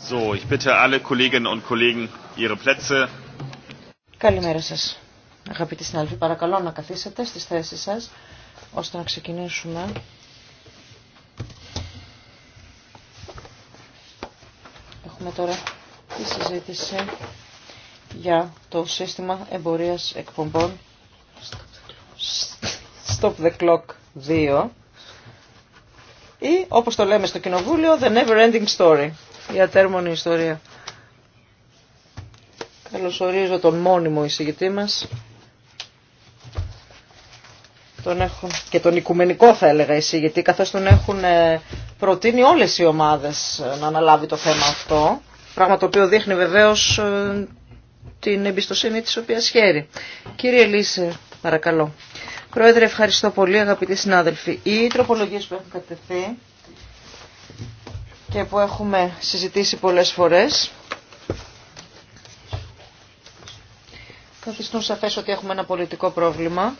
So, ich bitte alle Kolleginnen Καλημέρα σας. Αγαπητοί συνάδελφοι, παρακαλώ να καθίσετε στις θέσεις σας, ώστε να ξεκινήσουμε. Έχουμε τώρα τη συζήτηση για το σύστημα εμπορίας εκπομπών Stop the Clock 2 ή όπως το λέμε στο κοινοβούλιο The Never Ending Story η ατέρμονη ιστορία. Καλωσορίζω τον μόνιμο εισηγητή μας. Τον και τον οικουμενικό θα έλεγα εισηγητή, καθώς τον έχουν ε, προτείνει όλες οι ομάδες ε, να αναλάβει το θέμα αυτό. Πράγμα το οποίο δείχνει βεβαίως ε, την εμπιστοσύνη της οποίας χαίρει. Κύριε Λύση, παρακαλώ. Πρόεδρε, ευχαριστώ πολύ αγαπητοί συνάδελφοι. Οι τροπολογίες που έχουν κατευθεί και που έχουμε συζητήσει πολλές φορές. Καθιστούν σαφές ότι έχουμε ένα πολιτικό πρόβλημα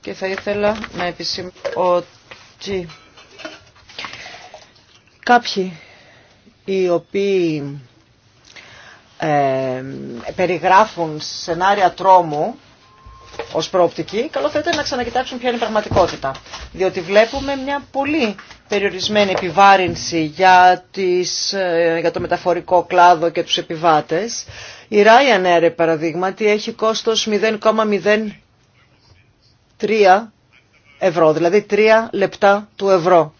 και θα ήθελα να επισημώ ότι κάποιοι οι οποίοι ε, περιγράφουν σενάρια τρόμου ως προοπτική, καλό θα ήταν να ξανακοιτάξουν ποια είναι η πραγματικότητα. Διότι βλέπουμε μια πολύ περιορισμένη επιβάρυνση για, τις, ε, για το μεταφορικό κλάδο και τους επιβάτες. Η Ryanair, παραδείγματι, έχει κόστος 0,03 ευρώ, δηλαδή 3 λεπτά του ευρώ.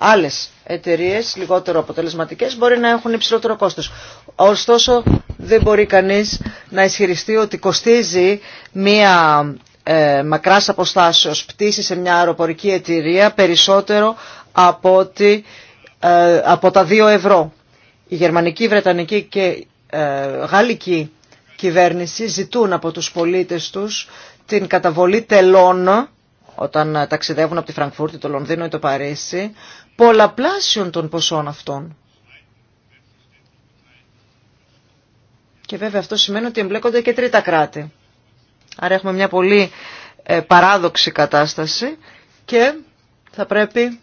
Άλλες εταιρείες, λιγότερο αποτελεσματικές, μπορεί να έχουν υψηλότερο κόστος. Ωστόσο, δεν μπορεί κανείς να ισχυριστεί ότι κοστίζει μία ε, μακράς αποστάσεως πτήση σε μια αεροπορική εταιρεία περισσότερο από, ε, από τα 2 ευρώ. Η γερμανική, η βρετανική και ε, γαλλική κυβέρνηση ζητούν από τους πολίτες τους την καταβολή τελών όταν ταξιδεύουν από τη Φραγκφούρτη, το Λονδίνο ή το Παρίσι, πολλαπλάσιων των ποσών αυτών. Και βέβαια αυτό σημαίνει ότι εμπλέκονται και τρίτα κράτη. Άρα έχουμε μια πολύ ε, παράδοξη κατάσταση και θα πρέπει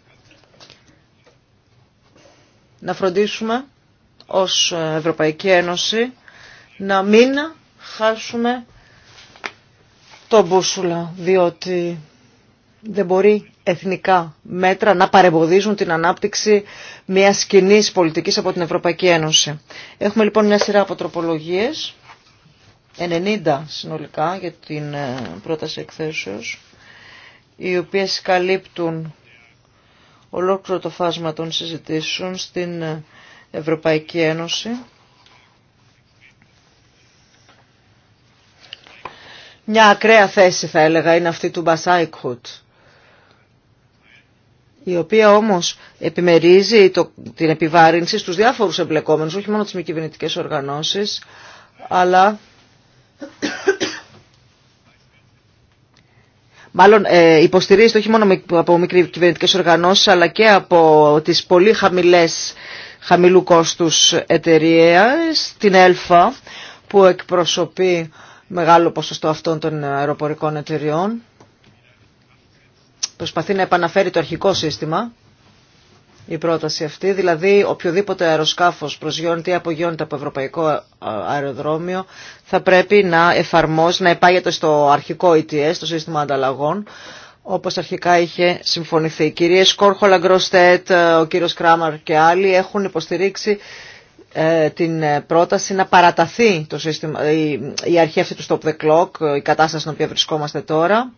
να φροντίσουμε ως Ευρωπαϊκή Ένωση να μην χάσουμε τον μπούσουλα, διότι δεν μπορεί εθνικά μέτρα να παρεμποδίζουν την ανάπτυξη μιας κοινή πολιτικής από την Ευρωπαϊκή Ένωση. Έχουμε λοιπόν μια σειρά από τροπολογίες, 90 συνολικά για την ε, πρόταση εκθέσεως, οι οποίες καλύπτουν ολόκληρο το φάσμα των συζητήσεων στην ε, Ευρωπαϊκή Ένωση. Μια ακραία θέση θα έλεγα είναι αυτή του Μπασάικχουτ η οποία όμως επιμερίζει την επιβάρυνση στους διάφορους εμπλεκόμενους, όχι μόνο τις μη οργανώσεις, αλλά... Μάλλον υποστηρίζει υποστηρίζεται όχι μόνο από μη κυβερνητικές οργανώσεις, αλλά και από τις πολύ χαμηλές, χαμηλού κόστους εταιρείες, την ΕΛΦΑ, που εκπροσωπεί μεγάλο ποσοστό αυτών των αεροπορικών εταιριών. Προσπαθεί να επαναφέρει το αρχικό σύστημα η πρόταση αυτή, δηλαδή οποιοδήποτε αεροσκάφος προσγειώνεται ή απογειώνεται από ευρωπαϊκό αεροδρόμιο θα πρέπει να εφαρμόσει, να επάγεται στο αρχικό ETS, το σύστημα ανταλλαγών, όπως αρχικά είχε συμφωνηθεί. Οι κυρίες Κόρχολα Γκροστέτ, ε, ο κύριος Κράμαρ και άλλοι έχουν υποστηρίξει ε, την ε, πρόταση να παραταθεί το σύστημα, η, η αρχή του stop the clock, η κατάσταση στην οποία βρισκόμαστε τώρα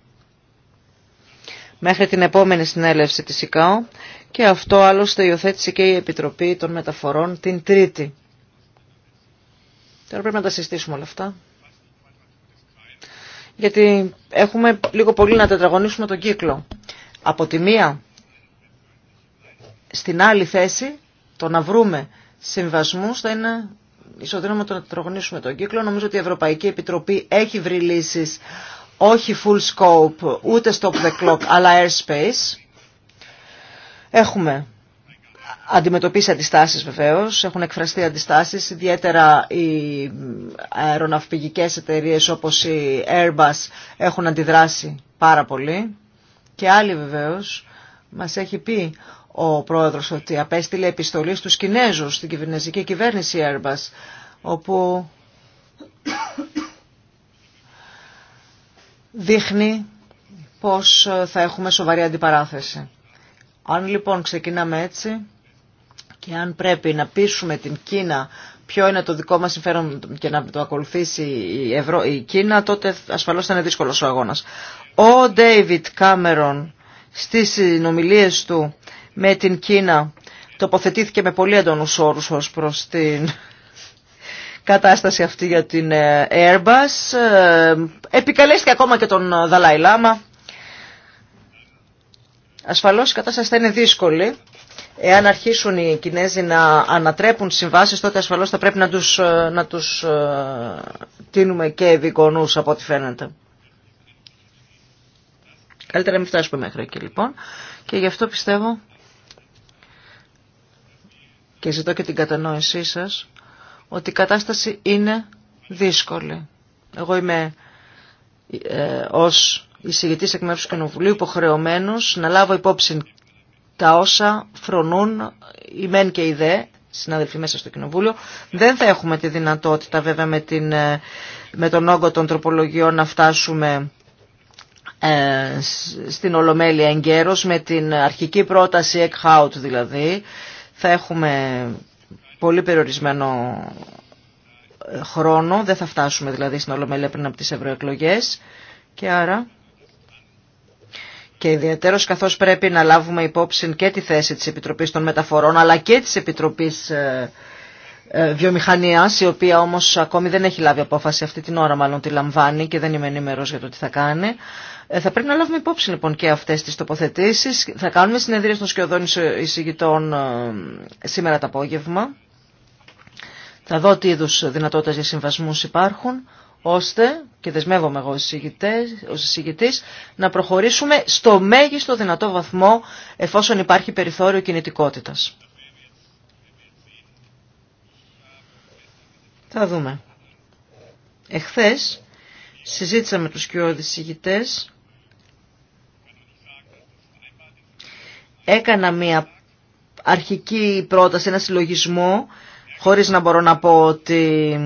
μέχρι την επόμενη συνέλευση της ΙΚΑΟ και αυτό άλλωστε υιοθέτησε και η Επιτροπή των Μεταφορών την Τρίτη. Τώρα πρέπει να τα συστήσουμε όλα αυτά. Γιατί έχουμε λίγο πολύ να τετραγωνίσουμε τον κύκλο. Από τη μία στην άλλη θέση το να βρούμε συμβασμούς θα είναι ισοδύναμο το να τετραγωνίσουμε τον κύκλο. Νομίζω ότι η Ευρωπαϊκή Επιτροπή έχει βρει λύσεις όχι full scope, ούτε stop the clock, αλλά airspace. Έχουμε αντιμετωπίσει αντιστάσεις βεβαίως, έχουν εκφραστεί αντιστάσεις, ιδιαίτερα οι αεροναυπηγικές εταιρείες όπως η Airbus έχουν αντιδράσει πάρα πολύ και άλλοι βεβαίως μας έχει πει ο πρόεδρος ότι απέστειλε επιστολή στους Κινέζους, στην κυβερνητική κυβέρνηση Airbus, όπου δείχνει πως θα έχουμε σοβαρή αντιπαράθεση. Αν λοιπόν ξεκινάμε έτσι και αν πρέπει να πείσουμε την Κίνα ποιο είναι το δικό μας συμφέρον και να το ακολουθήσει η, Ευρω... η Κίνα, τότε ασφαλώς θα είναι δύσκολος ο αγώνας. Ο Ντέιβιτ Κάμερον στις συνομιλίες του με την Κίνα τοποθετήθηκε με πολύ έντονους όρους ως προς την κατάσταση αυτή για την ε, Airbus. Ε, επικαλέστηκε ακόμα και τον ε, Δαλάη Λάμα. Ασφαλώς η κατάσταση θα είναι δύσκολη. Εάν αρχίσουν οι Κινέζοι να ανατρέπουν συμβάσεις, τότε ασφαλώς θα πρέπει να τους, να τους τίνουμε και ευηγονούς από ό,τι φαίνεται. Καλύτερα να μην φτάσουμε μέχρι εκεί λοιπόν. Και γι' αυτό πιστεύω και ζητώ και την κατανόησή σας ότι η κατάσταση είναι δύσκολη. Εγώ είμαι ε, ως εισηγητής εκ μέρους του Κοινοβουλίου υποχρεωμένος να λάβω υπόψη τα όσα φρονούν η μεν και η δε, συναδελφοί μέσα στο Κοινοβούλιο. Δεν θα έχουμε τη δυνατότητα βέβαια με, την, ε, με τον όγκο των τροπολογιών να φτάσουμε ε, στην Ολομέλεια εγκαίρως με την αρχική πρόταση εκ δηλαδή. Θα έχουμε πολύ περιορισμένο ε, χρόνο, δεν θα φτάσουμε δηλαδή στην Ολομέλεια πριν από τις ευρωεκλογέ. και άρα και ιδιαίτερος καθώς πρέπει να λάβουμε υπόψη και τη θέση της Επιτροπής των Μεταφορών αλλά και της Επιτροπής ε, ε, Βιομηχανίας η οποία όμως ακόμη δεν έχει λάβει απόφαση αυτή την ώρα μάλλον τη λαμβάνει και δεν είμαι ενήμερο για το τι θα κάνει. Θα πρέπει να λάβουμε υπόψη λοιπόν και αυτές τις τοποθετήσεις. Θα κάνουμε συνεδρίες των σκιωδών εισηγητών σήμερα το απόγευμα. Θα δω τι είδου δυνατότητες για συμβασμού υπάρχουν, ώστε, και δεσμεύομαι εγώ ω εισηγητής, να προχωρήσουμε στο μέγιστο δυνατό βαθμό εφόσον υπάρχει περιθώριο κινητικότητας. Θα δούμε. Εχθές συζήτησα με τους κοιόδης Έκανα μια αρχική πρόταση, ένα συλλογισμό χωρίς να μπορώ να πω ότι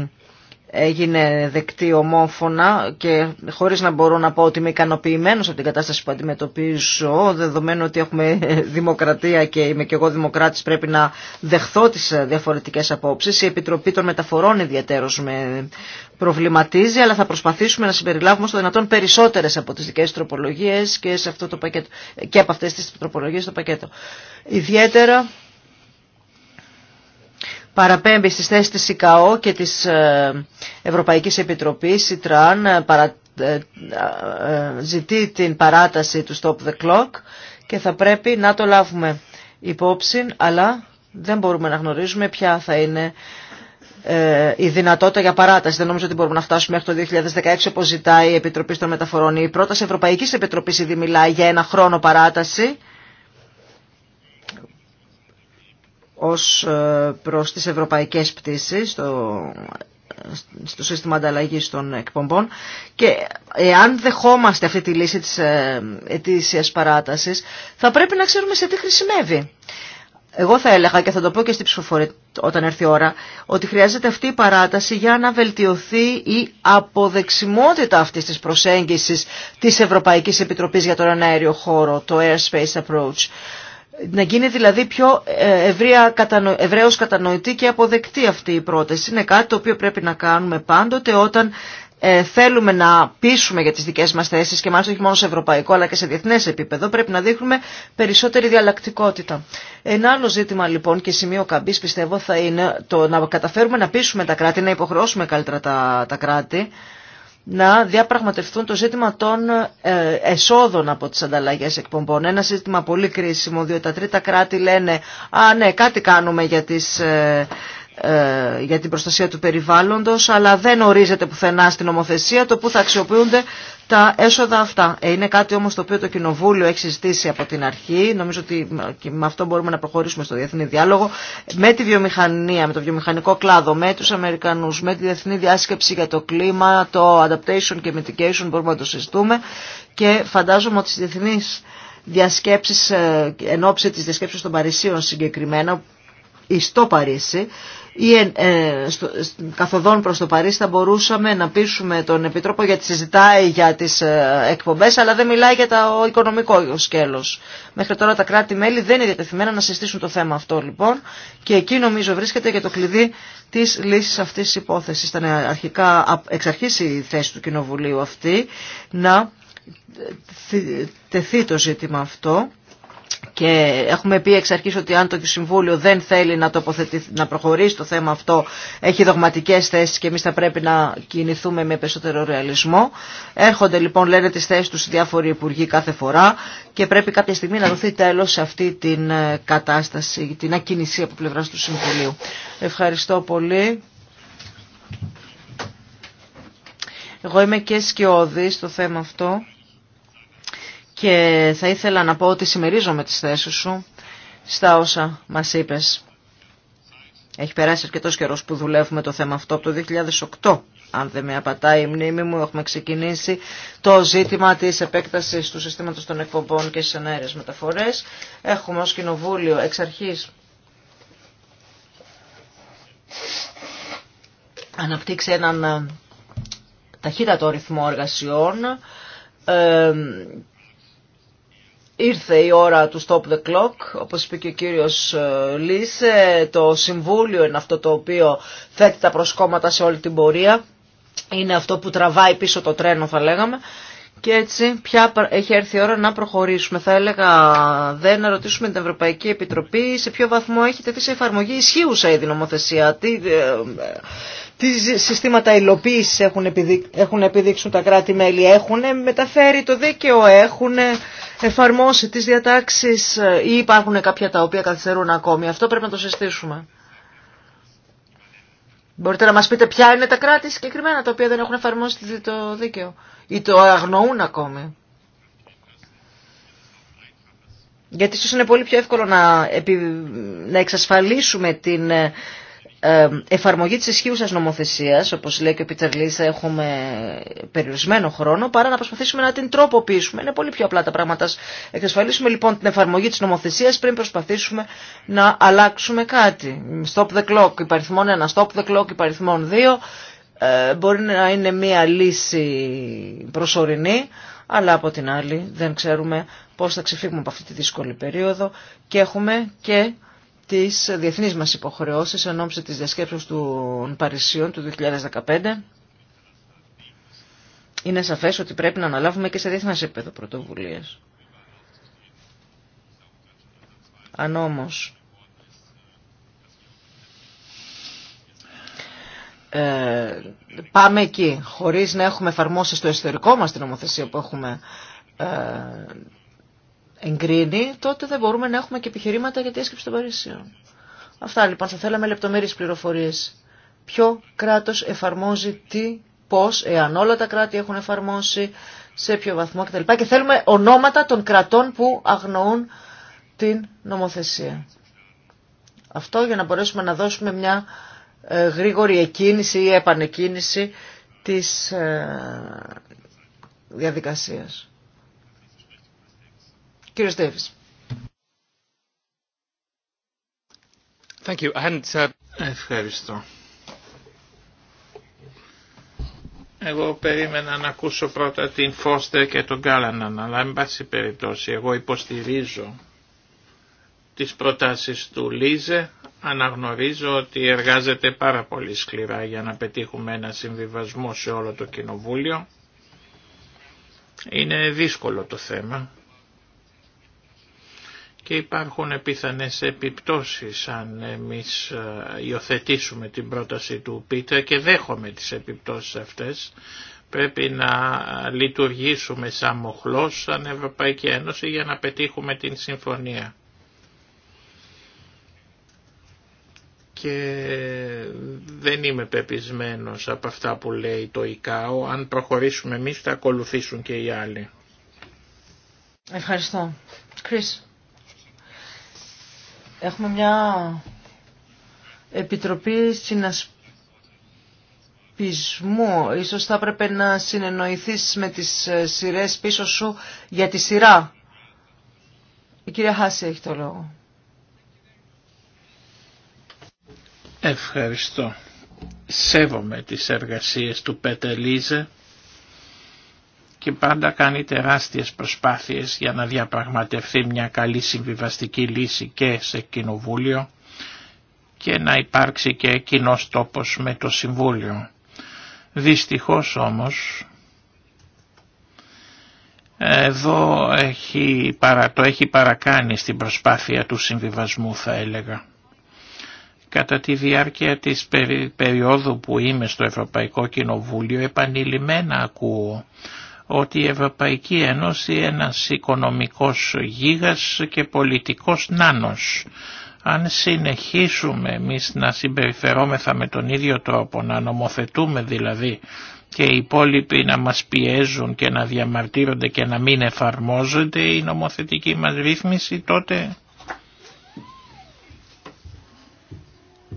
έγινε δεκτή ομόφωνα και χωρίς να μπορώ να πω ότι είμαι ικανοποιημένος από την κατάσταση που αντιμετωπίζω, δεδομένου ότι έχουμε δημοκρατία και είμαι και εγώ δημοκράτης πρέπει να δεχθώ τις διαφορετικές απόψεις. Η Επιτροπή των Μεταφορών ιδιαίτερως με προβληματίζει, αλλά θα προσπαθήσουμε να συμπεριλάβουμε στο δυνατόν περισσότερες από τις δικές τροπολογίες και, σε αυτό το πακέτο, και από αυτές τις τροπολογίες στο πακέτο. Ιδιαίτερα παραπέμπει στις θέσεις της ΙΚΑΟ και της ε, Ευρωπαϊκής Επιτροπής, η ΤΡΑΝ, ε, ε, ζητεί την παράταση του Stop the Clock και θα πρέπει να το λάβουμε υπόψη, αλλά δεν μπορούμε να γνωρίζουμε ποια θα είναι η δυνατότητα για παράταση. Δεν νομίζω ότι μπορούμε να φτάσουμε μέχρι το 2016 όπως ζητάει η Επιτροπή των Μεταφορών. Η πρόταση Ευρωπαϊκής Επιτροπής ήδη μιλάει για ένα χρόνο παράταση ως ε, προς τις ευρωπαϊκές πτήσεις στο, στο σύστημα ανταλλαγή των εκπομπών και εάν δεχόμαστε αυτή τη λύση της ε, ετήσιας παράτασης θα πρέπει να ξέρουμε σε τι χρησιμεύει. Εγώ θα έλεγα και θα το πω και στην ψηφοφορία όταν έρθει η ώρα ότι χρειάζεται αυτή η παράταση για να βελτιωθεί η αποδεξιμότητα αυτής της προσέγγισης της Ευρωπαϊκής Επιτροπής για τον Αέριο Χώρο, το Airspace Approach να γίνει δηλαδή πιο ε, κατανο... ευρέως κατανοητή και αποδεκτή αυτή η πρόταση. Είναι κάτι το οποίο πρέπει να κάνουμε πάντοτε όταν ε, θέλουμε να πείσουμε για τις δικές μας θέσεις και μάλιστα όχι μόνο σε ευρωπαϊκό αλλά και σε διεθνές επίπεδο πρέπει να δείχνουμε περισσότερη διαλλακτικότητα. Ένα άλλο ζήτημα λοιπόν και σημείο καμπής πιστεύω θα είναι το να καταφέρουμε να πείσουμε τα κράτη, να υποχρεώσουμε καλύτερα τα, τα κράτη να διαπραγματευτούν το ζήτημα των ε, εσόδων από τις ανταλλαγές εκπομπών. Ένα ζήτημα πολύ κρίσιμο, διότι τα τρίτα κράτη λένε «Α, ναι, κάτι κάνουμε για τις ε, ε, για την προστασία του περιβάλλοντος, αλλά δεν ορίζεται πουθενά στην νομοθεσία το που θα αξιοποιούνται τα έσοδα αυτά. Ε, είναι κάτι όμως το οποίο το Κοινοβούλιο έχει συζητήσει από την αρχή. Νομίζω ότι με αυτό μπορούμε να προχωρήσουμε στο διεθνή διάλογο με τη βιομηχανία, με το βιομηχανικό κλάδο, με τους Αμερικανούς, με τη διεθνή διάσκεψη για το κλίμα, το adaptation και mitigation μπορούμε να το συζητούμε και φαντάζομαι ότι στις διεθνείς διασκέψεις, ε, εν ώψη της διασκέψης των Παρισίων συγκεκριμένα, στο Παρίσι ή ε, ε στο, καθοδόν προς το Παρίσι θα μπορούσαμε να πείσουμε τον Επιτρόπο γιατί συζητάει για τις ε, εκπομπές αλλά δεν μιλάει για το οικονομικό σκέλος. Μέχρι τώρα τα κράτη-μέλη δεν είναι διατεθειμένα να συστήσουν το θέμα αυτό λοιπόν και εκεί νομίζω βρίσκεται και το κλειδί της λύσης αυτής της υπόθεσης. Ήταν αρχικά εξ αρχής η θέση του Κοινοβουλίου αυτή να ε, τεθεί το ζήτημα αυτό και έχουμε πει εξ αρχής ότι αν το Συμβούλιο δεν θέλει να, να προχωρήσει το θέμα αυτό έχει δογματικές θέσεις και εμείς θα πρέπει να κινηθούμε με περισσότερο ρεαλισμό. Έρχονται λοιπόν λένε τις θέσεις τους διάφοροι υπουργοί κάθε φορά και πρέπει κάποια στιγμή να δοθεί τέλος σε αυτή την ε, κατάσταση, την ακίνηση από πλευράς του Συμβουλίου. Ευχαριστώ πολύ. Εγώ είμαι και σκιώδη στο θέμα αυτό και θα ήθελα να πω ότι συμμερίζομαι τις θέσεις σου στα όσα μας είπες. Έχει περάσει αρκετό καιρό που δουλεύουμε το θέμα αυτό, από το 2008. Αν δεν με απατάει η μνήμη μου, έχουμε ξεκινήσει το ζήτημα τη επέκταση του συστήματο των εκπομπών και στι ενέργειε μεταφορέ. Έχουμε ω κοινοβούλιο εξ αρχή αναπτύξει έναν ταχύτατο ρυθμό εργασιών ε, Ήρθε η ώρα του stop the clock, όπως είπε και ο κύριος ε, Λίσε, το Συμβούλιο είναι αυτό το οποίο θέτει τα προσκόμματα σε όλη την πορεία, είναι αυτό που τραβάει πίσω το τρένο θα λέγαμε και έτσι πια έχει έρθει η ώρα να προχωρήσουμε. Θα έλεγα δεν να ρωτήσουμε την Ευρωπαϊκή Επιτροπή σε ποιο βαθμό έχετε, τεθεί σε εφαρμογή ισχύουσα η νομοθεσία, ε, ε, τι συστήματα υλοποίηση έχουν, επιδείξει τα κράτη-μέλη, έχουν μεταφέρει το δίκαιο, έχουν εφαρμόσει τις διατάξεις ή υπάρχουν κάποια τα οποία καθυστερούν ακόμη. Αυτό πρέπει να το συστήσουμε. Μπορείτε να μας πείτε ποια είναι τα κράτη συγκεκριμένα τα οποία δεν έχουν εφαρμόσει το δίκαιο ή το αγνοούν ακόμη. Γιατί ίσως είναι πολύ πιο εύκολο να, να εξασφαλίσουμε την ε, εφαρμογή της ισχύουσας νομοθεσίας, όπως λέει και ο Πίτερ έχουμε περιορισμένο χρόνο, παρά να προσπαθήσουμε να την τροποποιήσουμε. Είναι πολύ πιο απλά τα πράγματα. Εξασφαλίσουμε λοιπόν την εφαρμογή της νομοθεσίας πριν προσπαθήσουμε να αλλάξουμε κάτι. Stop the clock υπαριθμών 1, stop the clock υπαριθμών 2. Ε, μπορεί να είναι μία λύση προσωρινή, αλλά από την άλλη δεν ξέρουμε πώς θα ξεφύγουμε από αυτή τη δύσκολη περίοδο και έχουμε και τις διεθνείς μας υποχρεώσεις εν ώψη της των Παρισίων του 2015. Είναι σαφές ότι πρέπει να αναλάβουμε και σε διεθνές επίπεδο πρωτοβουλίες. Αν όμως ε, πάμε εκεί χωρίς να έχουμε εφαρμόσει στο εσωτερικό μας την νομοθεσία που έχουμε ε, εγκρίνει, τότε δεν μπορούμε να έχουμε και επιχειρήματα για τη έσκυψη των Παρισίων. Αυτά λοιπόν, θα θέλαμε λεπτομέρειες πληροφορίες. Ποιο κράτος εφαρμόζει τι, πώς, εάν όλα τα κράτη έχουν εφαρμόσει, σε ποιο βαθμό κτλ. Και θέλουμε ονόματα των κρατών που αγνοούν την νομοθεσία. Αυτό για να μπορέσουμε να δώσουμε μια ε, γρήγορη εκκίνηση ή επανεκκίνηση της ε, διαδικασίας. Κύριε uh, Ευχαριστώ. Εγώ περίμενα να ακούσω πρώτα την Φώστερ και τον Κάλαναν, αλλά εν πάση περιπτώσει εγώ υποστηρίζω τις προτάσεις του Λίζε, αναγνωρίζω ότι εργάζεται πάρα πολύ σκληρά για να πετύχουμε ένα συμβιβασμό σε όλο το κοινοβούλιο. Είναι δύσκολο το θέμα και υπάρχουν πιθανές επιπτώσεις αν εμείς ε, υιοθετήσουμε την πρόταση του Πίτερ και δέχομαι τις επιπτώσεις αυτές. Πρέπει να λειτουργήσουμε σαν μοχλός, σαν Ευρωπαϊκή Ένωση για να πετύχουμε την συμφωνία. και δεν είμαι πεπισμένος από αυτά που λέει το ΙΚΑΟ. Αν προχωρήσουμε εμείς θα ακολουθήσουν και οι άλλοι. Ευχαριστώ. Chris. Έχουμε μια επιτροπή συνασπισμού. Ίσως θα έπρεπε να συνεννοηθείς με τις σειρέ πίσω σου για τη σειρά. Η κυρία Χάση έχει το λόγο. Ευχαριστώ. Σέβομαι τις εργασίες του Πέτε Λίζε και πάντα κάνει τεράστιες προσπάθειες για να διαπραγματευτεί μια καλή συμβιβαστική λύση και σε κοινοβούλιο και να υπάρξει και κοινό τόπος με το Συμβούλιο. Δυστυχώς όμως εδώ έχει, το έχει παρακάνει στην προσπάθεια του συμβιβασμού θα έλεγα. Κατά τη διάρκεια της περίοδου που είμαι στο Ευρωπαϊκό Κοινοβούλιο επανειλημμένα ακούω ότι η Ευρωπαϊκή Ένωση είναι ένας οικονομικός γίγας και πολιτικός νάνος. Αν συνεχίσουμε εμείς να συμπεριφερόμεθα με τον ίδιο τρόπο, να νομοθετούμε δηλαδή και οι υπόλοιποι να μας πιέζουν και να διαμαρτύρονται και να μην εφαρμόζονται η νομοθετική μας ρύθμιση, τότε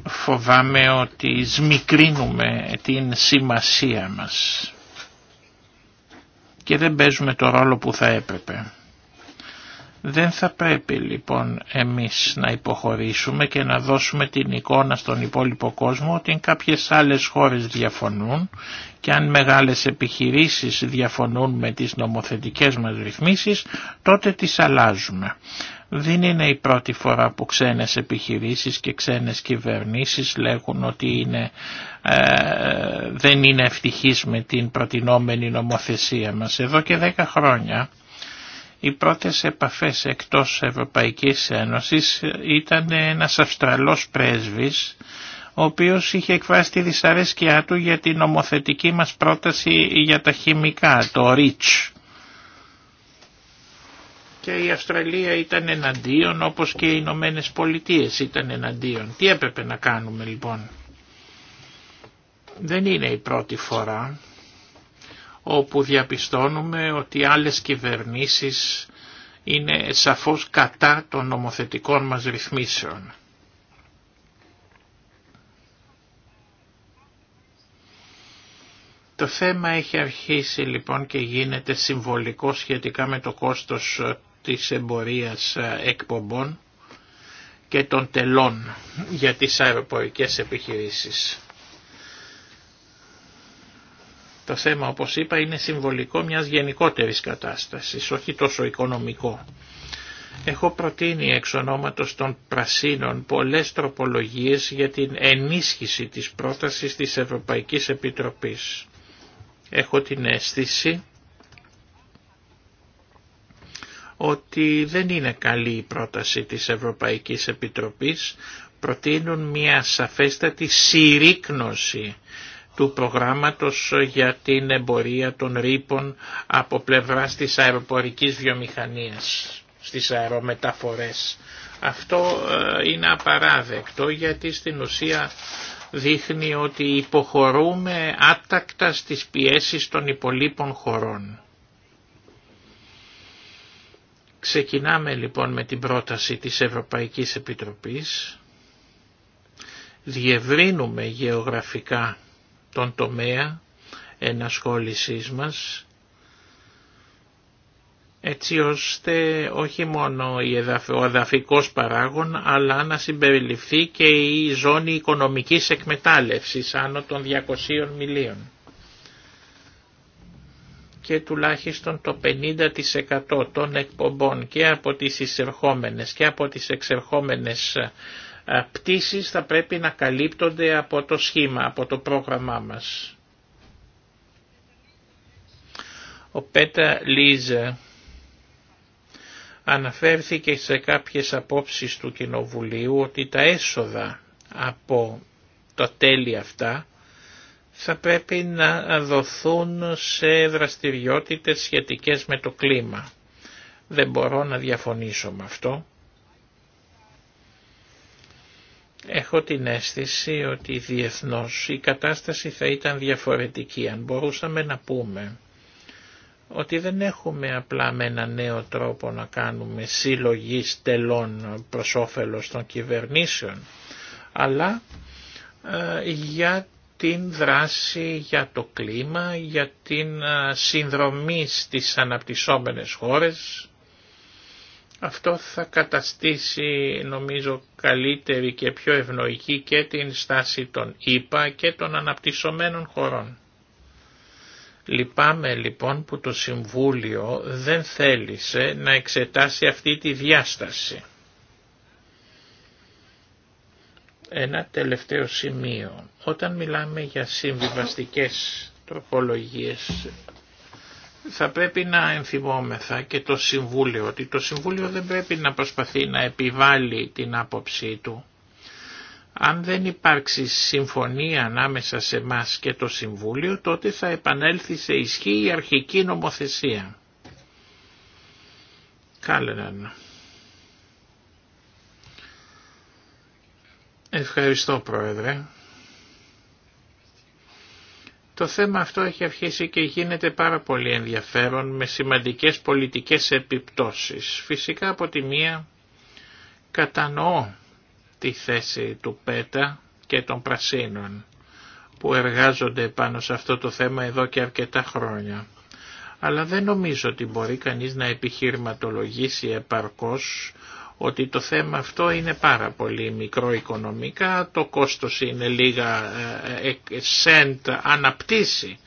φοβάμαι ότι σμικρίνουμε την σημασία μας και δεν παίζουμε το ρόλο που θα έπρεπε. Δεν θα πρέπει λοιπόν εμείς να υποχωρήσουμε και να δώσουμε την εικόνα στον υπόλοιπο κόσμο ότι κάποιες άλλες χώρες διαφωνούν και αν μεγάλες επιχειρήσεις διαφωνούν με τις νομοθετικές μας ρυθμίσεις τότε τις αλλάζουμε. Δεν είναι η πρώτη φορά που ξένες επιχειρήσεις και ξένες κυβερνήσεις λέγουν ότι είναι, ε, δεν είναι ευτυχείς με την προτινόμενη νομοθεσία μας. Εδώ και δέκα χρόνια οι πρώτες επαφές εκτός Ευρωπαϊκής Ένωσης ήταν ένας Αυστραλός πρέσβης ο οποίος είχε εκφράσει τη δυσαρέσκειά του για την νομοθετική μας πρόταση για τα χημικά, το REACH και η Αυστραλία ήταν εναντίον όπως και οι Ηνωμένε Πολιτείε ήταν εναντίον. Τι έπρεπε να κάνουμε λοιπόν. Δεν είναι η πρώτη φορά όπου διαπιστώνουμε ότι άλλες κυβερνήσεις είναι σαφώς κατά των νομοθετικών μας ρυθμίσεων. Το θέμα έχει αρχίσει λοιπόν και γίνεται συμβολικό σχετικά με το κόστος της εμπορίας ε, εκπομπών και των τελών για τις αεροπορικές επιχειρήσεις. Το θέμα όπως είπα είναι συμβολικό μιας γενικότερης κατάστασης, όχι τόσο οικονομικό. Έχω προτείνει εξ ονόματος των Πρασίνων πολλές τροπολογίες για την ενίσχυση της πρότασης της Ευρωπαϊκής Επιτροπής. Έχω την αίσθηση ότι δεν είναι καλή η πρόταση της Ευρωπαϊκής Επιτροπής. Προτείνουν μια σαφέστατη συρρήκνωση του προγράμματος για την εμπορία των ρήπων από πλευράς της αεροπορικής βιομηχανίας στις αερομεταφορές. Αυτό ε, είναι απαράδεκτο γιατί στην ουσία δείχνει ότι υποχωρούμε άτακτα στις πιέσεις των υπολείπων χωρών. Ξεκινάμε λοιπόν με την πρόταση της Ευρωπαϊκής Επιτροπής. Διευρύνουμε γεωγραφικά τον τομέα ενασχόλησής μας έτσι ώστε όχι μόνο ο αδαφικός παράγων αλλά να συμπεριληφθεί και η ζώνη οικονομικής εκμετάλλευσης άνω των 200 μιλίων και τουλάχιστον το 50% των εκπομπών και από τις εισερχόμενες και από τις εξερχόμενες πτήσεις θα πρέπει να καλύπτονται από το σχήμα, από το πρόγραμμά μας. Ο Πέτα Λίζε αναφέρθηκε σε κάποιες απόψεις του Κοινοβουλίου ότι τα έσοδα από τα τέλη αυτά θα πρέπει να δοθούν σε δραστηριότητες σχετικές με το κλίμα. Δεν μπορώ να διαφωνήσω με αυτό. Έχω την αίσθηση ότι διεθνώς η κατάσταση θα ήταν διαφορετική αν μπορούσαμε να πούμε ότι δεν έχουμε απλά με ένα νέο τρόπο να κάνουμε συλλογή τελών προς όφελος των κυβερνήσεων, αλλά ε, για την δράση για το κλίμα, για την συνδρομή στις αναπτυσσόμενες χώρες. Αυτό θα καταστήσει νομίζω καλύτερη και πιο ευνοϊκή και την στάση των ΙΠΑ και των αναπτυσσομένων χωρών. Λυπάμαι λοιπόν που το Συμβούλιο δεν θέλησε να εξετάσει αυτή τη διάσταση. ένα τελευταίο σημείο. Όταν μιλάμε για συμβιβαστικές τροπολογίες θα πρέπει να ενθυμόμεθα και το Συμβούλιο ότι το Συμβούλιο δεν πρέπει να προσπαθεί να επιβάλλει την άποψή του. Αν δεν υπάρξει συμφωνία ανάμεσα σε εμά και το Συμβούλιο τότε θα επανέλθει σε ισχύ η αρχική νομοθεσία. Κάλεναν. Ευχαριστώ Πρόεδρε. Το θέμα αυτό έχει αρχίσει και γίνεται πάρα πολύ ενδιαφέρον με σημαντικές πολιτικές επιπτώσεις. Φυσικά από τη μία κατανοώ τη θέση του ΠΕΤΑ και των Πρασίνων που εργάζονται πάνω σε αυτό το θέμα εδώ και αρκετά χρόνια. Αλλά δεν νομίζω ότι μπορεί κανείς να επιχειρηματολογήσει επαρκώς ότι το θέμα αυτό είναι πάρα πολύ μικρό οικονομικά, το κόστος είναι λίγα ε, ε, ε, σέντ αναπτύσσει.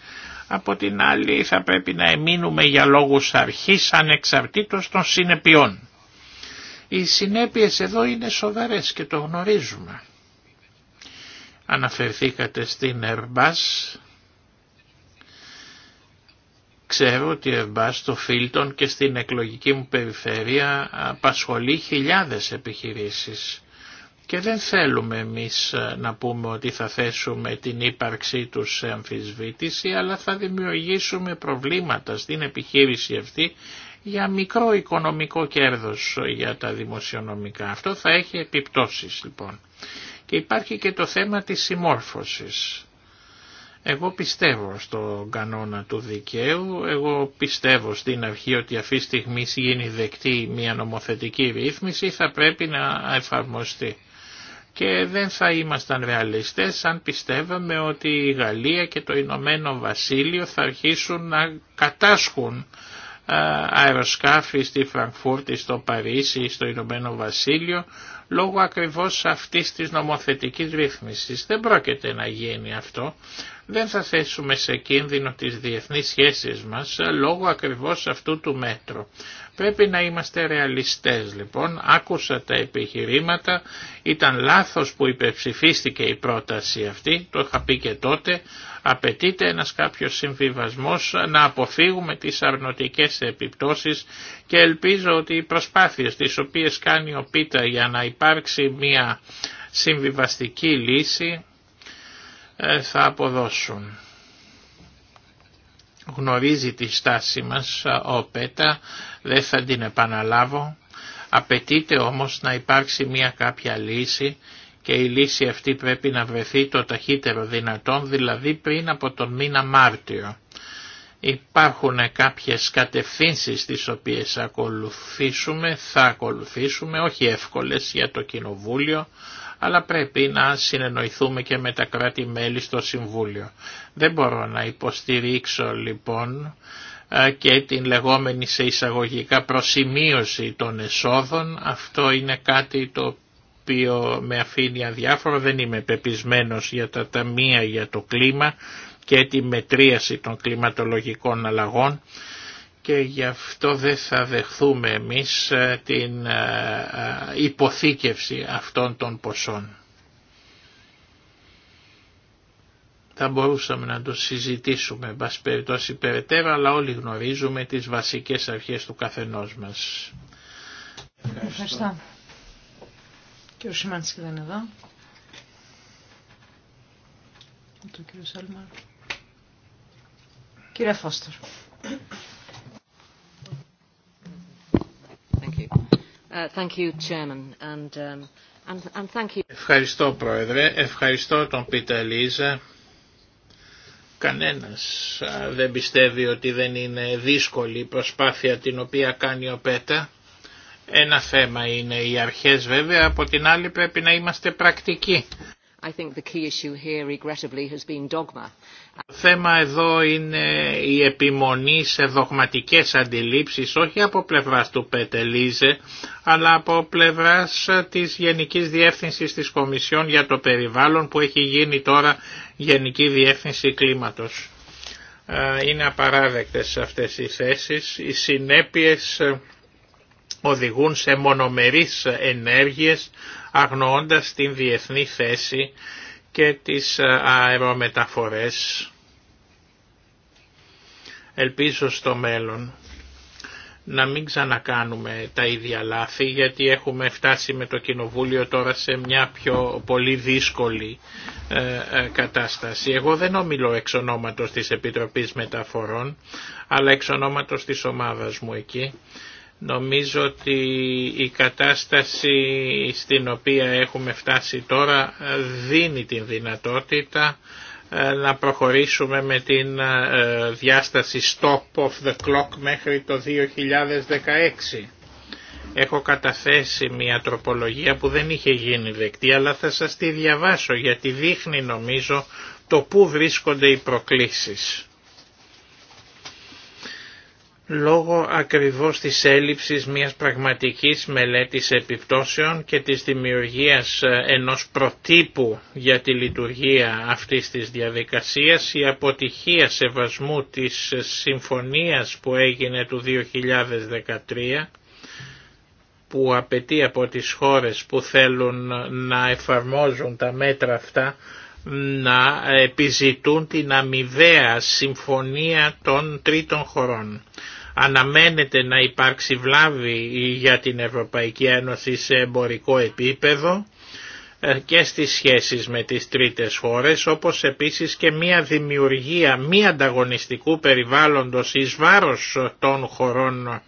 Από την άλλη θα πρέπει να εμείνουμε για λόγους αρχής ανεξαρτήτως των συνεπειών. Οι συνέπειες εδώ είναι σοβαρές και το γνωρίζουμε. Αναφερθήκατε στην Airbus, Ξέρω ότι εμπά στο Φίλτον και στην εκλογική μου περιφέρεια απασχολεί χιλιάδες επιχειρήσεις. Και δεν θέλουμε εμείς ε, να πούμε ότι θα θέσουμε την ύπαρξή τους σε αμφισβήτηση, αλλά θα δημιουργήσουμε προβλήματα στην επιχείρηση αυτή για μικρό οικονομικό κέρδος για τα δημοσιονομικά. Αυτό θα έχει επιπτώσεις λοιπόν. Και υπάρχει και το θέμα της συμμόρφωσης. Εγώ πιστεύω στον κανόνα του δικαίου, εγώ πιστεύω στην αρχή ότι αυτή τη στιγμή γίνει δεκτή μια νομοθετική ρύθμιση θα πρέπει να εφαρμοστεί. Και δεν θα ήμασταν ρεαλιστές αν πιστεύαμε ότι η Γαλλία και το Ηνωμένο Βασίλειο θα αρχίσουν να κατάσχουν ε, αεροσκάφη στη Φραγκφούρτη, στο Παρίσι, στο Ηνωμένο Βασίλειο λόγω ακριβώς αυτής της νομοθετικής ρύθμισης. Δεν πρόκειται να γίνει αυτό. Δεν θα θέσουμε σε κίνδυνο τις διεθνείς σχέσεις μας ε, λόγω ακριβώς αυτού του μέτρου. Πρέπει να είμαστε ρεαλιστές λοιπόν, άκουσα τα επιχειρήματα, ήταν λάθος που υπεψηφίστηκε η πρόταση αυτή, το είχα πει και τότε, απαιτείται ένας κάποιος συμβιβασμός να αποφύγουμε τις αρνοτικές επιπτώσεις και ελπίζω ότι οι προσπάθειες τις οποίες κάνει ο Πίτα για να υπάρξει μια συμβιβαστική λύση ε, θα αποδώσουν γνωρίζει τη στάση μας ο Πέτα, δεν θα την επαναλάβω. Απαιτείται όμως να υπάρξει μια κάποια λύση και η λύση αυτή πρέπει να βρεθεί το ταχύτερο δυνατόν, δηλαδή πριν από τον μήνα Μάρτιο. Υπάρχουν κάποιες κατευθύνσεις τις οποίες ακολουθήσουμε, θα ακολουθήσουμε, όχι εύκολες για το Κοινοβούλιο, αλλά πρέπει να συνεννοηθούμε και με τα κράτη-μέλη στο Συμβούλιο. Δεν μπορώ να υποστηρίξω λοιπόν και την λεγόμενη σε εισαγωγικά προσημείωση των εσόδων. Αυτό είναι κάτι το οποίο με αφήνει αδιάφορο, δεν είμαι πεπισμένος για τα ταμεία για το κλίμα και τη μετρίαση των κλιματολογικών αλλαγών και γι' αυτό δεν θα δεχθούμε εμείς ε, την ε, ε, υποθήκευση αυτών των ποσών. Θα μπορούσαμε να το συζητήσουμε, μπας περιπτώσει περαιτέρω, αλλά όλοι γνωρίζουμε τις βασικές αρχές του καθενός μας. Ευχαριστώ. Κύριο και δεν είναι εδώ. Κύριε Φώστερ. Ευχαριστώ Πρόεδρε, ευχαριστώ τον Πίτερ Λίζα. Κανένας δεν πιστεύει ότι δεν είναι δύσκολη η προσπάθεια την οποία κάνει ο Πέτα. Ένα θέμα είναι οι αρχές βέβαια, από την άλλη πρέπει να είμαστε πρακτικοί. Το θέμα εδώ είναι η επιμονή σε δογματικές αντιλήψεις όχι από πλευράς του Πετελίζε αλλά από πλευράς της Γενικής Διεύθυνσης της Κομισιόν για το Περιβάλλον που έχει γίνει τώρα Γενική Διεύθυνση Κλίματος. Ε, είναι απαράδεκτες αυτές οι θέσεις. Οι συνέπειες ε, οδηγούν σε μονομερείς ενέργειες αγνοώντας την διεθνή θέση και τις ε, αερομεταφορές. Ελπίζω στο μέλλον να μην ξανακάνουμε τα ίδια λάθη γιατί έχουμε φτάσει με το Κοινοβούλιο τώρα σε μια πιο πολύ δύσκολη ε, ε, κατάσταση. Εγώ δεν ομιλώ εξ ονόματος της Επιτροπής Μεταφορών αλλά εξ ονόματος της ομάδας μου εκεί Νομίζω ότι η κατάσταση στην οποία έχουμε φτάσει τώρα ε, δίνει την δυνατότητα ε, να προχωρήσουμε με την ε, διάσταση stop of the clock μέχρι το 2016. Έχω καταθέσει μια τροπολογία που δεν είχε γίνει δεκτή αλλά θα σας τη διαβάσω γιατί δείχνει νομίζω το πού βρίσκονται οι προκλήσεις λόγω ακριβώς της έλλειψης μιας πραγματικής μελέτης επιπτώσεων και της δημιουργίας ε, ενός προτύπου για τη λειτουργία αυτής της διαδικασίας, η αποτυχία σεβασμού της συμφωνίας που έγινε του 2013, που απαιτεί από τις χώρες που θέλουν να εφαρμόζουν τα μέτρα αυτά, να επιζητούν την αμοιβαία συμφωνία των τρίτων χωρών αναμένεται να υπάρξει βλάβη για την Ευρωπαϊκή Ένωση σε εμπορικό επίπεδο ε, και στις σχέσεις με τις τρίτες χώρες, όπως επίσης και μια δημιουργία μη ανταγωνιστικού περιβάλλοντος εις βάρος των χωρών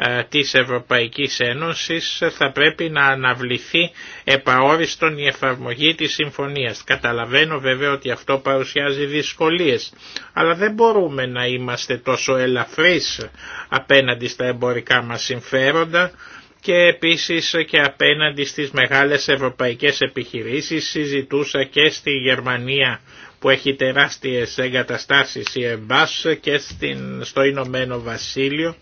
ε, της Ευρωπαϊκής Ένωσης θα πρέπει να αναβληθεί επαόριστον η εφαρμογή της συμφωνίας. Καταλαβαίνω βέβαια ότι αυτό παρουσιάζει δυσκολίες, αλλά δεν μπορούμε να είμαστε τόσο ελαφρείς απέναντι στα εμπορικά μας συμφέροντα και επίσης και απέναντι στις μεγάλες ευρωπαϊκές επιχειρήσεις συζητούσα και στη Γερμανία που έχει τεράστιες εγκαταστάσεις η και στην, στο Ηνωμένο Βασίλειο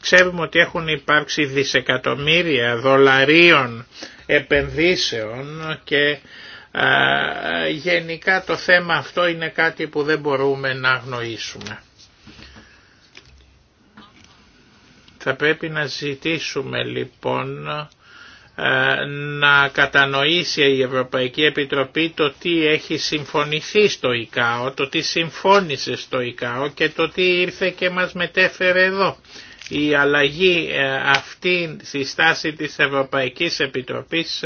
Ξέρουμε ότι έχουν υπάρξει δισεκατομμύρια δολαρίων επενδύσεων και γενικά το θέμα αυτό είναι κάτι που δεν μπορούμε να αγνοήσουμε. Θα πρέπει να ζητήσουμε λοιπόν να κατανοήσει η Ευρωπαϊκή Επιτροπή το τι έχει συμφωνηθεί στο ΙΚΑΟ, το τι συμφώνησε στο ΙΚΑΟ και το τι ήρθε και μας μετέφερε εδώ η αλλαγή ε, αυτή στη στάση της Ευρωπαϊκής Επιτροπής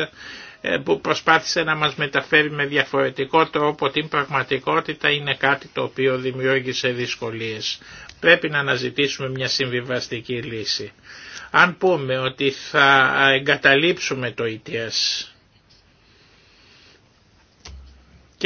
ε, που προσπάθησε να μας μεταφέρει με διαφορετικό τρόπο την πραγματικότητα είναι κάτι το οποίο δημιούργησε δυσκολίες. Πρέπει να αναζητήσουμε μια συμβιβαστική λύση. Αν πούμε ότι θα εγκαταλείψουμε το ETS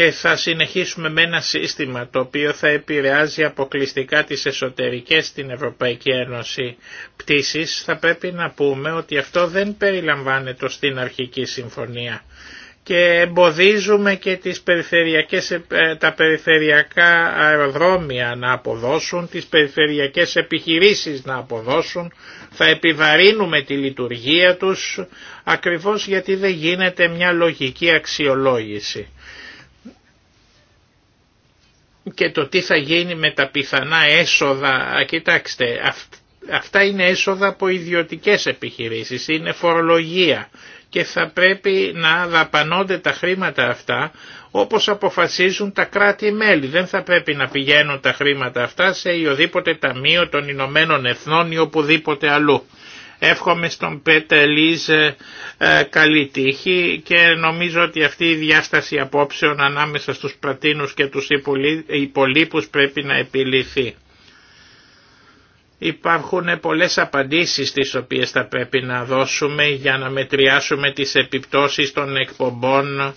και θα συνεχίσουμε με ένα σύστημα το οποίο θα επηρεάζει αποκλειστικά τις εσωτερικές στην Ευρωπαϊκή Ένωση πτήσεις, θα πρέπει να πούμε ότι αυτό δεν περιλαμβάνεται στην αρχική συμφωνία και εμποδίζουμε και τις περιφερειακές, ε, τα περιφερειακά αεροδρόμια να αποδώσουν, τις περιφερειακές επιχειρήσεις να αποδώσουν, θα επιβαρύνουμε τη λειτουργία τους ακριβώς γιατί δεν γίνεται μια λογική αξιολόγηση και το τι θα γίνει με τα πιθανά έσοδα, κοιτάξτε, αυτά είναι έσοδα από ιδιωτικές επιχειρήσεις, είναι φορολογία και θα πρέπει να δαπανώνται τα χρήματα αυτά όπως αποφασίζουν τα κράτη-μέλη. Δεν θα πρέπει να πηγαίνουν τα χρήματα αυτά σε οδήποτε ταμείο των Ηνωμένων Εθνών ή οπουδήποτε αλλού. Εύχομαι στον Πέτα Λίζ ε, ε, καλή τύχη και νομίζω ότι αυτή η διάσταση απόψεων ανάμεσα στους πρατίνους και τους υπολείπους πρέπει να επιληθεί. Υπάρχουν πολλές απαντήσεις τις οποίες θα πρέπει να δώσουμε για να μετριάσουμε τις επιπτώσεις των εκπομπών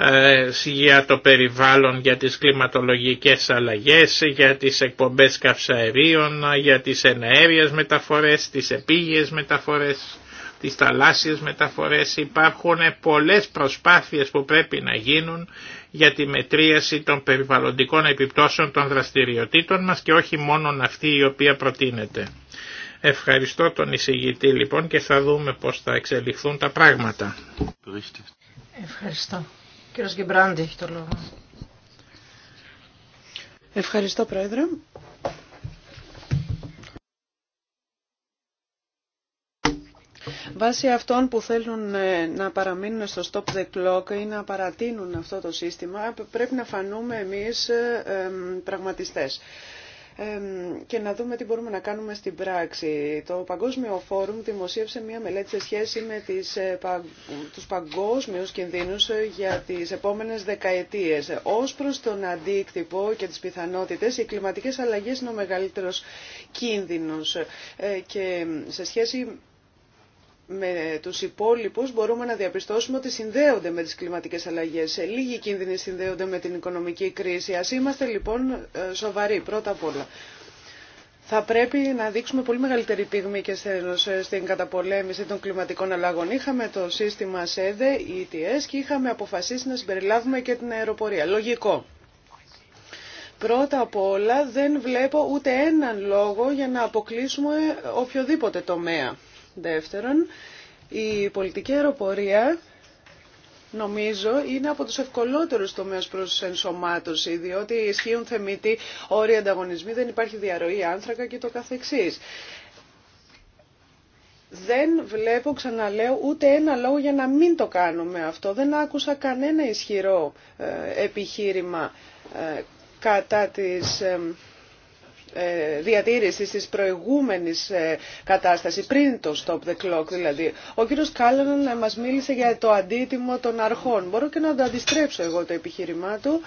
ε, για το περιβάλλον, για τις κλιματολογικές αλλαγές, για τις εκπομπές καυσαερίων, για τις εναέριες μεταφορές, τις επίγειες μεταφορές, τις θαλάσσιες μεταφορές. Υπάρχουν πολλές προσπάθειες που πρέπει να γίνουν για τη μετρίαση των περιβαλλοντικών επιπτώσεων των δραστηριοτήτων μας και όχι μόνο αυτή η οποία προτείνεται. Ευχαριστώ τον εισηγητή λοιπόν και θα δούμε πώς θα εξελιχθούν τα πράγματα. Ευχαριστώ. Κύριος Γκυμπράντη έχει το λόγο. Ευχαριστώ Πρόεδρε. Βάσει αυτών που θέλουν ε, να παραμείνουν στο stop the clock ή να παρατείνουν αυτό το σύστημα, πρέπει να φανούμε εμείς ε, ε, πραγματιστές και να δούμε τι μπορούμε να κάνουμε στην πράξη. Το Παγκόσμιο Φόρουμ δημοσίευσε μια μελέτη σε σχέση με τις, ε, τους παγκόσμιους κινδύνους ε, για τις επόμενες δεκαετίες. Ως προς τον αντίκτυπο και τις πιθανότητες, οι κλιματικές αλλαγές είναι ο μεγαλύτερος κίνδυνος ε, και σε σχέση με τους υπόλοιπους μπορούμε να διαπιστώσουμε ότι συνδέονται με τις κλιματικές αλλαγές. Ε, λίγοι κίνδυνοι συνδέονται με την οικονομική κρίση. Ας είμαστε λοιπόν ε, σοβαροί πρώτα απ' όλα. Θα πρέπει να δείξουμε πολύ μεγαλύτερη πυγμή και ε, στην καταπολέμηση των κλιματικών αλλαγών. Είχαμε το σύστημα ΣΕΔΕ, ETS και είχαμε αποφασίσει να συμπεριλάβουμε και την αεροπορία. Λογικό. Πρώτα απ' όλα δεν βλέπω ούτε έναν λόγο για να αποκλείσουμε οποιοδήποτε τομέα. Δεύτερον, η πολιτική αεροπορία νομίζω είναι από τους ευκολότερους τομέας προς ενσωμάτωση, διότι ισχύουν θεμητοί όροι ανταγωνισμοί, δεν υπάρχει διαρροή άνθρακα και το καθεξής. Δεν βλέπω, ξαναλέω, ούτε ένα λόγο για να μην το κάνουμε αυτό. Δεν άκουσα κανένα ισχυρό ε, επιχείρημα ε, κατά της ε, ε, διατήρησης της προηγούμενης ε, κατάστασης, πριν το stop the clock δηλαδή. Ο κύριος Κάλλον μας μίλησε για το αντίτιμο των αρχών. Μπορώ και να το αντιστρέψω εγώ το επιχείρημά του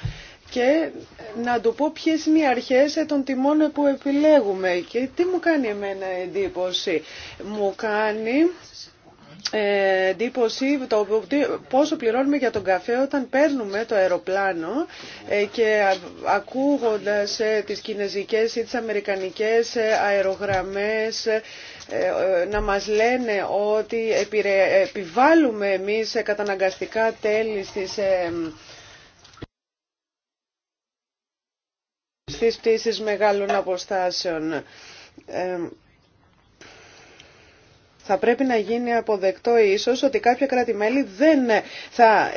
και να του πω ποιες είναι οι αρχές ε, των τιμών που επιλέγουμε και τι μου κάνει εμένα εντύπωση. Μου κάνει εντύπωση το πόσο πληρώνουμε για τον καφέ όταν παίρνουμε το αεροπλάνο ε, και ακούγοντας ε, τις κινέζικες ή τις αμερικανικές ε, αερογραμμές να μας λένε ότι επιβάλλουμε εμείς καταναγκαστικά τέλη στις στις πτήσεις μεγάλων αποστάσεων θα πρέπει να γίνει αποδεκτό ίσως ότι κάποια κράτη-μέλη δεν θα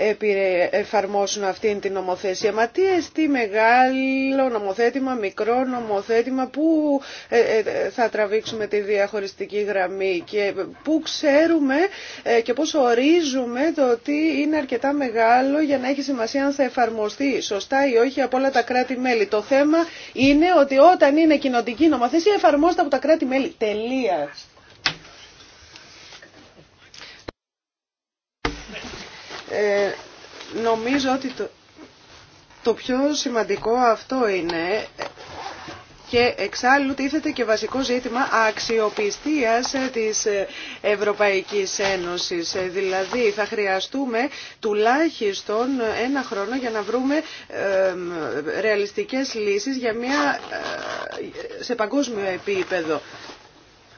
εφαρμόσουν αυτήν την νομοθεσία. Μα τι εστί μεγάλο νομοθέτημα, μικρό νομοθέτημα, πού ε, ε, θα τραβήξουμε τη διαχωριστική γραμμή και πού ξέρουμε ε, και πώς ορίζουμε το ότι είναι αρκετά μεγάλο για να έχει σημασία αν θα εφαρμοστεί σωστά ή όχι από όλα τα κράτη-μέλη. Το θέμα είναι ότι όταν είναι κοινοτική νομοθεσία εφαρμόζεται από τα κράτη-μέλη. Τελεία. Ε, νομίζω ότι το, το πιο σημαντικό αυτό είναι και εξάλλου τίθεται και βασικό ζήτημα αξιοπιστίας της Ευρωπαϊκής Ένωσης. Ε, δηλαδή θα χρειαστούμε τουλάχιστον ένα χρόνο για να βρούμε ρεαλιστικές λύσεις για μια, ε, σε παγκόσμιο επίπεδο.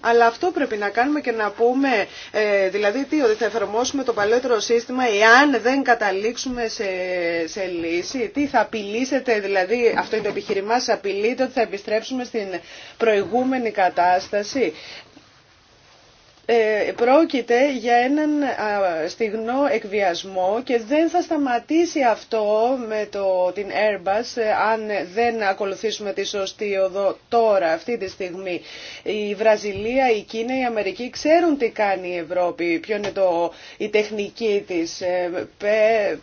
Αλλά αυτό πρέπει να κάνουμε και να πούμε, ε, δηλαδή τι, ότι θα εφαρμόσουμε το παλαιότερο σύστημα εάν δεν καταλήξουμε σε, σε λύση. Τι θα απειλήσετε, δηλαδή αυτό είναι το επιχειρημά σας απειλείτε ότι θα επιστρέψουμε στην προηγούμενη κατάσταση. Ε, πρόκειται για έναν στιγνό εκβιασμό και δεν θα σταματήσει αυτό με το, την Airbus ε, αν δεν ακολουθήσουμε τη σωστή οδό τώρα, αυτή τη στιγμή. Η Βραζιλία, η Κίνα, η Αμερική ξέρουν τι κάνει η Ευρώπη, ποιο είναι το, η τεχνική της. Ε,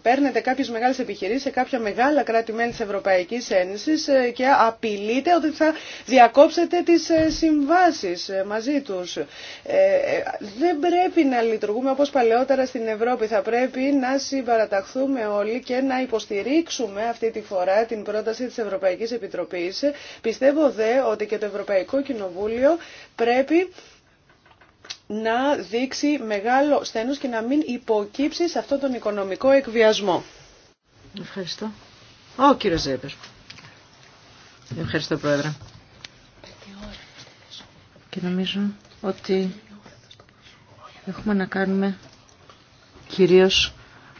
παίρνετε κάποιες μεγάλες επιχειρήσεις σε κάποια μεγάλα κράτη-μέλη της Ευρωπαϊκής Ένωσης και απειλείτε ότι θα διακόψετε τις συμβάσεις μαζί τους δεν πρέπει να λειτουργούμε όπως παλαιότερα στην Ευρώπη. Θα πρέπει να συμπαραταχθούμε όλοι και να υποστηρίξουμε αυτή τη φορά την πρόταση της Ευρωπαϊκής Επιτροπής. Πιστεύω δε ότι και το Ευρωπαϊκό Κοινοβούλιο πρέπει να δείξει μεγάλο στένος και να μην υποκύψει σε αυτόν τον οικονομικό εκβιασμό. Ευχαριστώ. Ο Ζέπερ. Ευχαριστώ Πρόεδρε. Και ότι Έχουμε να κάνουμε κυρίως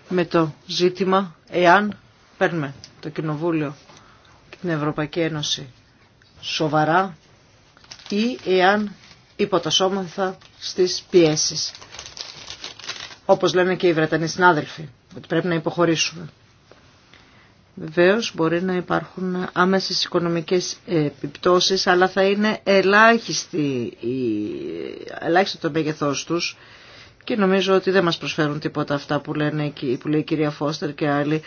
με το ζήτημα εάν παίρνουμε το Κοινοβούλιο και την Ευρωπαϊκή Ένωση σοβαρά ή εάν υποτασσόμεθα στις πιέσεις. Όπως λένε και οι Βρετανοί συνάδελφοι, ότι πρέπει να υποχωρήσουμε. Βεβαίω μπορεί να υπάρχουν άμεσες οικονομικές επιπτώσεις, αλλά θα είναι ελάχιστη, ελάχιστο το μέγεθός τους και νομίζω ότι δεν μας προσφέρουν τίποτα αυτά που, λένε, που λέει η κυρία Φώστερ και άλλοι.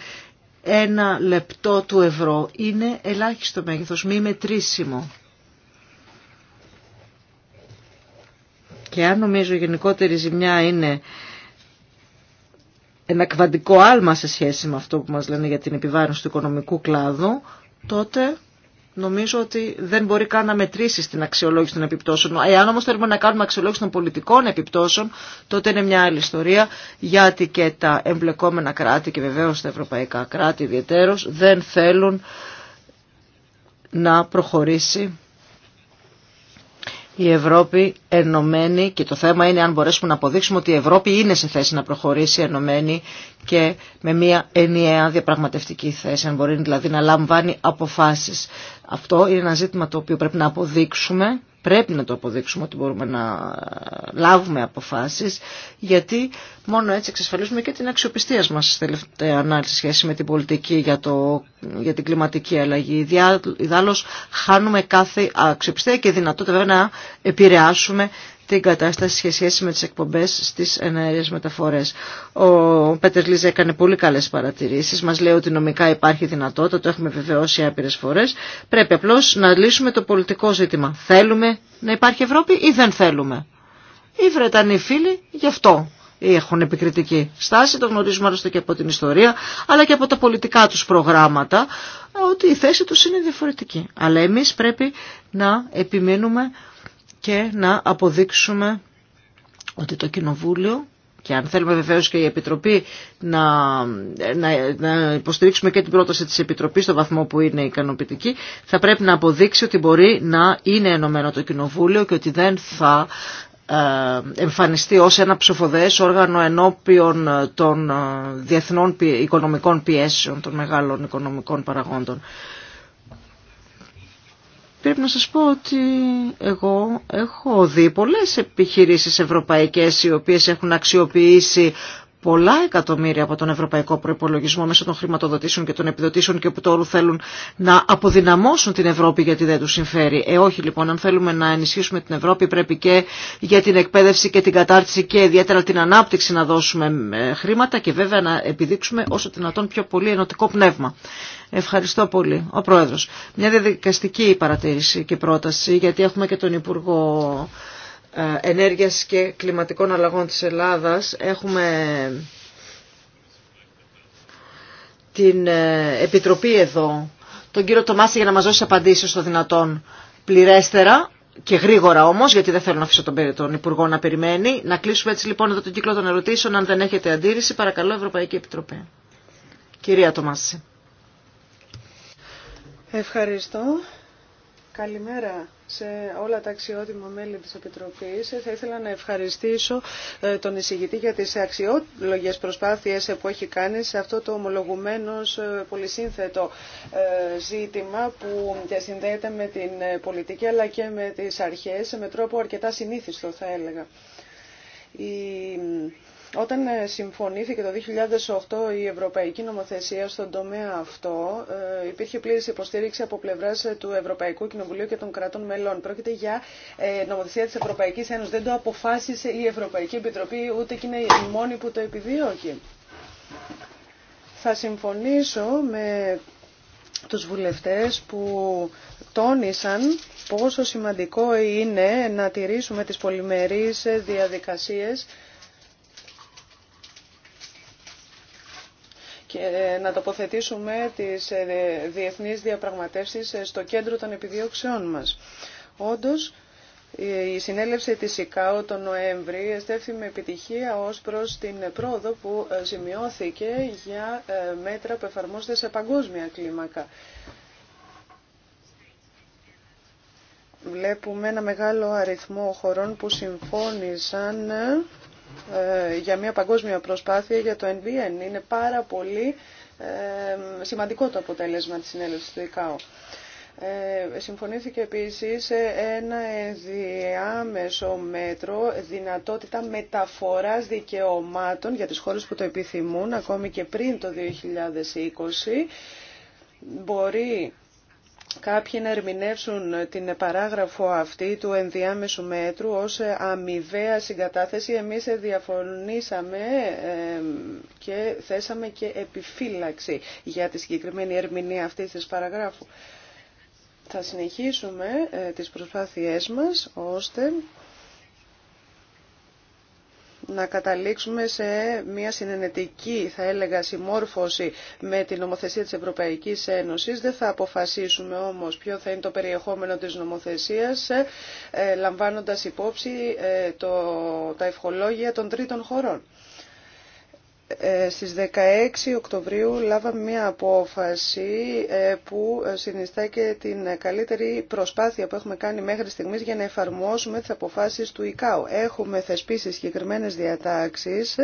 Ένα λεπτό του ευρώ είναι ελάχιστο μέγεθος, μη μετρήσιμο. Και αν νομίζω η γενικότερη ζημιά είναι ένα κβαντικό άλμα σε σχέση με αυτό που μας λένε για την επιβάρυνση του οικονομικού κλάδου, τότε νομίζω ότι δεν μπορεί καν να μετρήσει στην αξιολόγηση των επιπτώσεων. Εάν όμως θέλουμε να κάνουμε αξιολόγηση των πολιτικών επιπτώσεων, τότε είναι μια άλλη ιστορία, γιατί και τα εμπλεκόμενα κράτη και βεβαίως τα ευρωπαϊκά κράτη ιδιαίτερως δεν θέλουν να προχωρήσει η Ευρώπη ενωμένη και το θέμα είναι αν μπορέσουμε να αποδείξουμε ότι η Ευρώπη είναι σε θέση να προχωρήσει ενωμένη και με μια ενιαία διαπραγματευτική θέση, αν μπορεί δηλαδή να λαμβάνει αποφάσεις. Αυτό είναι ένα ζήτημα το οποίο πρέπει να αποδείξουμε πρέπει να το αποδείξουμε ότι μπορούμε να λάβουμε αποφάσεις, γιατί μόνο έτσι εξασφαλίζουμε και την αξιοπιστία μας στη τελευταία ανάλυση σχέση με την πολιτική για, το, για την κλιματική αλλαγή. Ιδάλλως χάνουμε κάθε αξιοπιστία και δυνατότητα να επηρεάσουμε την κατάσταση σε σχέση με τις εκπομπές στις εναέριες μεταφορές. Ο Πέτερ Λίζα έκανε πολύ καλές παρατηρήσεις, μας λέει ότι νομικά υπάρχει δυνατότητα, το έχουμε βεβαιώσει άπειρες φορές. Πρέπει απλώς να λύσουμε το πολιτικό ζήτημα. Θέλουμε να υπάρχει Ευρώπη ή δεν θέλουμε. Οι Βρετανοί φίλοι γι' αυτό έχουν επικριτική στάση, το γνωρίζουμε άλλωστε και από την ιστορία, αλλά και από τα πολιτικά τους προγράμματα, ότι η θέση τους είναι διαφορετική. Αλλά εμείς πρέπει να επιμείνουμε και να αποδείξουμε ότι το Κοινοβούλιο και αν θέλουμε βεβαίω και η Επιτροπή να, να, να υποστηρίξουμε και την πρόταση της Επιτροπής στο βαθμό που είναι ικανοποιητική, θα πρέπει να αποδείξει ότι μπορεί να είναι ενωμένο το Κοινοβούλιο και ότι δεν θα ε, εμφανιστεί ως ένα ψηφοδέες όργανο ενώπιον των ε, διεθνών οικονομικών πιέσεων, των μεγάλων οικονομικών παραγόντων πρέπει να σας πω ότι εγώ έχω δει πολλές επιχειρήσεις ευρωπαϊκές οι οποίες έχουν αξιοποιήσει πολλά εκατομμύρια από τον ευρωπαϊκό προϋπολογισμό μέσω των χρηματοδοτήσεων και των επιδοτήσεων και που τώρα θέλουν να αποδυναμώσουν την Ευρώπη γιατί δεν τους συμφέρει. Ε, όχι λοιπόν, αν θέλουμε να ενισχύσουμε την Ευρώπη πρέπει και για την εκπαίδευση και την κατάρτιση και ιδιαίτερα την ανάπτυξη να δώσουμε ε, χρήματα και βέβαια να επιδείξουμε όσο δυνατόν πιο πολύ ενωτικό πνεύμα. Ευχαριστώ πολύ. Ο Πρόεδρος. Μια διαδικαστική παρατήρηση και πρόταση, γιατί έχουμε και τον Υπουργό ε, Ενέργειας και Κλιματικών Αλλαγών της Ελλάδας. Έχουμε την ε, Επιτροπή εδώ, τον κύριο Τομάση για να μας δώσει απαντήσεις στο δυνατόν πληρέστερα και γρήγορα όμως, γιατί δεν θέλω να αφήσω τον, τον Υπουργό να περιμένει. Να κλείσουμε έτσι λοιπόν εδώ τον κύκλο των ερωτήσεων. Αν δεν έχετε αντίρρηση, παρακαλώ Ευρωπαϊκή Επιτροπή. Κυρία Τομάση. Ευχαριστώ. Καλημέρα σε όλα τα αξιότιμα μέλη της Επιτροπής. Θα ήθελα να ευχαριστήσω ε, τον εισηγητή για τις αξιόλογες προσπάθειες ε, που έχει κάνει σε αυτό το ομολογουμένως ε, πολυσύνθετο ζήτημα που συνδέεται με την πολιτική αλλά και με τις αρχές με τρόπο αρκετά συνήθιστο θα έλεγα. Όταν ε, συμφωνήθηκε το 2008 η Ευρωπαϊκή Νομοθεσία στον τομέα αυτό, ε, υπήρχε πλήρη υποστήριξη από πλευρά ε, του Ευρωπαϊκού Κοινοβουλίου και των κρατών μελών. Πρόκειται για νομοθεσία τη Ευρωπαϊκή Ένωση. Δεν το αποφάσισε η Ευρωπαϊκή Επιτροπή, ούτε και είναι η μόνη που το επιδιώκει. Θα συμφωνήσω με τους βουλευτές που τόνισαν πόσο σημαντικό είναι να τηρήσουμε τις πολυμερείς διαδικασίες και να τοποθετήσουμε τις ε, διεθνείς διαπραγματεύσεις ε, στο κέντρο των επιδιώξεών μας. Όντως, η συνέλευση της ΣΥΚΑΟ τον Νοέμβρη εστέφθη με επιτυχία ως προς την πρόοδο που ε, σημειώθηκε για μέτρα που εφαρμόζονται σε παγκόσμια κλίμακα. Βλέπουμε ένα μεγάλο αριθμό χωρών που συμφώνησαν ε, για μια παγκόσμια προσπάθεια για το NBN. Είναι πάρα πολύ ε, σημαντικό το αποτέλεσμα της συνέλευσης του ΙΚΑΟ. Ε, συμφωνήθηκε επίσης ένα διάμεσο μέτρο δυνατότητα μεταφοράς δικαιωμάτων για τις χώρες που το επιθυμούν ακόμη και πριν το 2020. Μπορεί κάποιοι να ερμηνεύσουν την παράγραφο αυτή του ενδιάμεσου μέτρου ως αμοιβαία συγκατάθεση. Εμείς διαφωνήσαμε και θέσαμε και επιφύλαξη για τη συγκεκριμένη ερμηνεία αυτή της παραγράφου. Θα συνεχίσουμε ε, τις προσπάθειές μας ώστε να καταλήξουμε σε μια συνενετική, θα έλεγα, συμμόρφωση με την νομοθεσία της Ευρωπαϊκής Ένωσης. Δεν θα αποφασίσουμε όμως ποιο θα είναι το περιεχόμενο της νομοθεσίας, ε, λαμβάνοντας υπόψη ε, το, τα ευχολόγια των τρίτων χωρών. Ε, στις 16 Οκτωβρίου λάβαμε μια απόφαση ε, που ε, συνιστά και την καλύτερη προσπάθεια που έχουμε κάνει μέχρι στιγμής για να εφαρμόσουμε τις αποφάσεις του ΙΚΑΟ. Έχουμε θεσπίσει συγκεκριμένες διατάξεις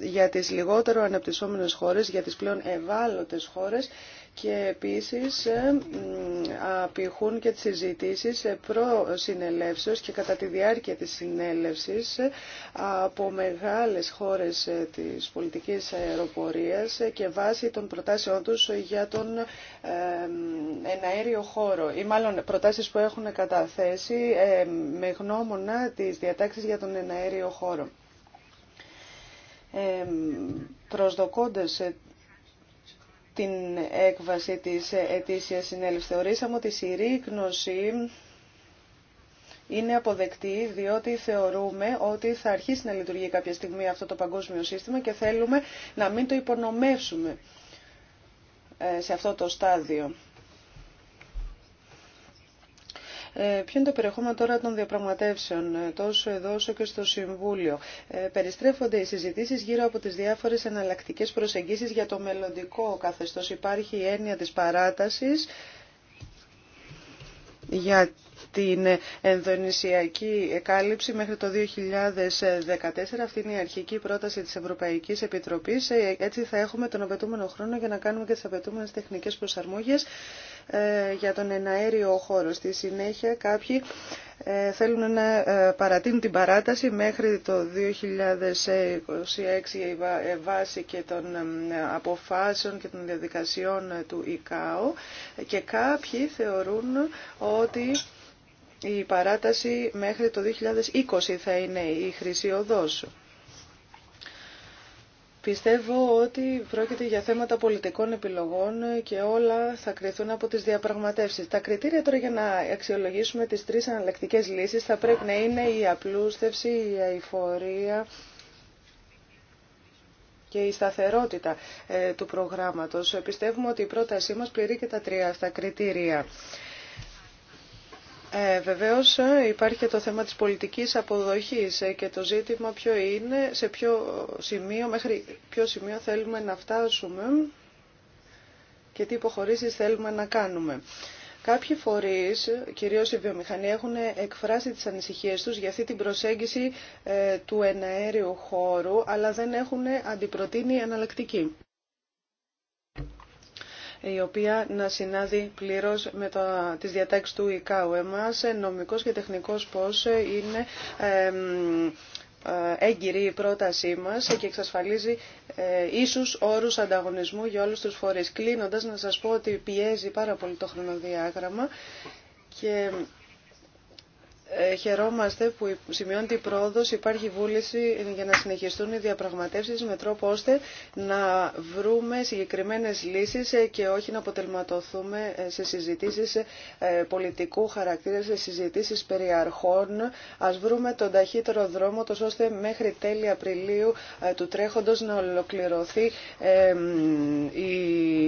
για τις λιγότερο αναπτυσσόμενες χώρες, για τις πλέον ευάλωτες χώρες και επίσης ε, απηχούν και τις συζητήσεις ε, προ συνελεύσεως και κατά τη διάρκεια της συνέλευσης ε, από μεγάλες χώρες της πολιτικής αεροπορίας και βάσει των προτάσεών τους για τον εναέριο χώρο ή μάλλον προτάσεις που έχουν καταθέσει με γνώμονα τις διατάξεις για τον εναέριο χώρο. Ε, προσδοκώντας την έκβαση της ετήσιας συνέλευσης. Θεωρήσαμε ότι η συρρήκνωση είναι αποδεκτή διότι θεωρούμε ότι θα αρχίσει να λειτουργεί κάποια στιγμή αυτό το παγκόσμιο σύστημα και θέλουμε να μην το υπονομεύσουμε ε, σε αυτό το στάδιο. Ε, ποιο είναι το περιεχόμενο τώρα των διαπραγματεύσεων, ε, τόσο εδώ όσο και στο Συμβούλιο. Ε, περιστρέφονται οι συζητήσει γύρω από τις διάφορες εναλλακτικέ προσεγγίσεις για το μελλοντικό καθεστώς. Υπάρχει η έννοια τη παράταση για την ενδονησιακή κάλυψη μέχρι το 2014. Αυτή είναι η αρχική πρόταση της Ευρωπαϊκής Επιτροπής. Ε, έτσι θα έχουμε τον απαιτούμενο χρόνο για να κάνουμε και τις απαιτούμενες τεχνικές προσαρμόγες ε, για τον εναέριο χώρο. Στη συνέχεια κάποιοι ε, θέλουν να ε, παρατείνουν την παράταση μέχρι το 2026 ε, βάση και των αποφάσεων και των διαδικασιών του ΙΚΑΟ και κάποιοι θεωρούν ότι η παράταση μέχρι το 2020 θα είναι η χρυσή οδός. Πιστεύω ότι πρόκειται για θέματα πολιτικών επιλογών και όλα θα κρυθούν από τις διαπραγματεύσεις. Τα κριτήρια τώρα για να αξιολογήσουμε τις τρεις αναλεκτικές λύσεις θα πρέπει να είναι η απλούστευση, η αηφορία και η σταθερότητα ε, του προγράμματος. Πιστεύουμε ότι η πρότασή μας πληρεί και τα τρία αυτά κριτήρια. Ε, βεβαίως ε, υπάρχει και το θέμα της πολιτικής αποδοχής ε, και το ζήτημα ποιο είναι, σε ποιο σημείο, μέχρι ποιο σημείο θέλουμε να φτάσουμε και τι υποχωρήσεις θέλουμε να κάνουμε. Κάποιοι φορείς, κυρίως οι βιομηχανία, έχουν εκφράσει τις ανησυχίες τους για αυτή την προσέγγιση ε, του εναέριου χώρου, αλλά δεν έχουν αντιπροτείνει εναλλακτική η οποία να συνάδει πλήρως με το, τις διατάξεις του ΙΚΑΟ. εμά, ε, νομικός και τεχνικός πώς ε, είναι ε, έγκυρη η πρότασή μας και εξασφαλίζει ίσους όρους ανταγωνισμού για όλους τους φορείς. Κλείνοντας να σας πω ότι πιέζει πάρα πολύ το χρονοδιάγραμμα και ε, χαιρόμαστε που σημειώνεται η πρόοδος, υπάρχει βούληση για να συνεχιστούν οι διαπραγματεύσεις με τρόπο ώστε να βρούμε συγκεκριμένες λύσεις ε, και όχι να αποτελματωθούμε ε, σε συζητήσεις πολιτικού χαρακτήρα, σε συζητήσεις περιαρχών. αρχών. Ας βρούμε τον ταχύτερο δρόμο, τόσο ώστε μέχρι τέλη Απριλίου του τρέχοντος να ολοκληρωθεί η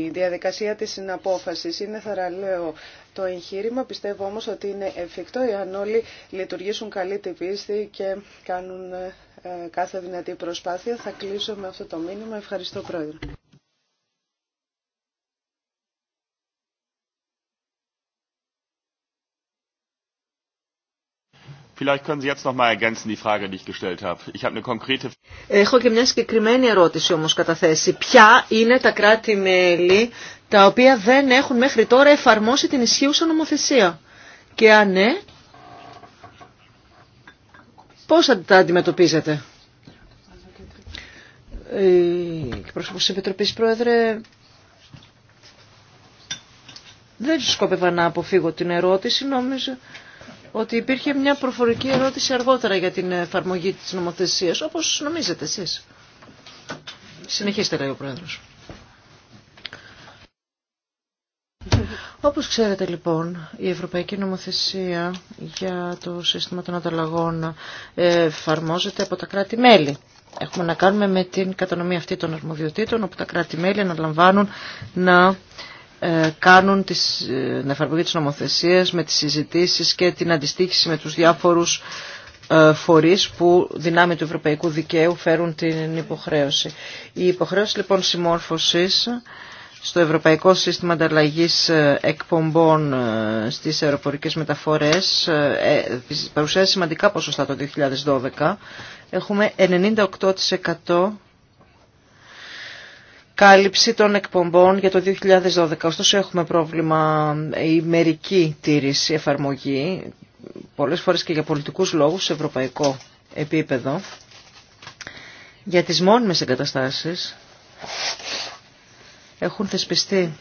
διαδικασία της συναπόφασης. Είναι θαραλέο το εγχείρημα. Πιστεύω όμως ότι είναι εφικτό εάν όλοι λειτουργήσουν καλή την πίστη και κάνουν ε, κάθε δυνατή προσπάθεια. Θα κλείσω με αυτό το μήνυμα. Ευχαριστώ Πρόεδρε. Έχω και μια συγκεκριμένη ερώτηση όμως καταθέσει. Ποια είναι τα κράτη-μέλη τα οποία δεν έχουν μέχρι τώρα εφαρμόσει την ισχύουσα νομοθεσία. Και αν ναι, πώς θα τα αντιμετωπίζετε. Ε, Πρόσωπος της Επιτροπής Πρόεδρε, δεν σκόπευα να αποφύγω την ερώτηση, Νομίζω ότι υπήρχε μια προφορική ερώτηση αργότερα για την εφαρμογή της νομοθεσίας, όπως νομίζετε εσείς. Συνεχίστε, λέει ο Πρόεδρος. Όπως ξέρετε λοιπόν, η Ευρωπαϊκή Νομοθεσία για το σύστημα των ανταλλαγών εφαρμόζεται από τα κράτη-μέλη. Έχουμε να κάνουμε με την κατανομή αυτή των αρμοδιοτήτων, όπου τα κράτη-μέλη αναλαμβάνουν να ε, κάνουν τις, την ε, εφαρμογή της νομοθεσίας με τις συζητήσεις και την αντιστοίχηση με τους διάφορους ε, φορείς που δυνάμει του ευρωπαϊκού δικαίου φέρουν την υποχρέωση. Η υποχρέωση λοιπόν συμμόρφωσης στο Ευρωπαϊκό Σύστημα ανταλλαγή ε, Εκπομπών ε, στις αεροπορικές μεταφορές ε, παρουσιάζει σημαντικά ποσοστά το 2012. Έχουμε 98% κάλυψη των εκπομπών για το 2012. Ωστόσο έχουμε πρόβλημα η μερική τήρηση, εφαρμογή, πολλές φορές και για πολιτικούς λόγους σε ευρωπαϊκό επίπεδο, για τις μόνιμες εγκαταστάσεις έχουν θεσπιστεί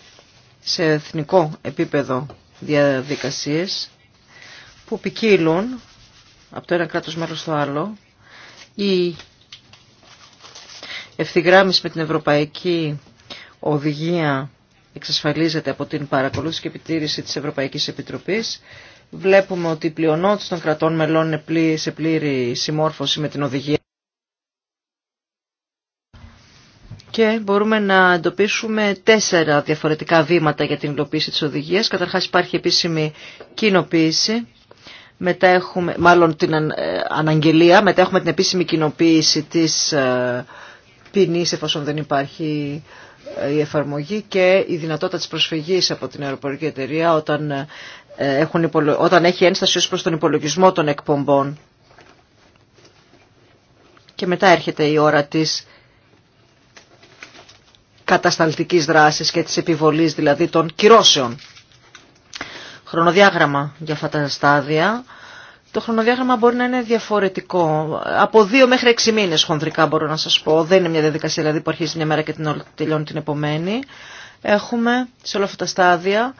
σε εθνικό επίπεδο διαδικασίες που ποικίλουν από το ένα κράτος μέλος στο άλλο η ευθυγράμμιση με την Ευρωπαϊκή Οδηγία εξασφαλίζεται από την παρακολούθηση και επιτήρηση της Ευρωπαϊκής Επιτροπής. Βλέπουμε ότι η πλειονότητα των κρατών μελών είναι σε πλήρη συμμόρφωση με την οδηγία. και μπορούμε να εντοπίσουμε τέσσερα διαφορετικά βήματα για την υλοποίηση της οδηγίας. Καταρχάς υπάρχει επίσημη κοινοποίηση, μετά έχουμε, μάλλον την ε, αναγγελία, μετά έχουμε την επίσημη κοινοποίηση της ε, ποινή εφόσον δεν υπάρχει ε, η εφαρμογή και η δυνατότητα της προσφυγής από την αεροπορική εταιρεία όταν, έχουν, όταν έχει ένσταση ως προς τον υπολογισμό των εκπομπών. Και μετά έρχεται η ώρα της κατασταλτικής δράσης και της επιβολής δηλαδή των κυρώσεων. Χρονοδιάγραμμα για αυτά τα στάδια. Το χρονοδιάγραμμα μπορεί να είναι διαφορετικό. Από δύο μέχρι έξι μήνες χονδρικά μπορώ να σας πω. Δεν είναι μια διαδικασία δηλαδή που αρχίζει μια μέρα και την τελειώνει την επομένη. Έχουμε σε όλα αυτά τα στάδια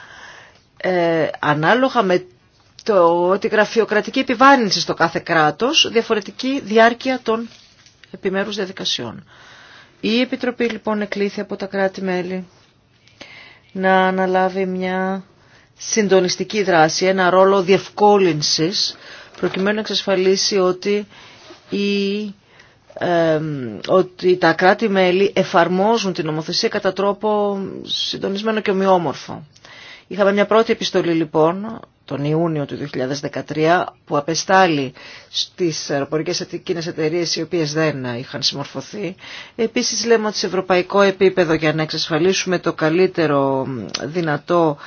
ε, ανάλογα με το, τη γραφειοκρατική επιβάρυνση στο κάθε κράτος διαφορετική διάρκεια των επιμέρους διαδικασιών. Η Επιτροπή λοιπόν εκλήθη από τα κράτη-μέλη να αναλάβει μια συντονιστική δράση, ένα ρόλο διευκόλυνσης, προκειμένου να εξασφαλίσει ότι, η, ότι τα κράτη-μέλη εφαρμόζουν την νομοθεσία κατά τρόπο συντονισμένο και ομοιόμορφο. Είχαμε μια πρώτη επιστολή λοιπόν τον Ιούνιο του 2013 που απεστάλλει στις αεροπορικές εκείνες εταιρείε οι οποίες δεν είχαν συμμορφωθεί. Επίσης λέμε ότι σε ευρωπαϊκό επίπεδο για να εξασφαλίσουμε το καλύτερο δυνατό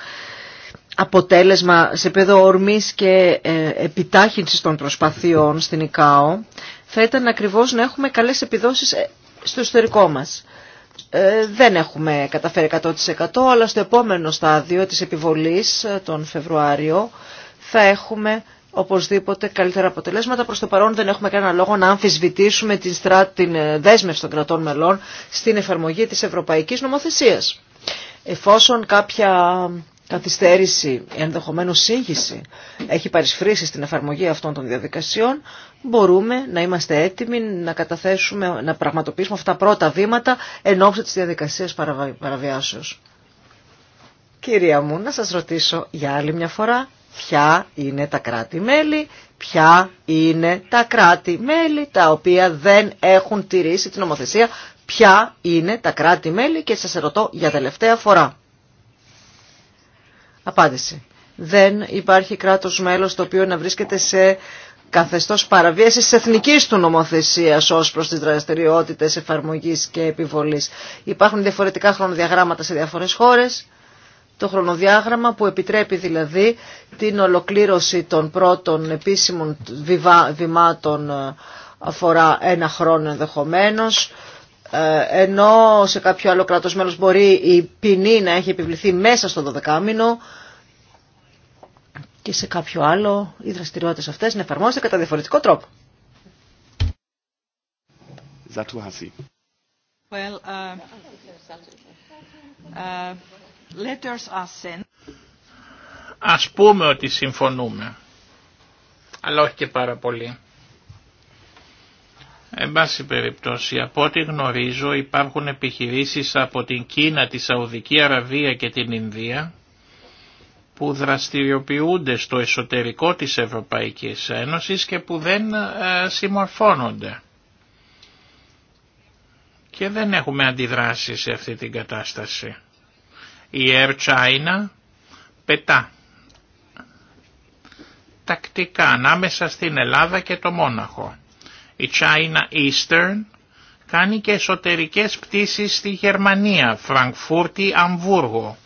αποτέλεσμα σε επίπεδο ορμής και ε, επιτάχυνσης των προσπαθειών στην ΙΚΑΟ θα ήταν ακριβώς να έχουμε καλές επιδόσεις ε, στο εσωτερικό μας. Ε, δεν έχουμε καταφέρει 100% αλλά στο επόμενο στάδιο της επιβολής ε, τον Φεβρουάριο θα έχουμε οπωσδήποτε καλύτερα αποτελέσματα. Προς το παρόν δεν έχουμε κανένα λόγο να αμφισβητήσουμε την, στρα... την ε, δέσμευση των κρατών μελών στην εφαρμογή της ευρωπαϊκής νομοθεσίας. Εφόσον κάποια καθυστέρηση, ενδεχομένως σύγχυση έχει παρισφρήσει στην εφαρμογή αυτών των διαδικασιών, μπορούμε να είμαστε έτοιμοι να καταθέσουμε, να πραγματοποιήσουμε αυτά τα πρώτα βήματα εν ώψη της διαδικασίας παραβιάσεως. Κυρία μου, να σας ρωτήσω για άλλη μια φορά ποια είναι τα κράτη-μέλη, ποια είναι τα κράτη-μέλη τα οποία δεν έχουν τηρήσει την νομοθεσία, ποια είναι τα κράτη-μέλη και σας ρωτώ για τελευταία φορά. Απάντηση. Δεν υπάρχει κράτος μέλος το οποίο να βρίσκεται σε καθεστώς παραβίασης τη εθνικής του νομοθεσίας ως προς τις δραστηριότητες εφαρμογής και επιβολής. Υπάρχουν διαφορετικά χρονοδιαγράμματα σε διάφορες χώρες. Το χρονοδιάγραμμα που επιτρέπει δηλαδή την ολοκλήρωση των πρώτων επίσημων βημάτων ε, αφορά ένα χρόνο ενδεχομένως ε, ενώ σε κάποιο άλλο κράτος μέλος μπορεί η ποινή να έχει επιβληθεί μέσα στο 12 μήνο και σε κάποιο άλλο οι δραστηριότητες αυτές να εφαρμόζονται κατά διαφορετικό τρόπο. Well, uh, uh, Ας πούμε ότι συμφωνούμε, αλλά όχι και πάρα πολύ. Εν πάση περιπτώσει, από ό,τι γνωρίζω υπάρχουν επιχειρήσεις από την Κίνα, τη Σαουδική Αραβία και την Ινδία που δραστηριοποιούνται στο εσωτερικό της Ευρωπαϊκής Ένωσης και που δεν ε, συμμορφώνονται. Και δεν έχουμε αντιδράσει σε αυτή την κατάσταση. Η Air China πετά τακτικά ανάμεσα στην Ελλάδα και το Μόναχο. Η China Eastern κάνει και εσωτερικές πτήσεις στη Γερμανία, Φραγκφούρτη, Αμβούργο.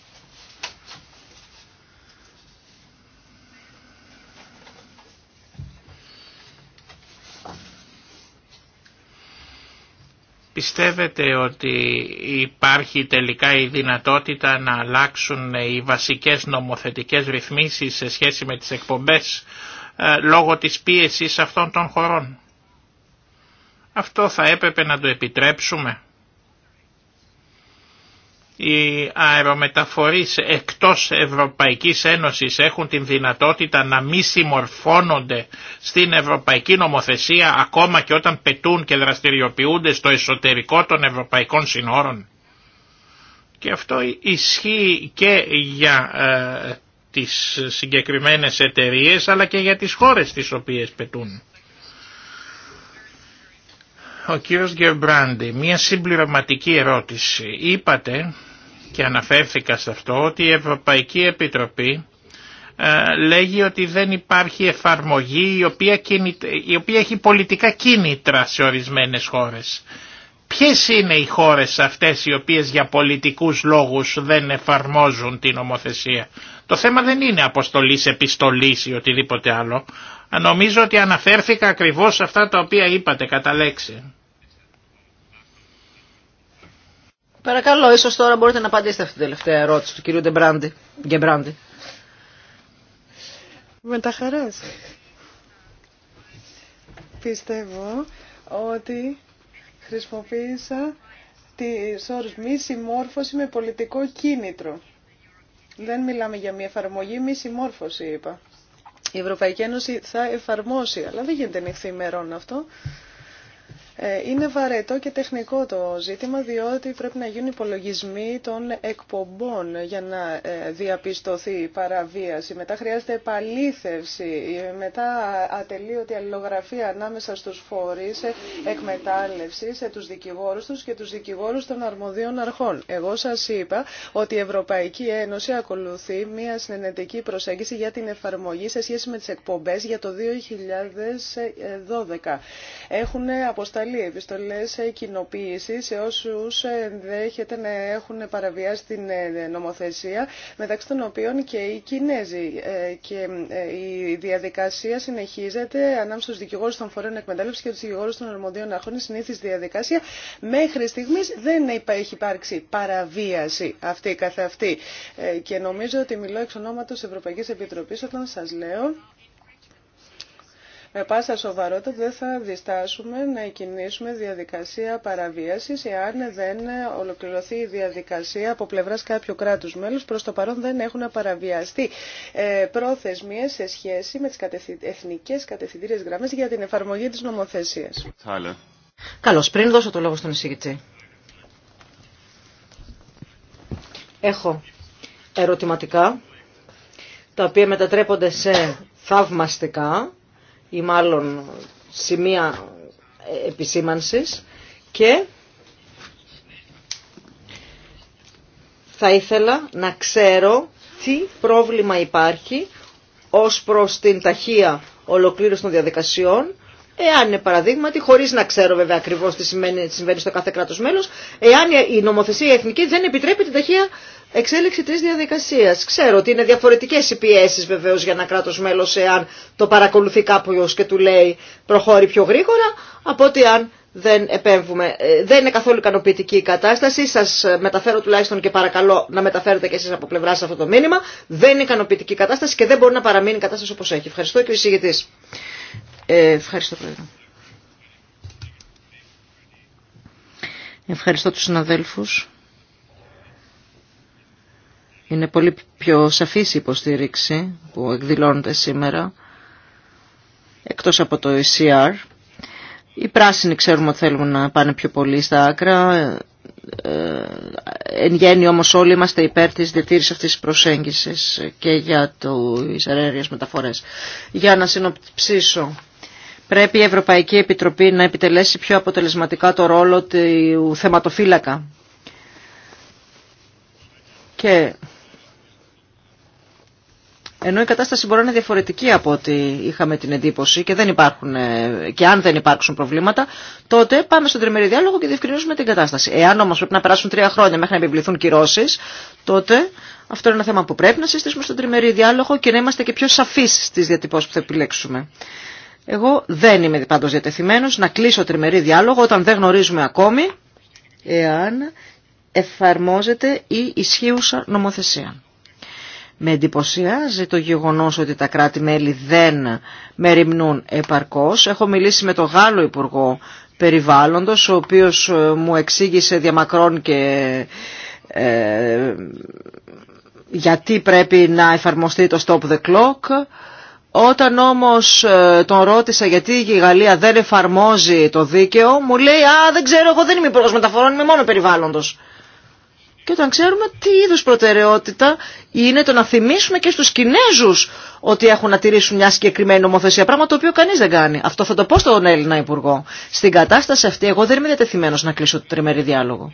Πιστεύετε ότι υπάρχει τελικά η δυνατότητα να αλλάξουν οι βασικές νομοθετικές ρυθμίσεις σε σχέση με τις εκπομπές ε, λόγω της πίεσης αυτών των χωρών. Αυτό θα έπρεπε να το επιτρέψουμε. Οι αερομεταφορείς εκτός Ευρωπαϊκής Ένωσης έχουν την δυνατότητα να μη συμμορφώνονται στην Ευρωπαϊκή Νομοθεσία ακόμα και όταν πετούν και δραστηριοποιούνται στο εσωτερικό των Ευρωπαϊκών Συνόρων. Και αυτό ισχύει και για ε, τις συγκεκριμένες εταιρείες αλλά και για τις χώρες τις οποίες πετούν. Ο κύριος Γκερμπράντι, μία συμπληρωματική ερώτηση. Είπατε και αναφέρθηκα σε αυτό ότι η Ευρωπαϊκή Επιτροπή ε, λέγει ότι δεν υπάρχει εφαρμογή η οποία, η οποία έχει πολιτικά κίνητρα σε ορισμένες χώρες. Ποιες είναι οι χώρες αυτές οι οποίες για πολιτικούς λόγους δεν εφαρμόζουν την νομοθεσία. Το θέμα δεν είναι αποστολής επιστολής ή οτιδήποτε άλλο, Νομίζω ότι αναφέρθηκα ακριβώς σε αυτά τα οποία είπατε κατά λέξη. Παρακαλώ, ίσως τώρα μπορείτε να απαντήσετε αυτή την τελευταία ερώτηση του κυρίου Γκεμπράντη. Με τα χαράς. Πιστεύω ότι χρησιμοποίησα τη όρους μη συμμόρφωση με πολιτικό κίνητρο. Δεν μιλάμε για μια εφαρμογή, μη συμμόρφωση είπα η Ευρωπαϊκή Ένωση θα εφαρμόσει. Αλλά δεν γίνεται ημερών αυτό. Ε, είναι βαρετό και τεχνικό το ζήτημα διότι πρέπει να γίνουν υπολογισμοί των εκπομπών για να ε, διαπιστωθεί η παραβίαση. Μετά χρειάζεται επαλήθευση, ε, μετά ατελείωτη αλληλογραφία ανάμεσα στους φορείς σε τους δικηγόρους τους και τους δικηγόρους των αρμοδίων αρχών. Εγώ σας είπα ότι η Ευρωπαϊκή Ένωση ακολουθεί μια συνενετική προσέγγιση για την εφαρμογή σε σχέση με τις εκπομπές για το 2012. Έχουν αποσταλεί επιστολέ κοινοποίηση σε όσους ενδέχεται να έχουν παραβιάσει την ε, νομοθεσία, μεταξύ των οποίων και οι Κινέζοι. Ε, και ε, η διαδικασία συνεχίζεται ανάμεσα στου δικηγόρους των φορέων εκμετάλλευση και τους δικηγόρους των αρμοδίων αρχών. Η συνήθις διαδικασία μέχρι στιγμής δεν έχει υπάρξει παραβίαση αυτή καθ' αυτή. Και νομίζω ότι μιλώ εξ ονόματος Ευρωπαϊκής Επιτροπής όταν σας λέω με πάσα σοβαρότητα δεν θα διστάσουμε να κινήσουμε διαδικασία παραβίασης εάν δεν ολοκληρωθεί η διαδικασία από πλευράς κάποιου κράτους μέλους. Προς το παρόν δεν έχουν παραβιαστεί ε, σε σχέση με τις εθνικές κατευθυντήριες γραμμές για την εφαρμογή της νομοθεσίας. Καλώς, πριν δώσω το λόγο στον εισηγητή. Έχω ερωτηματικά, τα οποία μετατρέπονται σε θαυμαστικά ή μάλλον σημεία επισήμανσης και θα ήθελα να ξέρω τι πρόβλημα υπάρχει ως προς την ταχεία ολοκλήρωση των διαδικασιών Εάν είναι παραδείγματι, χωρί να ξέρω βέβαια ακριβώ τι συμβαίνει, συμβαίνει στο κάθε κράτο μέλο, εάν η νομοθεσία εθνική δεν επιτρέπει την ταχεία εξέλιξη τη διαδικασία. Ξέρω ότι είναι διαφορετικέ οι πιέσει βεβαίως για ένα κράτο μέλο εάν το παρακολουθεί κάποιο και του λέει προχώρη πιο γρήγορα από ότι αν δεν επέμβουμε. Ε, δεν είναι καθόλου ικανοποιητική η κατάσταση. Σα μεταφέρω τουλάχιστον και παρακαλώ να μεταφέρετε και εσεί από πλευρά σε αυτό το μήνυμα. Δεν είναι ικανοποιητική η κατάσταση και δεν μπορεί να παραμείνει η κατάσταση όπω έχει. Ευχαριστώ και ο εισηγητή. Ε, ευχαριστώ, Πρόεδρε. Ευχαριστώ τους συναδέλφους είναι πολύ πιο σαφής η υποστήριξη που εκδηλώνεται σήμερα, εκτός από το ECR. Οι πράσινοι ξέρουμε ότι θέλουν να πάνε πιο πολύ στα άκρα. Ε, εν γέννη όμως όλοι είμαστε υπέρ της διατήρησης αυτής της προσέγγισης και για το αερέριες μεταφορές. Για να συνοψίσω. Πρέπει η Ευρωπαϊκή Επιτροπή να επιτελέσει πιο αποτελεσματικά το ρόλο του θεματοφύλακα. Και ενώ η κατάσταση μπορεί να είναι διαφορετική από ό,τι είχαμε την εντύπωση και, δεν υπάρχουν, ε, και αν δεν υπάρξουν προβλήματα, τότε πάμε στον τριμερή διάλογο και διευκρινίζουμε την κατάσταση. Εάν όμω πρέπει να περάσουν τρία χρόνια μέχρι να επιβληθούν κυρώσει, τότε αυτό είναι ένα θέμα που πρέπει να συστήσουμε στον τριμερή διάλογο και να είμαστε και πιο σαφεί στι διατυπώσει που θα επιλέξουμε. Εγώ δεν είμαι πάντω διατεθειμένο να κλείσω τριμερή διάλογο όταν δεν γνωρίζουμε ακόμη εάν εφαρμόζεται η ισχύουσα νομοθεσία. Με εντυπωσιάζει το γεγονός ότι τα κράτη-μέλη δεν μεριμνούν επαρκώς. Έχω μιλήσει με τον Γάλλο Υπουργό Περιβάλλοντος, ο οποίος ε, μου εξήγησε διαμακρών και ε, γιατί πρέπει να εφαρμοστεί το stop the clock. Όταν όμως ε, τον ρώτησα γιατί η Γαλλία δεν εφαρμόζει το δίκαιο, μου λέει «Α, δεν ξέρω, εγώ δεν είμαι υπουργός μεταφορών, είμαι μόνο περιβάλλοντος» και όταν ξέρουμε τι είδους προτεραιότητα είναι το να θυμίσουμε και στους Κινέζους ότι έχουν να τηρήσουν μια συγκεκριμένη νομοθεσία, πράγμα το οποίο κανείς δεν κάνει. Αυτό θα το πω στον Έλληνα Υπουργό. Στην κατάσταση αυτή εγώ δεν είμαι διατεθειμένος να κλείσω το τριμερή διάλογο.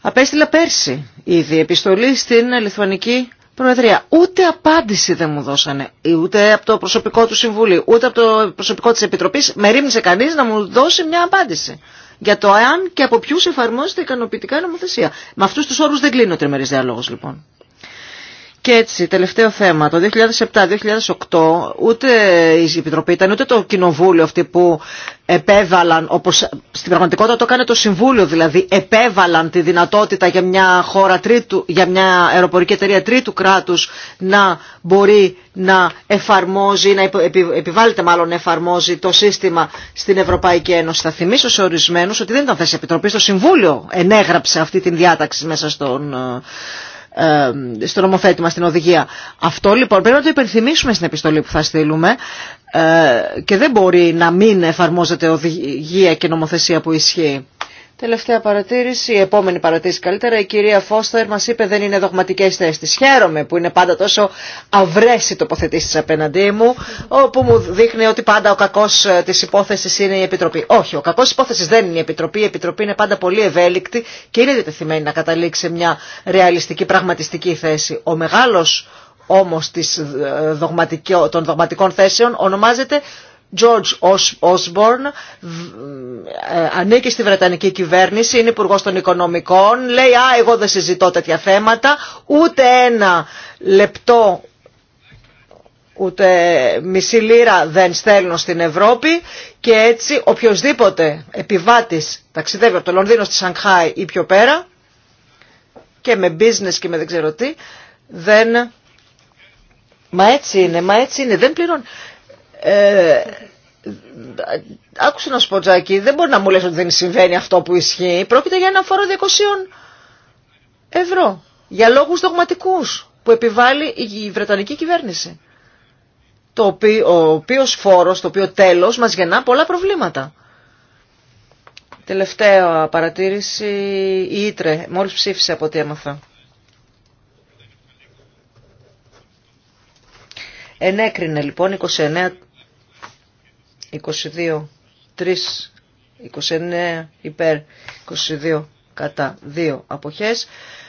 Απέστειλα πέρσι ήδη επιστολή στην Λιθουανική Προεδρία. Ούτε απάντηση δεν μου δώσανε. Ούτε από το προσωπικό του Συμβουλίου, ούτε από το προσωπικό της Επιτροπής. Με ρίμνησε κανείς να μου δώσει μια απάντηση για το εάν και από ποιου εφαρμόζεται ικανοποιητικά νομοθεσία. Με αυτού του όρου δεν κλείνω ο τριμερή διάλογο λοιπόν. Και έτσι, τελευταίο θέμα, το 2007-2008 ούτε η Επιτροπή ήταν ούτε το Κοινοβούλιο αυτοί που επέβαλαν, όπως στην πραγματικότητα το έκανε το Συμβούλιο δηλαδή, επέβαλαν τη δυνατότητα για μια χώρα τρίτου, για μια αεροπορική εταιρεία τρίτου κράτους να μπορεί να εφαρμόζει, να επιβάλλεται μάλλον να εφαρμόζει το σύστημα στην Ευρωπαϊκή Ένωση. Θα θυμίσω σε ορισμένους ότι δεν ήταν θέση Επιτροπή, το Συμβούλιο ενέγραψε αυτή την διάταξη μέσα στον ε, στο νομοθέτημα, στην οδηγία. Αυτό λοιπόν πρέπει να το υπενθυμίσουμε στην επιστολή που θα στείλουμε ε, και δεν μπορεί να μην εφαρμόζεται οδηγία και νομοθεσία που ισχύει. Τελευταία παρατήρηση, η επόμενη παρατήρηση καλύτερα, η κυρία Φώστερ μας είπε δεν είναι δογματικές θέσεις Χαίρομαι που είναι πάντα τόσο οι τοποθετήσεις απέναντί μου, όπου μου δείχνει ότι πάντα ο κακός ε, της υπόθεσης είναι η Επιτροπή. Όχι, ο κακός της υπόθεσης δεν είναι η Επιτροπή, η Επιτροπή είναι πάντα πολύ ευέλικτη και είναι διτεθειμένη να καταλήξει μια ρεαλιστική, πραγματιστική θέση. Ο μεγάλος όμως ε, των δογματικών θέσεων ονομάζεται George Osborne ε, ανήκει στη Βρετανική κυβέρνηση, είναι υπουργό των οικονομικών, λέει «Α, εγώ δεν συζητώ τέτοια θέματα», ούτε ένα λεπτό ούτε μισή λίρα δεν στέλνω στην Ευρώπη και έτσι οποιοδήποτε επιβάτης ταξιδεύει από το Λονδίνο στη Σανχάη ή πιο πέρα και με business και με δεν ξέρω τι δεν... Μα έτσι είναι, μα έτσι είναι, δεν πληρώνει. Ε, άκουσε να σου πω Τζάκη, δεν μπορεί να μου λες ότι δεν συμβαίνει αυτό που ισχύει. Πρόκειται για ένα φόρο 200 ευρώ. Για λόγους δογματικούς που επιβάλλει η Βρετανική κυβέρνηση. Το οποίο, ο οποίος φόρος, το οποίο τέλος μας γεννά πολλά προβλήματα. Τελευταία παρατήρηση, η Ήτρε, μόλις ψήφισε από ό,τι έμαθα. Ενέκρινε λοιπόν 29 22, 3, 29 υπέρ, 22 κατά 2 αποχές.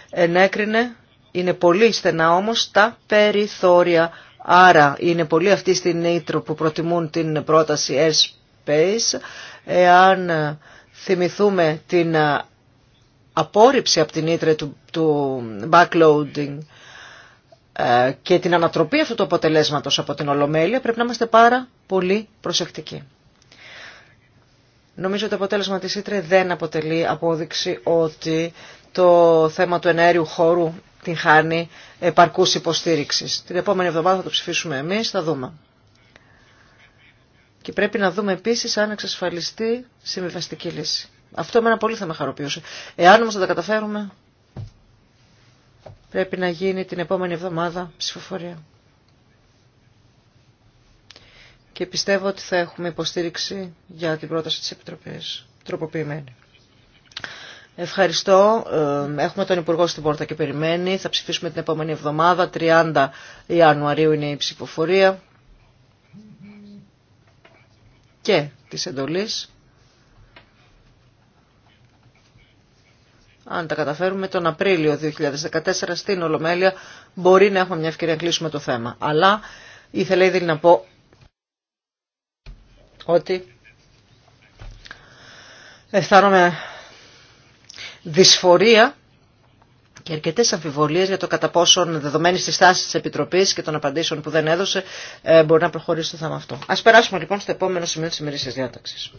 Ενέκρινε, είναι πολύ στενά όμως τα περιθώρια. Άρα είναι πολύ αυτοί στην Ήτρο που προτιμούν την πρόταση airspace. Εάν θυμηθούμε την απόρριψη από την Ήτρε του backloading ε, και την ανατροπή αυτού του αποτελέσματος από την Ολομέλεια πρέπει να είμαστε πάρα πολύ προσεκτικοί. Νομίζω ότι το αποτέλεσμα της Ήτρε δεν αποτελεί απόδειξη ότι το θέμα του ενέργειου χώρου την χάνει επαρκούς υποστήριξης. Την επόμενη εβδομάδα θα το ψηφίσουμε εμείς, θα δούμε. Και πρέπει να δούμε επίσης αν εξασφαλιστεί συμβιβαστική λύση. Αυτό εμένα πολύ θα με χαροποιούσε. Εάν όμως δεν τα καταφέρουμε, πρέπει να γίνει την επόμενη εβδομάδα ψηφοφορία. Και πιστεύω ότι θα έχουμε υποστήριξη για την πρόταση της Επιτροπής, τροποποιημένη. Ευχαριστώ. Ε, έχουμε τον Υπουργό στην πόρτα και περιμένει. Θα ψηφίσουμε την επόμενη εβδομάδα. 30 Ιανουαρίου είναι η ψηφοφορία. Και της εντολής. αν τα καταφέρουμε τον Απρίλιο 2014 στην Ολομέλεια, μπορεί να έχουμε μια ευκαιρία να κλείσουμε το θέμα. Αλλά ήθελα ήδη να πω ότι αισθάνομαι δυσφορία και αρκετέ αμφιβολίε για το κατά πόσον δεδομένη τη στάση τη Επιτροπή και των απαντήσεων που δεν έδωσε ε, μπορεί να προχωρήσει το θέμα αυτό. Α περάσουμε λοιπόν στο επόμενο σημείο τη ημερήσια διάταξη.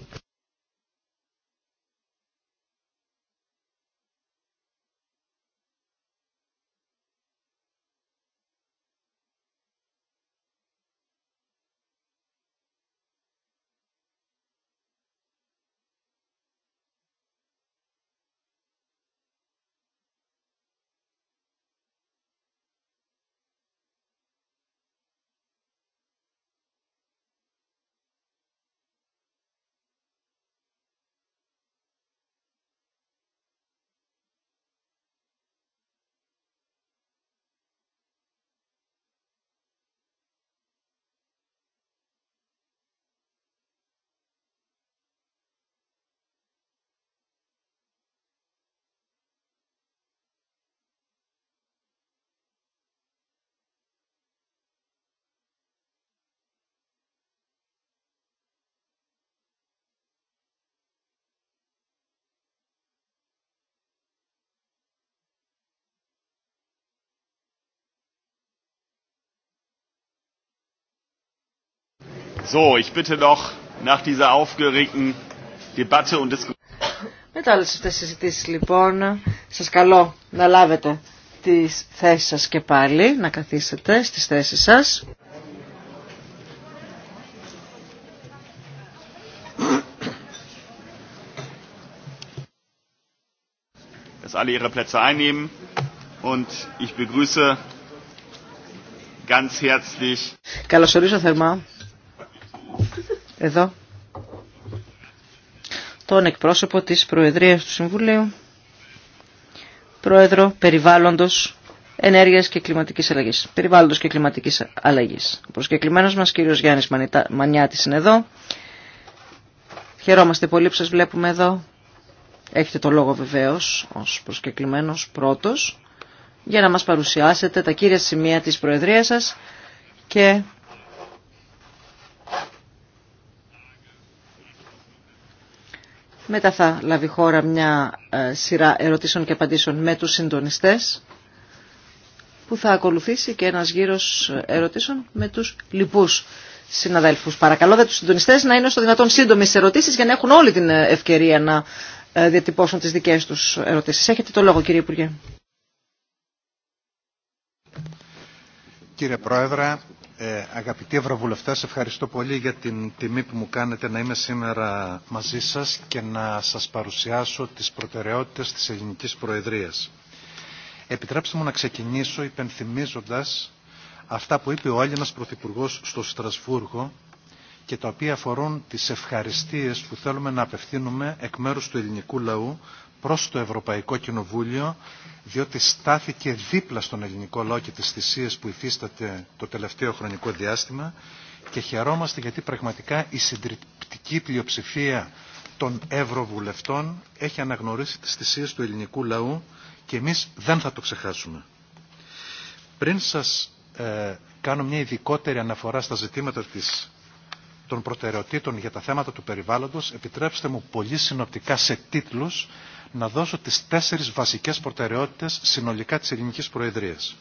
So, ich bitte noch nach dieser aufgeregten Debatte und Diskussion. Μετά όλες αυτέ τις συζητήσει, λοιπόν, σας καλώ να λάβετε τις θέσεις σας και πάλι, να καθίσετε στις θέσεις σας. Dass alle ihre Plätze einnehmen und ich begrüße ganz herzlich. Καλωσορίζω θερμά εδώ τον εκπρόσωπο της Προεδρίας του Συμβουλίου, Πρόεδρο Περιβάλλοντος Ενέργειας και Κλιματικής Αλλαγής. Περιβάλλοντος και Κλιματικής Αλλαγής. Ο προσκεκλημένος μας κύριος Γιάννης Μανιάτης είναι εδώ. Χαιρόμαστε πολύ που σας βλέπουμε εδώ. Έχετε το λόγο βεβαίως ως προσκεκλημένος πρώτος για να μας παρουσιάσετε τα κύρια σημεία της Προεδρίας σας και Μετά θα λάβει χώρα μια ε, σειρά ερωτήσεων και απαντήσεων με τους συντονιστές που θα ακολουθήσει και ένας γύρος ερωτήσεων με τους λοιπούς συναδέλφους. Παρακαλώ δε τους συντονιστές να είναι στο δυνατόν σύντομες ερωτήσεις για να έχουν όλη την ευκαιρία να ε, διατυπώσουν τις δικές τους ερωτήσεις. Έχετε το λόγο κύριε Υπουργέ. Κύριε Πρόεδρε, ε, αγαπητοί Ευρωβουλευτές, ευχαριστώ πολύ για την τιμή που μου κάνετε να είμαι σήμερα μαζί σα και να σα παρουσιάσω τι προτεραιότητε της Ελληνική Προεδρίας. Επιτρέψτε μου να ξεκινήσω υπενθυμίζοντα αυτά που είπε ο Έλληνα Πρωθυπουργό στο Στρασβούργο και τα οποία αφορούν τι ευχαριστίες που θέλουμε να απευθύνουμε εκ μέρου του ελληνικού λαού προς το Ευρωπαϊκό Κοινοβούλιο διότι στάθηκε δίπλα στον ελληνικό λαό και τις θυσίες που υφίσταται το τελευταίο χρονικό διάστημα και χαιρόμαστε γιατί πραγματικά η συντριπτική πλειοψηφία των Ευρωβουλευτών έχει αναγνωρίσει τις θυσίες του ελληνικού λαού και εμείς δεν θα το ξεχάσουμε. Πριν σας ε, κάνω μια ειδικότερη αναφορά στα ζητήματα της, των προτεραιοτήτων για τα θέματα του περιβάλλοντος, επιτρέψτε μου πολύ συνοπτικά σε τίτλους να δώσω τις τέσσερις βασικές προτεραιότητες συνολικά της ελληνικής προεδρίας.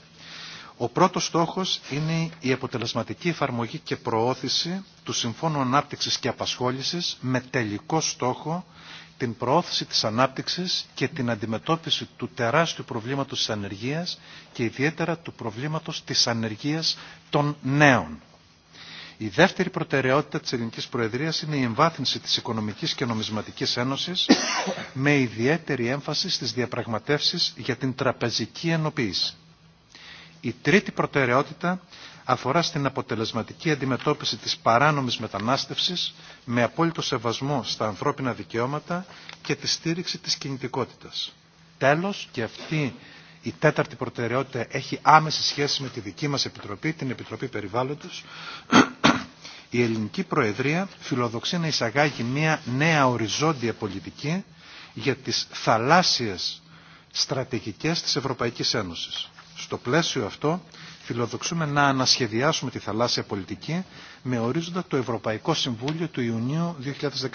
Ο πρώτος στόχος είναι η αποτελεσματική εφαρμογή και προώθηση του Συμφώνου Ανάπτυξης και Απασχόλησης με τελικό στόχο την προώθηση της ανάπτυξης και την αντιμετώπιση του τεράστιου προβλήματος της ανεργίας και ιδιαίτερα του προβλήματος της ανεργίας των νέων. Η δεύτερη προτεραιότητα της ελληνικής προεδρίας είναι η εμβάθυνση της Οικονομικής και Νομισματικής Ένωσης με ιδιαίτερη έμφαση στις διαπραγματεύσεις για την τραπεζική ενοποίηση. Η τρίτη προτεραιότητα αφορά στην αποτελεσματική αντιμετώπιση της παράνομης μετανάστευσης με απόλυτο σεβασμό στα ανθρώπινα δικαιώματα και τη στήριξη της κινητικότητας. Τέλος, και αυτή η τέταρτη προτεραιότητα έχει άμεση σχέση με τη δική μας Επιτροπή, την Επιτροπή Περιβάλλοντος, η ελληνική Προεδρία φιλοδοξεί να εισαγάγει μια νέα οριζόντια πολιτική για τις θαλάσσιες στρατηγικές της Ευρωπαϊκής Ένωσης. Στο πλαίσιο αυτό φιλοδοξούμε να ανασχεδιάσουμε τη θαλάσσια πολιτική με ορίζοντα το Ευρωπαϊκό Συμβούλιο του Ιουνίου 2014.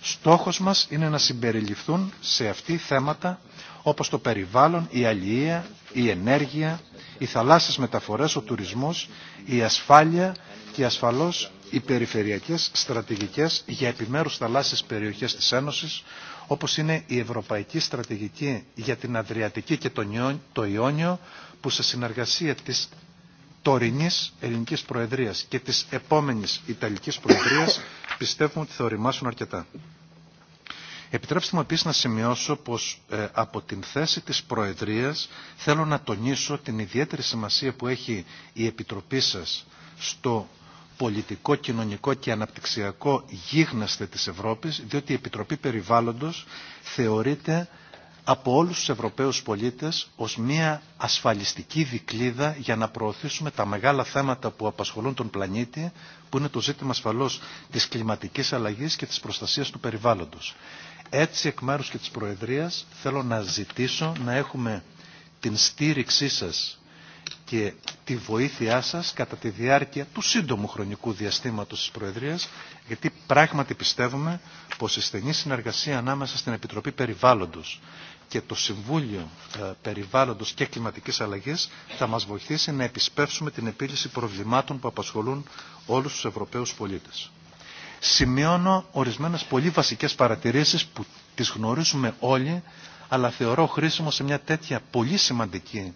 Στόχος μας είναι να συμπεριληφθούν σε αυτή θέματα όπως το περιβάλλον, η αλληλεία, η ενέργεια, οι θαλάσσιες μεταφορές, ο τουρισμός, η ασφάλεια, και ασφαλώς οι περιφερειακές στρατηγικές για επιμέρους θαλάσσιες περιοχές της Ένωσης, όπως είναι η Ευρωπαϊκή Στρατηγική για την Αδριατική και το Ιόνιο, που σε συνεργασία της τωρινής ελληνικής προεδρίας και της επόμενης Ιταλικής προεδρίας πιστεύουμε ότι θα οριμάσουν αρκετά. Επιτρέψτε μου επίσης να σημειώσω πως ε, από την θέση της Προεδρίας θέλω να τονίσω την ιδιαίτερη σημασία που έχει η Επιτροπή σας στο πολιτικό, κοινωνικό και αναπτυξιακό γίγνεσθε της Ευρώπης, διότι η Επιτροπή Περιβάλλοντος θεωρείται από όλους τους Ευρωπαίους πολίτες ως μια ασφαλιστική δικλίδα για να προωθήσουμε τα μεγάλα θέματα που απασχολούν τον πλανήτη, που είναι το ζήτημα ασφαλώς της κλιματικής αλλαγής και της προστασίας του περιβάλλοντος. Έτσι, εκ μέρους και της Προεδρίας, θέλω να ζητήσω να έχουμε την στήριξή σας και τη βοήθειά σας κατά τη διάρκεια του σύντομου χρονικού διαστήματος της Προεδρίας, γιατί πράγματι πιστεύουμε πως η στενή συνεργασία ανάμεσα στην Επιτροπή Περιβάλλοντος και το Συμβούλιο ε, Περιβάλλοντος και Κλιματικής Αλλαγής θα μας βοηθήσει να επισπεύσουμε την επίλυση προβλημάτων που απασχολούν όλους τους Ευρωπαίους πολίτες. Σημειώνω ορισμένες πολύ βασικές παρατηρήσεις που τις γνωρίζουμε όλοι, αλλά θεωρώ χρήσιμο σε μια τέτοια πολύ σημαντική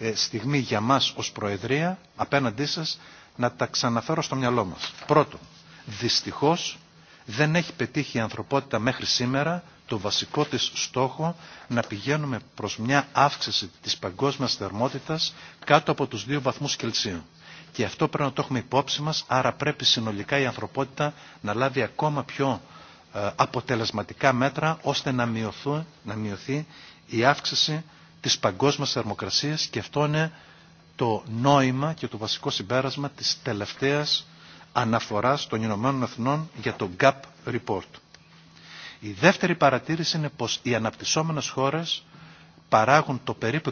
ε, στιγμή για μας ως Προεδρία απέναντί σας να τα ξαναφέρω στο μυαλό μας. Πρώτον, δυστυχώς δεν έχει πετύχει η ανθρωπότητα μέχρι σήμερα το βασικό της στόχο να πηγαίνουμε προς μια αύξηση της παγκόσμιας θερμότητας κάτω από τους δύο βαθμούς Κελσίου. Και αυτό πρέπει να το έχουμε υπόψη μας, άρα πρέπει συνολικά η ανθρωπότητα να λάβει ακόμα πιο ε, αποτελεσματικά μέτρα ώστε να, να μειωθεί η αύξηση της παγκόσμιας θερμοκρασίας και αυτό είναι το νόημα και το βασικό συμπέρασμα της τελευταίας αναφοράς των Ηνωμένων Εθνών για το GAP Report. Η δεύτερη παρατήρηση είναι πως οι αναπτυσσόμενες χώρες παράγουν το περίπου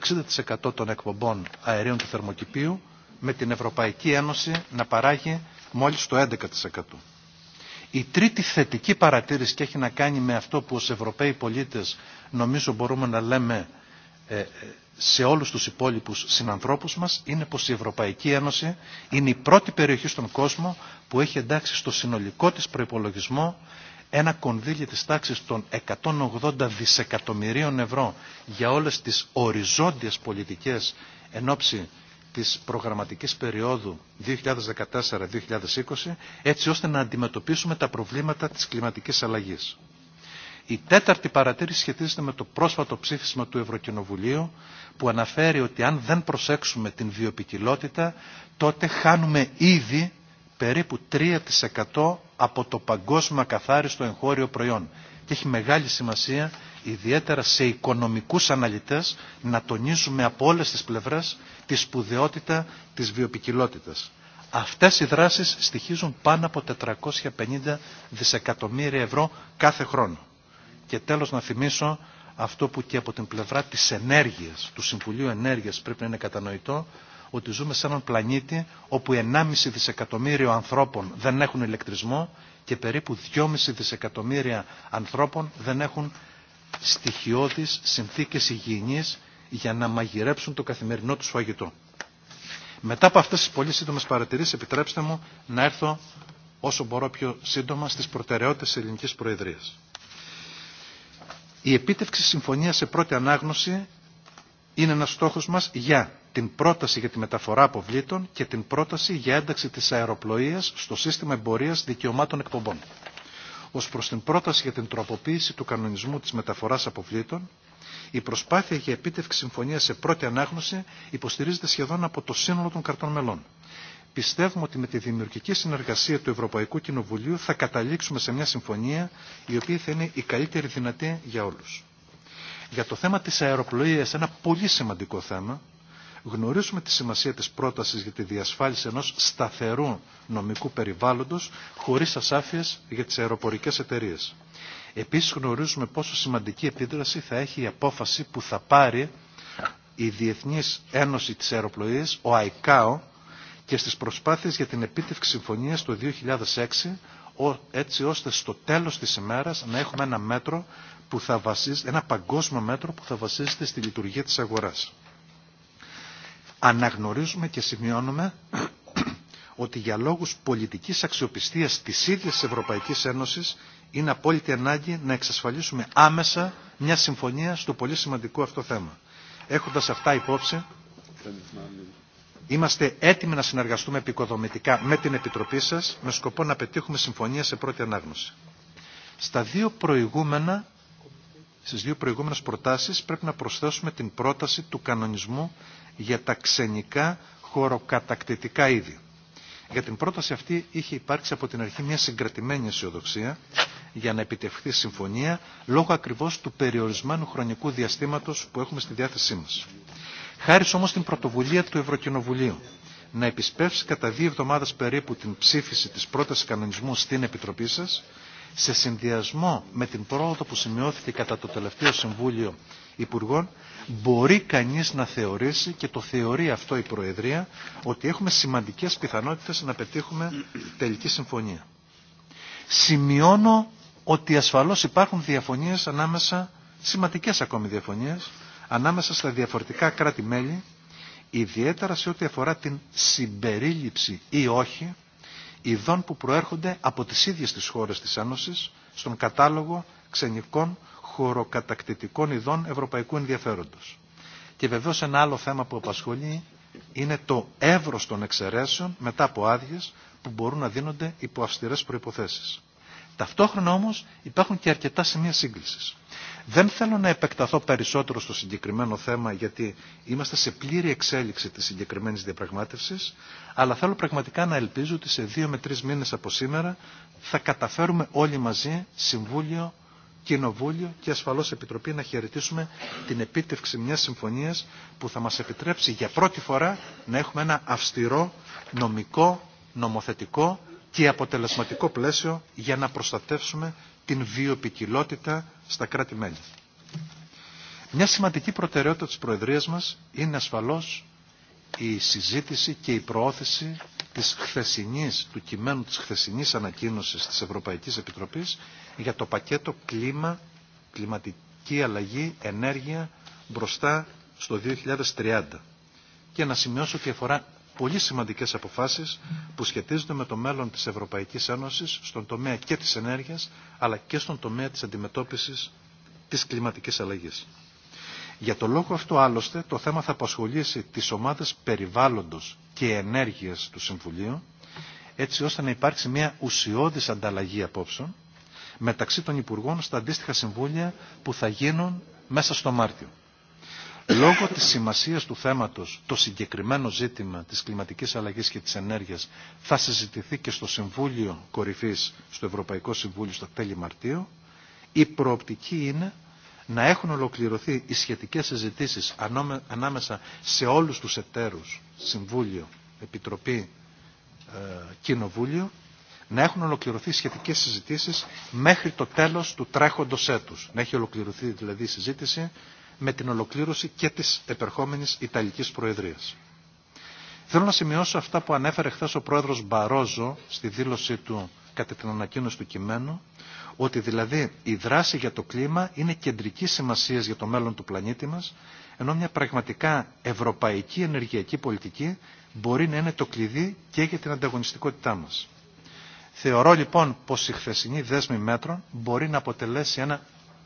60% των εκπομπών αερίων του θερμοκηπίου με την Ευρωπαϊκή Ένωση να παράγει μόλις το 11%. Η τρίτη θετική παρατήρηση και έχει να κάνει με αυτό που ως Ευρωπαίοι πολίτες νομίζω μπορούμε να λέμε ε, σε όλους τους υπόλοιπους συνανθρώπους μας είναι πως η Ευρωπαϊκή Ένωση είναι η πρώτη περιοχή στον κόσμο που έχει εντάξει στο συνολικό της προϋπολογισμό ένα κονδύλι της τάξης των 180 δισεκατομμυρίων ευρώ για όλες τις οριζόντιες πολιτικές εν ώψη της προγραμματικής περίοδου 2014-2020 έτσι ώστε να αντιμετωπίσουμε τα προβλήματα της κλιματικής αλλαγής. Η τέταρτη παρατήρηση σχετίζεται με το πρόσφατο ψήφισμα του Ευρωκοινοβουλίου που αναφέρει ότι αν δεν προσέξουμε την βιοπικιλότητα τότε χάνουμε ήδη περίπου 3% από το παγκόσμιο καθάριστο εγχώριο προϊόν. Και έχει μεγάλη σημασία, ιδιαίτερα σε οικονομικούς αναλυτές, να τονίζουμε από όλες τις πλευρές τη σπουδαιότητα της βιοπικιλότητας. Αυτές οι δράσεις στοιχίζουν πάνω από 450 δισεκατομμύρια ευρώ κάθε χρόνο. Και τέλος να θυμίσω αυτό που και από την πλευρά της ενέργειας, του Συμβουλίου Ενέργειας πρέπει να είναι κατανοητό, ότι ζούμε σε έναν πλανήτη όπου 1,5 δισεκατομμύριο ανθρώπων δεν έχουν ηλεκτρισμό και περίπου 2,5 δισεκατομμύρια ανθρώπων δεν έχουν στοιχειώδεις συνθήκες υγιεινής για να μαγειρέψουν το καθημερινό τους φαγητό. Μετά από αυτές τις πολύ σύντομες παρατηρήσεις, επιτρέψτε μου να έρθω όσο μπορώ πιο σύντομα στις προτεραιότητες της Ελληνικής Προεδρίας. Η επίτευξη συμφωνίας σε πρώτη ανάγνωση είναι ένας στόχος μας για την πρόταση για τη μεταφορά αποβλήτων και την πρόταση για ένταξη της αεροπλοείας στο σύστημα εμπορίας δικαιωμάτων εκπομπών. Ως προς την πρόταση για την τροποποίηση του κανονισμού της μεταφοράς αποβλήτων, η προσπάθεια για επίτευξη συμφωνία σε πρώτη ανάγνωση υποστηρίζεται σχεδόν από το σύνολο των καρτών μελών πιστεύουμε ότι με τη δημιουργική συνεργασία του Ευρωπαϊκού Κοινοβουλίου θα καταλήξουμε σε μια συμφωνία η οποία θα είναι η καλύτερη δυνατή για όλους. Για το θέμα της αεροπλοείας, ένα πολύ σημαντικό θέμα, γνωρίζουμε τη σημασία της πρότασης για τη διασφάλιση ενός σταθερού νομικού περιβάλλοντος χωρίς ασάφειες για τις αεροπορικές εταιρείες. Επίσης γνωρίζουμε πόσο σημαντική επίδραση θα έχει η απόφαση που θα πάρει η Διεθνής Ένωση της Αεροπλοείας, ο ΑΙΚΑΟ, και στις προσπάθειες για την επίτευξη συμφωνίας το 2006 έτσι ώστε στο τέλος της ημέρας να έχουμε ένα μέτρο που θα βασίζεται, ένα παγκόσμιο μέτρο που θα βασίζεται στη λειτουργία της αγοράς. Αναγνωρίζουμε και σημειώνουμε ότι για λόγους πολιτικής αξιοπιστίας της ίδιας Ευρωπαϊκής Ένωσης είναι απόλυτη ανάγκη να εξασφαλίσουμε άμεσα μια συμφωνία στο πολύ σημαντικό αυτό θέμα. Έχοντας αυτά υπόψη, Είμαστε έτοιμοι να συνεργαστούμε επικοδομητικά με την Επιτροπή σας με σκοπό να πετύχουμε συμφωνία σε πρώτη ανάγνωση. Στα δύο προηγούμενα, στις δύο προηγούμενες προτάσεις πρέπει να προσθέσουμε την πρόταση του κανονισμού για τα ξενικά χωροκατακτητικά είδη. Για την πρόταση αυτή είχε υπάρξει από την αρχή μια συγκρατημένη αισιοδοξία για να επιτευχθεί συμφωνία λόγω ακριβώς του περιορισμένου χρονικού διαστήματος που έχουμε στη διάθεσή μας χάρη όμως την πρωτοβουλία του Ευρωκοινοβουλίου να επισπεύσει κατά δύο εβδομάδες περίπου την ψήφιση της πρόταση κανονισμού στην Επιτροπή σας, σε συνδυασμό με την πρόοδο που σημειώθηκε κατά το τελευταίο Συμβούλιο Υπουργών, μπορεί κανείς να θεωρήσει και το θεωρεί αυτό η Προεδρία ότι έχουμε σημαντικές πιθανότητες να πετύχουμε τελική συμφωνία. Σημειώνω ότι ασφαλώς υπάρχουν διαφωνίες ανάμεσα, σημαντικές ακόμη διαφωνίες, ανάμεσα στα διαφορετικά κράτη-μέλη, ιδιαίτερα σε ό,τι αφορά την συμπερίληψη ή όχι ειδών που προέρχονται από τις ίδιες τις χώρες της Ένωσης στον κατάλογο ξενικών χωροκατακτητικών ειδών ευρωπαϊκού ενδιαφέροντος. Και βεβαίως ένα άλλο θέμα που απασχολεί είναι το εύρος των εξαιρέσεων μετά από άδειε που μπορούν να δίνονται υπό αυστηρές προϋποθέσεις. Ταυτόχρονα όμως υπάρχουν και αρκετά σημεία σύγκλησης. Δεν θέλω να επεκταθώ περισσότερο στο συγκεκριμένο θέμα γιατί είμαστε σε πλήρη εξέλιξη της συγκεκριμένης διαπραγμάτευσης αλλά θέλω πραγματικά να ελπίζω ότι σε δύο με τρεις μήνες από σήμερα θα καταφέρουμε όλοι μαζί Συμβούλιο, Κοινοβούλιο και ασφαλώς Επιτροπή να χαιρετήσουμε την επίτευξη μιας συμφωνίας που θα μας επιτρέψει για πρώτη φορά να έχουμε ένα αυστηρό νομικό, νομοθετικό και αποτελεσματικό πλαίσιο για να προστατεύσουμε την βιοπικιλότητα στα κράτη-μέλη. Μια σημαντική προτεραιότητα της Προεδρίας μας είναι ασφαλώς η συζήτηση και η προώθηση της χθεσινής, του κειμένου της χθεσινής ανακοίνωσης της Ευρωπαϊκής Επιτροπής για το πακέτο κλίμα, κλιματική αλλαγή, ενέργεια μπροστά στο 2030. Και να σημειώσω ότι αφορά πολύ σημαντικές αποφάσεις που σχετίζονται με το μέλλον της Ευρωπαϊκής Ένωσης στον τομέα και της ενέργειας αλλά και στον τομέα της αντιμετώπισης της κλιματικής αλλαγής. Για το λόγο αυτό άλλωστε το θέμα θα απασχολήσει τις ομάδες περιβάλλοντος και ενέργειας του Συμβουλίου έτσι ώστε να υπάρξει μια ουσιώδης ανταλλαγή απόψεων μεταξύ των Υπουργών στα αντίστοιχα συμβούλια που θα γίνουν μέσα στο Μάρτιο. Λόγω της σημασίας του θέματος, το συγκεκριμένο ζήτημα της κλιματικής αλλαγής και της ενέργειας θα συζητηθεί και στο Συμβούλιο Κορυφής, στο Ευρωπαϊκό Συμβούλιο, στο τέλη Μαρτίου. Η προοπτική είναι να έχουν ολοκληρωθεί οι σχετικές συζητήσεις ανάμεσα σε όλους τους εταίρους, Συμβούλιο, Επιτροπή, ε, Κοινοβούλιο, να έχουν ολοκληρωθεί σχετικές συζητήσεις μέχρι το τέλος του τρέχοντος έτους. Να έχει ολοκληρωθεί δηλαδή η συζήτηση με την ολοκλήρωση και της επερχόμενης Ιταλικής Προεδρίας. Θέλω να σημειώσω αυτά που ανέφερε χθε ο πρόεδρος Μπαρόζο στη δήλωσή του κατά την ανακοίνωση του κειμένου, ότι δηλαδή η δράση για το κλίμα είναι κεντρική σημασία για το μέλλον του πλανήτη μας, ενώ μια πραγματικά ευρωπαϊκή ενεργειακή πολιτική μπορεί να είναι το κλειδί και για την ανταγωνιστικότητά μας. Θεωρώ λοιπόν πως η χθεσινή δέσμη μέτρων μπορεί να αποτελέσει ένα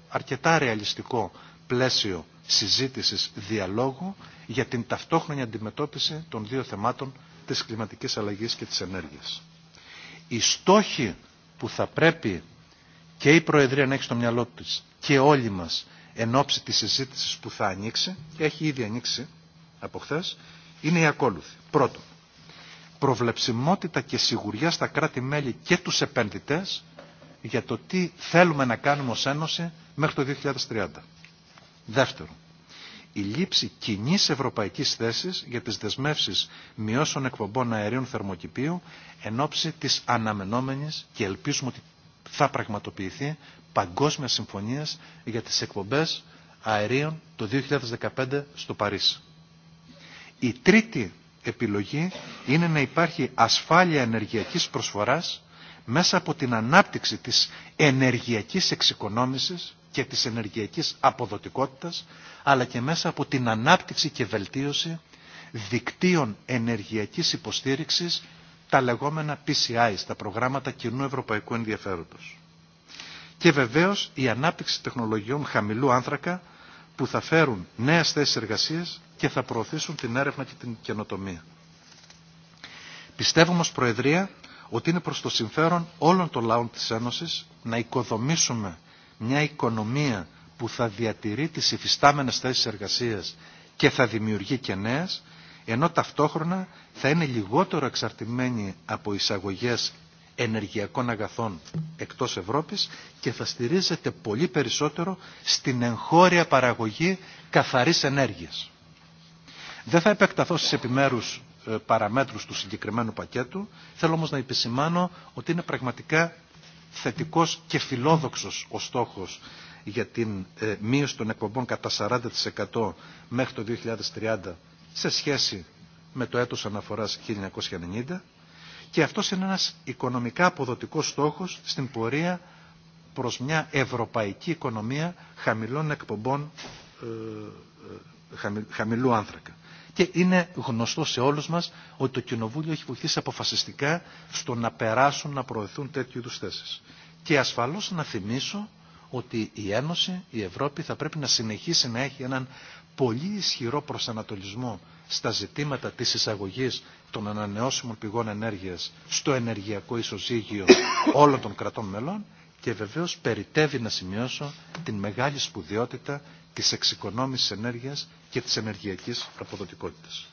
αρκετά ρεαλιστικό πλαίσιο συζήτησης διαλόγου για την ταυτόχρονη αντιμετώπιση των δύο θεμάτων της κλιματικής αλλαγής και της ενέργειας. Η στόχοι που θα πρέπει και η Προεδρία να έχει στο μυαλό της και όλοι μας εν ώψη της συζήτησης που θα ανοίξει, και έχει ήδη ανοίξει από χθε, είναι η ακόλουθη. Πρώτον, προβλεψιμότητα και σιγουριά στα κράτη-μέλη και τους επενδυτές για το τι θέλουμε να κάνουμε ως Ένωση μέχρι το 2030. Δεύτερον, η λήψη κοινή ευρωπαϊκή θέση για τι δεσμεύσει μειώσεων εκπομπών αερίων θερμοκηπίου εν ώψη τη αναμενόμενη και ελπίζουμε ότι θα πραγματοποιηθεί παγκόσμια συμφωνία για τι εκπομπέ αερίων το 2015 στο Παρίσι. Η τρίτη επιλογή είναι να υπάρχει ασφάλεια ενεργειακής προσφοράς μέσα από την ανάπτυξη της ενεργειακής εξοικονόμησης και της ενεργειακής αποδοτικότητας, αλλά και μέσα από την ανάπτυξη και βελτίωση δικτύων ενεργειακής υποστήριξης, τα λεγόμενα PCI, τα προγράμματα κοινού ευρωπαϊκού ενδιαφέροντος. Και βεβαίως η ανάπτυξη τεχνολογιών χαμηλού άνθρακα που θα φέρουν νέες θέσεις εργασίας και θα προωθήσουν την έρευνα και την καινοτομία. Πιστεύουμε ως Προεδρία ότι είναι προς το συμφέρον όλων των λαών της Ένωσης να οικοδομήσουμε μια οικονομία που θα διατηρεί τις υφιστάμενες θέσεις εργασίας και θα δημιουργεί και νέες, ενώ ταυτόχρονα θα είναι λιγότερο εξαρτημένη από εισαγωγές ενεργειακών αγαθών εκτός Ευρώπης και θα στηρίζεται πολύ περισσότερο στην εγχώρια παραγωγή καθαρής ενέργειας. Δεν θα επεκταθώ στις επιμέρους ε, παραμέτρους του συγκεκριμένου πακέτου, θέλω όμως να επισημάνω ότι είναι πραγματικά θετικός και φιλόδοξος ο στόχος για την ε, μείωση των εκπομπών κατά 40% μέχρι το 2030 σε σχέση με το έτος αναφοράς 1990 και αυτός είναι ένας οικονομικά αποδοτικός στόχος στην πορεία προς μια ευρωπαϊκή οικονομία χαμηλών εκπομπών ε, ε, χαμηλού άνθρακα και είναι γνωστό σε όλους μας ότι το Κοινοβούλιο έχει βοηθήσει αποφασιστικά στο να περάσουν, να προωθούν τέτοιου είδους θέσεις. Και ασφαλώς να θυμίσω ότι η Ένωση, η Ευρώπη θα πρέπει να συνεχίσει να έχει έναν πολύ ισχυρό προσανατολισμό στα ζητήματα της εισαγωγής των ανανεώσιμων πηγών ενέργειας στο ενεργειακό ισοζύγιο όλων των κρατών μελών και βεβαίως περιτεύει να σημειώσω την μεγάλη σπουδιότητα της εξοικονόμησης ενέργειας και της ενεργειακής αποδοτικότητας.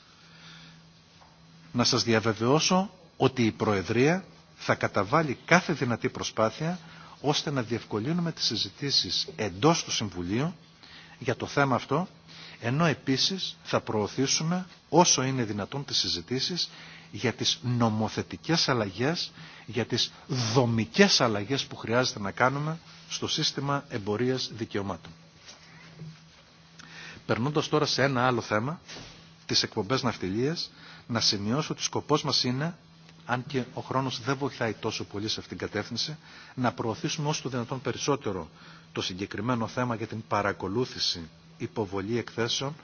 Να σας διαβεβαιώσω ότι η Προεδρία θα καταβάλει κάθε δυνατή προσπάθεια ώστε να διευκολύνουμε τις συζητήσεις εντός του Συμβουλίου για το θέμα αυτό, ενώ επίσης θα προωθήσουμε όσο είναι δυνατόν τις συζητήσεις για τις νομοθετικές αλλαγές, για τις δομικές αλλαγές που χρειάζεται να κάνουμε στο σύστημα εμπορίας δικαιωμάτων. Περνώντας τώρα σε ένα άλλο θέμα, τις εκπομπές ναυτιλίας, να σημειώσω ότι σκοπός μας είναι, αν και ο χρόνος δεν βοηθάει τόσο πολύ σε αυτήν την κατεύθυνση, να προωθήσουμε όσο το δυνατόν περισσότερο το συγκεκριμένο θέμα για την παρακολούθηση, υποβολή εκθέσεων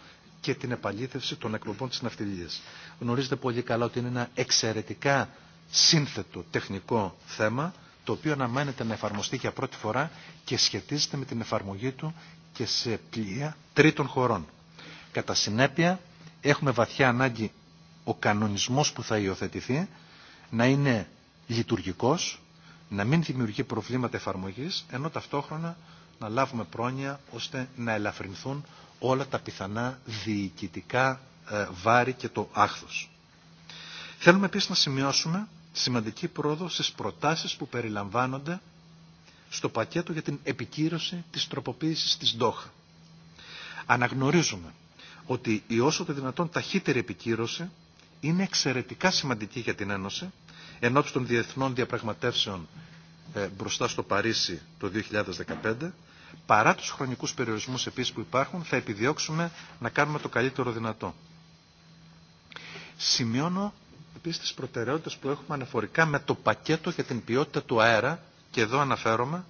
και την επαλήθευση των εκπομπών της ναυτιλίας. Γνωρίζετε πολύ καλά ότι είναι ένα εξαιρετικά σύνθετο τεχνικό θέμα, το οποίο αναμένεται να εφαρμοστεί για πρώτη φορά και σχετίζεται με την εφαρμογή του και σε πλοία τρίτων χωρών. Κατά συνέπεια, έχουμε βαθιά ανάγκη ο κανονισμός που θα υιοθετηθεί να είναι λειτουργικός, να μην δημιουργεί προβλήματα εφαρμογής, ενώ ταυτόχρονα να λάβουμε πρόνοια ώστε να ελαφρυνθούν όλα τα πιθανά διοικητικά ε, βάρη και το άχθος. Θέλουμε επίσης να σημειώσουμε σημαντική πρόοδο στις προτάσεις που περιλαμβάνονται στο πακέτο για την επικύρωση της τροποποίησης της Ντόχα. Αναγνωρίζουμε ότι η όσο το δυνατόν ταχύτερη επικύρωση είναι εξαιρετικά σημαντική για την Ένωση ενώ των διεθνών διαπραγματεύσεων ε, μπροστά στο Παρίσι το 2015 παρά τους χρονικούς περιορισμούς επίσης που υπάρχουν θα επιδιώξουμε να κάνουμε το καλύτερο δυνατό. Σημειώνω επίσης τις προτεραιότητες που έχουμε αναφορικά με το πακέτο για την ποιότητα του αέρα και εδώ αναφέρομαι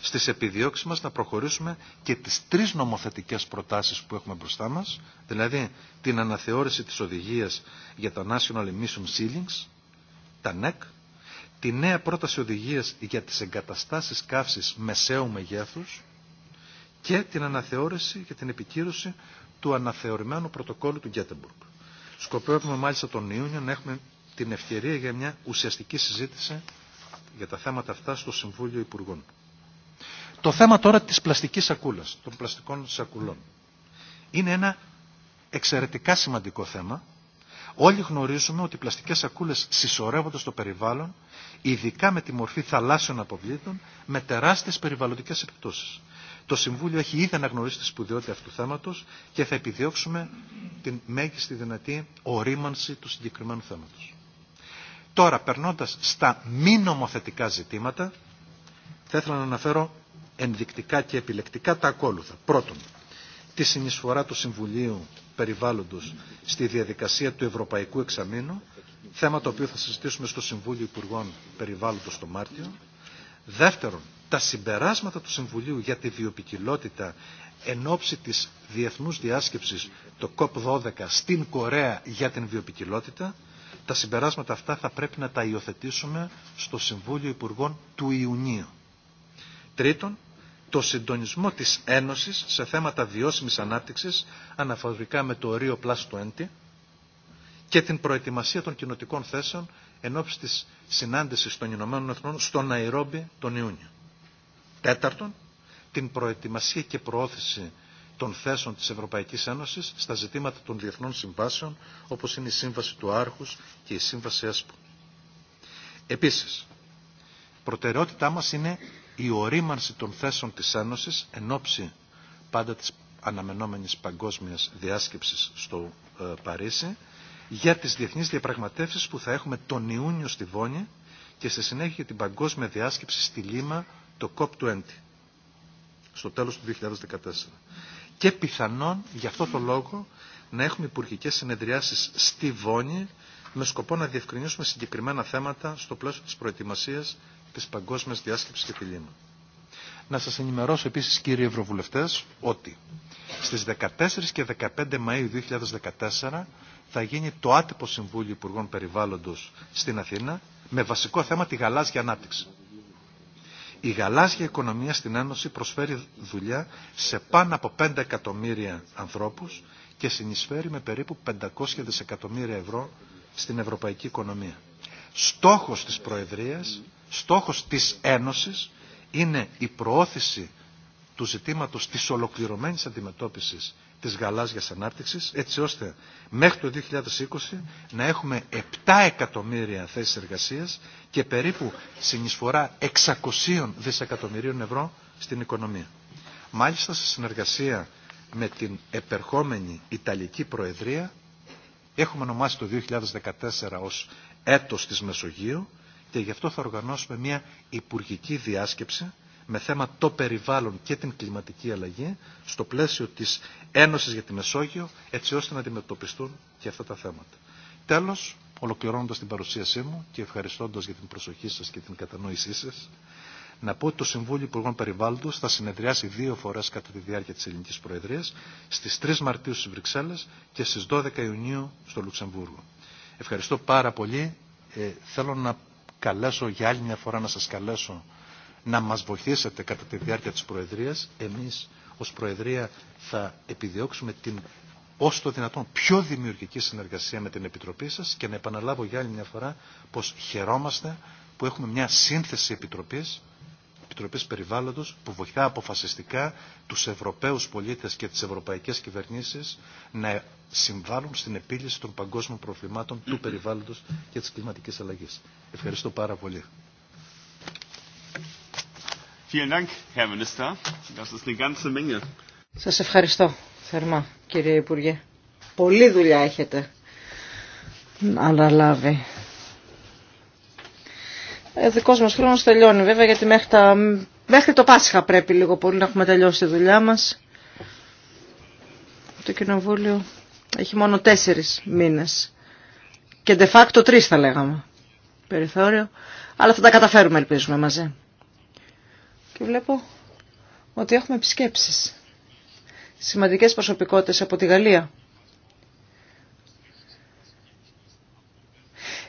στις επιδιώξεις μας να προχωρήσουμε και τις τρεις νομοθετικές προτάσεις που έχουμε μπροστά μας, δηλαδή την αναθεώρηση της οδηγίας για τα National Emission Ceilings, τα NEC, τη νέα πρόταση οδηγίας για τις εγκαταστάσεις καύσης μεσαίου μεγέθους και την αναθεώρηση και την επικύρωση του αναθεωρημένου πρωτοκόλλου του Γκέτεμπουργκ. Σκοπεύουμε μάλιστα τον Ιούνιο να έχουμε την ευκαιρία για μια ουσιαστική συζήτηση για τα θέματα αυτά στο Συμβούλιο Υπουργών. Το θέμα τώρα της πλαστικής σακούλας, των πλαστικών σακουλών, είναι ένα εξαιρετικά σημαντικό θέμα. Όλοι γνωρίζουμε ότι οι πλαστικές σακούλες συσσωρεύονται στο περιβάλλον, ειδικά με τη μορφή θαλάσσιων αποβλήτων, με τεράστιες περιβαλλοντικές επιπτώσεις. Το Συμβούλιο έχει ήδη αναγνωρίσει τη σπουδαιότητα αυτού του θέματος και θα επιδιώξουμε την μέγιστη δυνατή ορίμανση του συγκεκριμένου θέματος. Τώρα, περνώντας στα μη νομοθετικά ζητήματα, θα ήθελα να αναφέρω ενδεικτικά και επιλεκτικά τα ακόλουθα. Πρώτον, τη συνεισφορά του Συμβουλίου Περιβάλλοντος στη διαδικασία του Ευρωπαϊκού Εξαμήνου, θέμα το οποίο θα συζητήσουμε στο Συμβούλιο Υπουργών Περιβάλλοντος το Μάρτιο. Δεύτερον, τα συμπεράσματα του Συμβουλίου για τη βιοπικιλότητα εν ώψη της διεθνούς διάσκεψης το COP12 στην Κορέα για την βιοπικιλότητα τα συμπεράσματα αυτά θα πρέπει να τα υιοθετήσουμε στο Συμβούλιο Υπουργών του Ιουνίου. Τρίτον, το συντονισμό της Ένωσης σε θέματα βιώσιμης ανάπτυξης αναφορικά με το Ρίο Plus Έντι, και την προετοιμασία των κοινοτικών θέσεων εν της συνάντησης των Ηνωμένων Εθνών στο Ναϊρόμπι τον Ιούνιο. Τέταρτον, την προετοιμασία και προώθηση των θέσεων της Ευρωπαϊκής Ένωσης στα ζητήματα των διεθνών συμβάσεων, όπως είναι η Σύμβαση του Άρχους και η Σύμβαση ΕΣΠΟ. Επίσης, προτεραιότητά μας είναι η ορίμανση των θέσεων της Ένωσης εν ώψη πάντα της αναμενόμενης παγκόσμιας διάσκεψης στο ε, Παρίσι για τις διεθνείς διαπραγματεύσεις που θα έχουμε τον Ιούνιο στη Βόνη και στη συνέχεια την παγκόσμια διάσκεψη στη Λίμα το COP20 στο τέλος του 2014 και πιθανόν γι' αυτό το λόγο να έχουμε υπουργικέ συνεδριάσεις στη Βόνη με σκοπό να διευκρινίσουμε συγκεκριμένα θέματα στο πλαίσιο της προετοιμασίας της παγκόσμιας διάσκεψης και Λίμα. Να σας ενημερώσω επίσης κύριοι Ευρωβουλευτές ότι στις 14 και 15 Μαΐου 2014 θα γίνει το άτυπο Συμβούλιο Υπουργών Περιβάλλοντος στην Αθήνα με βασικό θέμα τη γαλάζια ανάπτυξη. Η γαλάζια οικονομία στην Ένωση προσφέρει δουλειά σε πάνω από 5 εκατομμύρια ανθρώπους και συνεισφέρει με περίπου 500 δισεκατομμύρια ευρώ στην ευρωπαϊκή οικονομία. Στόχος της Προεδρίας, στόχος της Ένωσης είναι η προώθηση του ζητήματος της ολοκληρωμένης αντιμετώπισης της γαλάζιας ανάπτυξης, έτσι ώστε μέχρι το 2020 να έχουμε 7 εκατομμύρια θέσεις εργασίας και περίπου συνεισφορά 600 δισεκατομμυρίων ευρώ στην οικονομία. Μάλιστα, σε συνεργασία με την επερχόμενη Ιταλική Προεδρία, έχουμε ονομάσει το 2014 ως έτος της Μεσογείου και γι' αυτό θα οργανώσουμε μια υπουργική διάσκεψη με θέμα το περιβάλλον και την κλιματική αλλαγή στο πλαίσιο της Ένωσης για τη Μεσόγειο έτσι ώστε να αντιμετωπιστούν και αυτά τα θέματα. Τέλος, ολοκληρώνοντας την παρουσίασή μου και ευχαριστώντας για την προσοχή σας και την κατανόησή σας, να πω ότι το Συμβούλιο Υπουργών Περιβάλλοντος θα συνεδριάσει δύο φορές κατά τη διάρκεια της ελληνικής προεδρίας, στις 3 Μαρτίου στις Βρυξέλλες και στις 12 Ιουνίου στο Λουξεμβούργο. Ευχαριστώ πάρα πολύ. Ε, θέλω να καλέσω για άλλη μια φορά να σας καλέσω να μας βοηθήσετε κατά τη διάρκεια της Προεδρίας. Εμείς ως Προεδρία θα επιδιώξουμε την ως το δυνατόν πιο δημιουργική συνεργασία με την Επιτροπή σας και να επαναλάβω για άλλη μια φορά πως χαιρόμαστε που έχουμε μια σύνθεση Επιτροπής Επιτροπής Περιβάλλοντος που βοηθά αποφασιστικά τους Ευρωπαίους πολίτες και τις ευρωπαϊκές κυβερνήσεις να συμβάλλουν στην επίλυση των παγκόσμιων προβλημάτων του περιβάλλοντος και της κλιματικής αλλαγής. Ευχαριστώ πάρα πολύ. Σας ευχαριστώ θερμά κύριε Υπουργέ. Πολλή δουλειά έχετε να αναλάβει. Ο ε, δικός μας χρόνος τελειώνει βέβαια γιατί μέχρι, μέχρι το Πάσχα πρέπει λίγο πολύ να έχουμε τελειώσει τη δουλειά μας. Το κοινοβούλιο έχει μόνο τέσσερις μήνες και de facto τρεις θα λέγαμε περιθώριο, αλλά θα τα καταφέρουμε ελπίζουμε μαζί και βλέπω ότι έχουμε επισκέψεις. Σημαντικές προσωπικότητες από τη Γαλλία.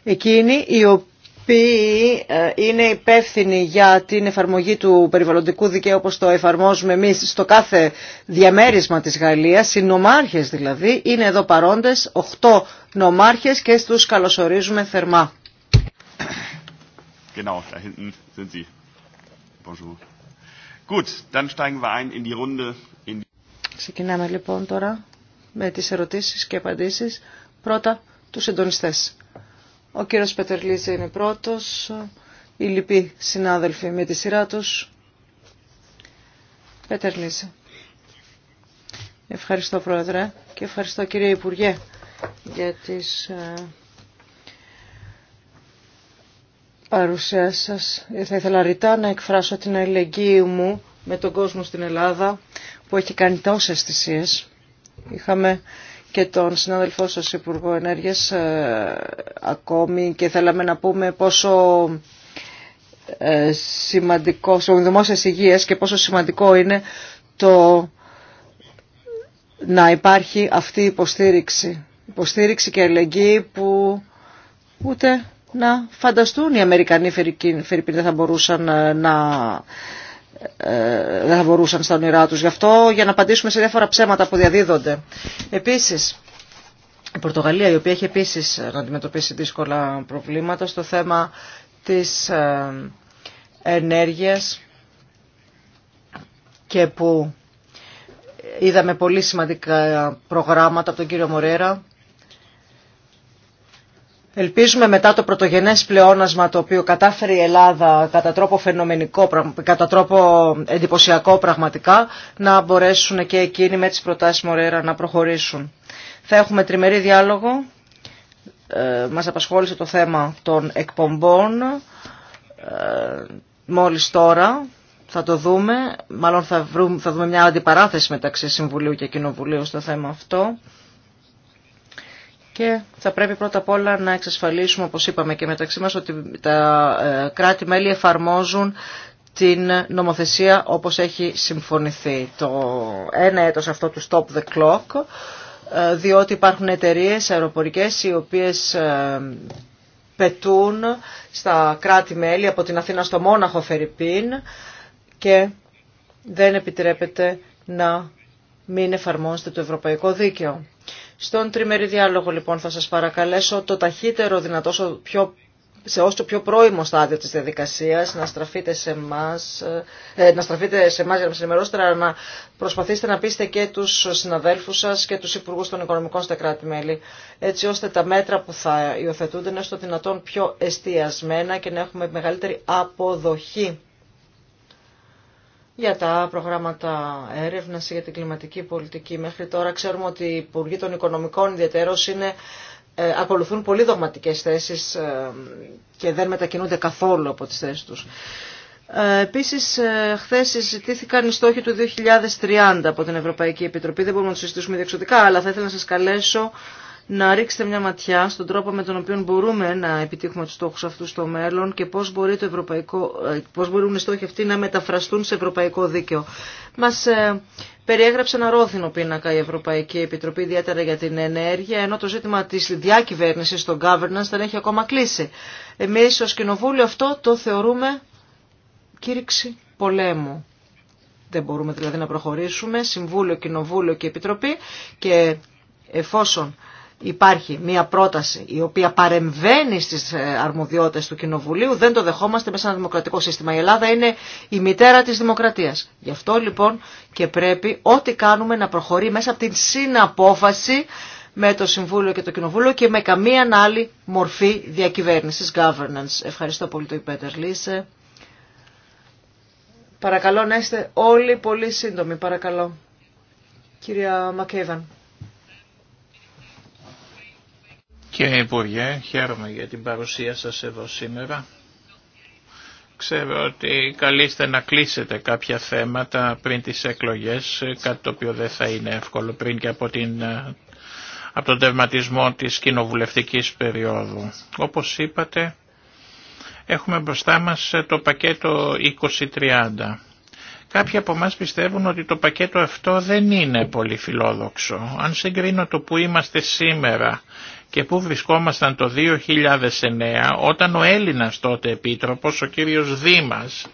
Εκείνοι οι οποίοι ε, είναι υπεύθυνοι για την εφαρμογή του περιβαλλοντικού δικαίου όπως το εφαρμόζουμε εμείς στο κάθε διαμέρισμα της Γαλλίας, οι νομάρχες δηλαδή, είναι εδώ παρόντες, 8 νομάρχες και τους καλωσορίζουμε θερμά. Genau, da hinten Gut, dann steigen wir ein in die Runde. In... Ξεκινάμε λοιπόν τώρα με τις ερωτήσεις και απαντήσεις. Πρώτα τους συντονιστές. Ο κύριος Πετερλής είναι πρώτος, οι λοιποί συνάδελφοι με τη σειρά τους. Ευχαριστώ Πρόεδρε και ευχαριστώ κύριε Υπουργέ για τις ε, παρουσία σα. Θα ήθελα ρητά να εκφράσω την αλληλεγγύη μου με τον κόσμο στην Ελλάδα που έχει κάνει τόσες θυσίες. Είχαμε και τον συνάδελφό σας Υπουργό Ενέργειας ε, ακόμη και θέλαμε να πούμε πόσο ε, σημαντικό, στο δημόσια υγεία και πόσο σημαντικό είναι το να υπάρχει αυτή η υποστήριξη. Υποστήριξη και αλληλεγγύη που ούτε να φανταστούν οι Αμερικανοί Φερρυπίν δεν θα μπορούσαν ε, να ε, δεν θα μπορούσαν στα όνειρά τους. Γι' αυτό για να απαντήσουμε σε διάφορα ψέματα που διαδίδονται. Επίσης, η Πορτογαλία η οποία έχει επίσης να αντιμετωπίσει δύσκολα προβλήματα στο θέμα της ε, ενέργειας και που είδαμε πολύ σημαντικά προγράμματα από τον κύριο Μορέρα Ελπίζουμε μετά το πρωτογενές πλεόνασμα το οποίο κατάφερε η Ελλάδα κατά τρόπο φαινομενικό, κατά τρόπο εντυπωσιακό πραγματικά, να μπορέσουν και εκείνοι με τις προτάσεις Μορέρα να προχωρήσουν. Θα έχουμε τριμερή διάλογο. Ε, μας απασχόλησε το θέμα των εκπομπών. Ε, μόλις τώρα θα το δούμε. Μάλλον θα, θα δούμε μια αντιπαράθεση μεταξύ Συμβουλίου και Κοινοβουλίου στο θέμα αυτό. Και θα πρέπει πρώτα απ' όλα να εξασφαλίσουμε, όπως είπαμε και μεταξύ μας, ότι τα ε, κράτη-μέλη εφαρμόζουν την νομοθεσία όπως έχει συμφωνηθεί. Το ένα έτος αυτό του Stop the Clock, ε, διότι υπάρχουν εταιρείες αεροπορικές οι οποίες ε, πετούν στα κράτη-μέλη από την Αθήνα στο Μόναχο Φερρυπίν και δεν επιτρέπεται να μην εφαρμόζεται το ευρωπαϊκό δίκαιο. Στον τριμερή διάλογο λοιπόν θα σας παρακαλέσω το ταχύτερο δυνατό πιο σε όσο πιο πρώιμο στάδιο της διαδικασίας να στραφείτε σε εμάς, ε, να στραφείτε σε εμάς για να μας ενημερώσετε, αλλά να προσπαθήσετε να πείστε και τους συναδέλφους σας και τους υπουργούς των οικονομικών στα κράτη-μέλη, έτσι ώστε τα μέτρα που θα υιοθετούνται να είναι στο δυνατόν πιο εστιασμένα και να έχουμε μεγαλύτερη αποδοχή για τα προγράμματα έρευνας για την κλιματική πολιτική. Μέχρι τώρα ξέρουμε ότι οι Υπουργοί των Οικονομικών ιδιαίτερως είναι ε, ακολουθούν πολύ δογματικές θέσεις ε, και δεν μετακινούνται καθόλου από τις θέσεις τους. Ε, επίσης, χθες συζητήθηκαν οι στόχοι του 2030 από την Ευρωπαϊκή Επιτροπή. Δεν μπορούμε να τους συζητήσουμε διεξοδικά, αλλά θα ήθελα να σας καλέσω να ρίξετε μια ματιά στον τρόπο με τον οποίο μπορούμε να επιτύχουμε τους στόχους αυτούς στο μέλλον και πώς, μπορεί το ευρωπαϊκό, ε, πώς μπορούν οι στόχοι αυτοί να μεταφραστούν σε ευρωπαϊκό δίκαιο. Μας ε, περιέγραψε ένα ρόθινο πίνακα η Ευρωπαϊκή Επιτροπή, ιδιαίτερα για την ενέργεια, ενώ το ζήτημα της διακυβέρνησης, των governance, δεν έχει ακόμα κλείσει. Εμείς ως Κοινοβούλιο αυτό το θεωρούμε κήρυξη πολέμου. Δεν μπορούμε δηλαδή να προχωρήσουμε, Συμβούλιο, Κοινοβούλιο και Επιτροπή και εφόσον υπάρχει μια πρόταση η οποία παρεμβαίνει στις ε, αρμοδιότητες του Κοινοβουλίου, δεν το δεχόμαστε μέσα σε ένα δημοκρατικό σύστημα. Η Ελλάδα είναι η μητέρα της δημοκρατίας. Γι' αυτό λοιπόν και πρέπει ό,τι κάνουμε να προχωρεί μέσα από την συναπόφαση με το Συμβούλιο και το Κοινοβούλιο και με καμία άλλη μορφή διακυβέρνησης, governance. Ευχαριστώ πολύ τον Πέτερ Λίσε. Παρακαλώ να είστε όλοι πολύ σύντομοι, παρακαλώ. Κυρία Μακέβαν. Κύριε Υπουργέ, χαίρομαι για την παρουσία σας εδώ σήμερα. Ξέρω ότι καλείστε να κλείσετε κάποια θέματα πριν τις εκλογές, κάτι το οποίο δεν θα είναι εύκολο πριν και από, την, ε, τον τερματισμό της κοινοβουλευτικής περίοδου. Όπως είπατε, έχουμε μπροστά μας ε, το πακέτο 2030. Κάποιοι από εμά πιστεύουν ότι το πακέτο αυτό δεν είναι πολύ φιλόδοξο. Αν συγκρίνω το που είμαστε σήμερα και πού βρισκόμασταν το 2009 όταν ο Έλληνας τότε επίτροπος, ο κύριος Δήμας,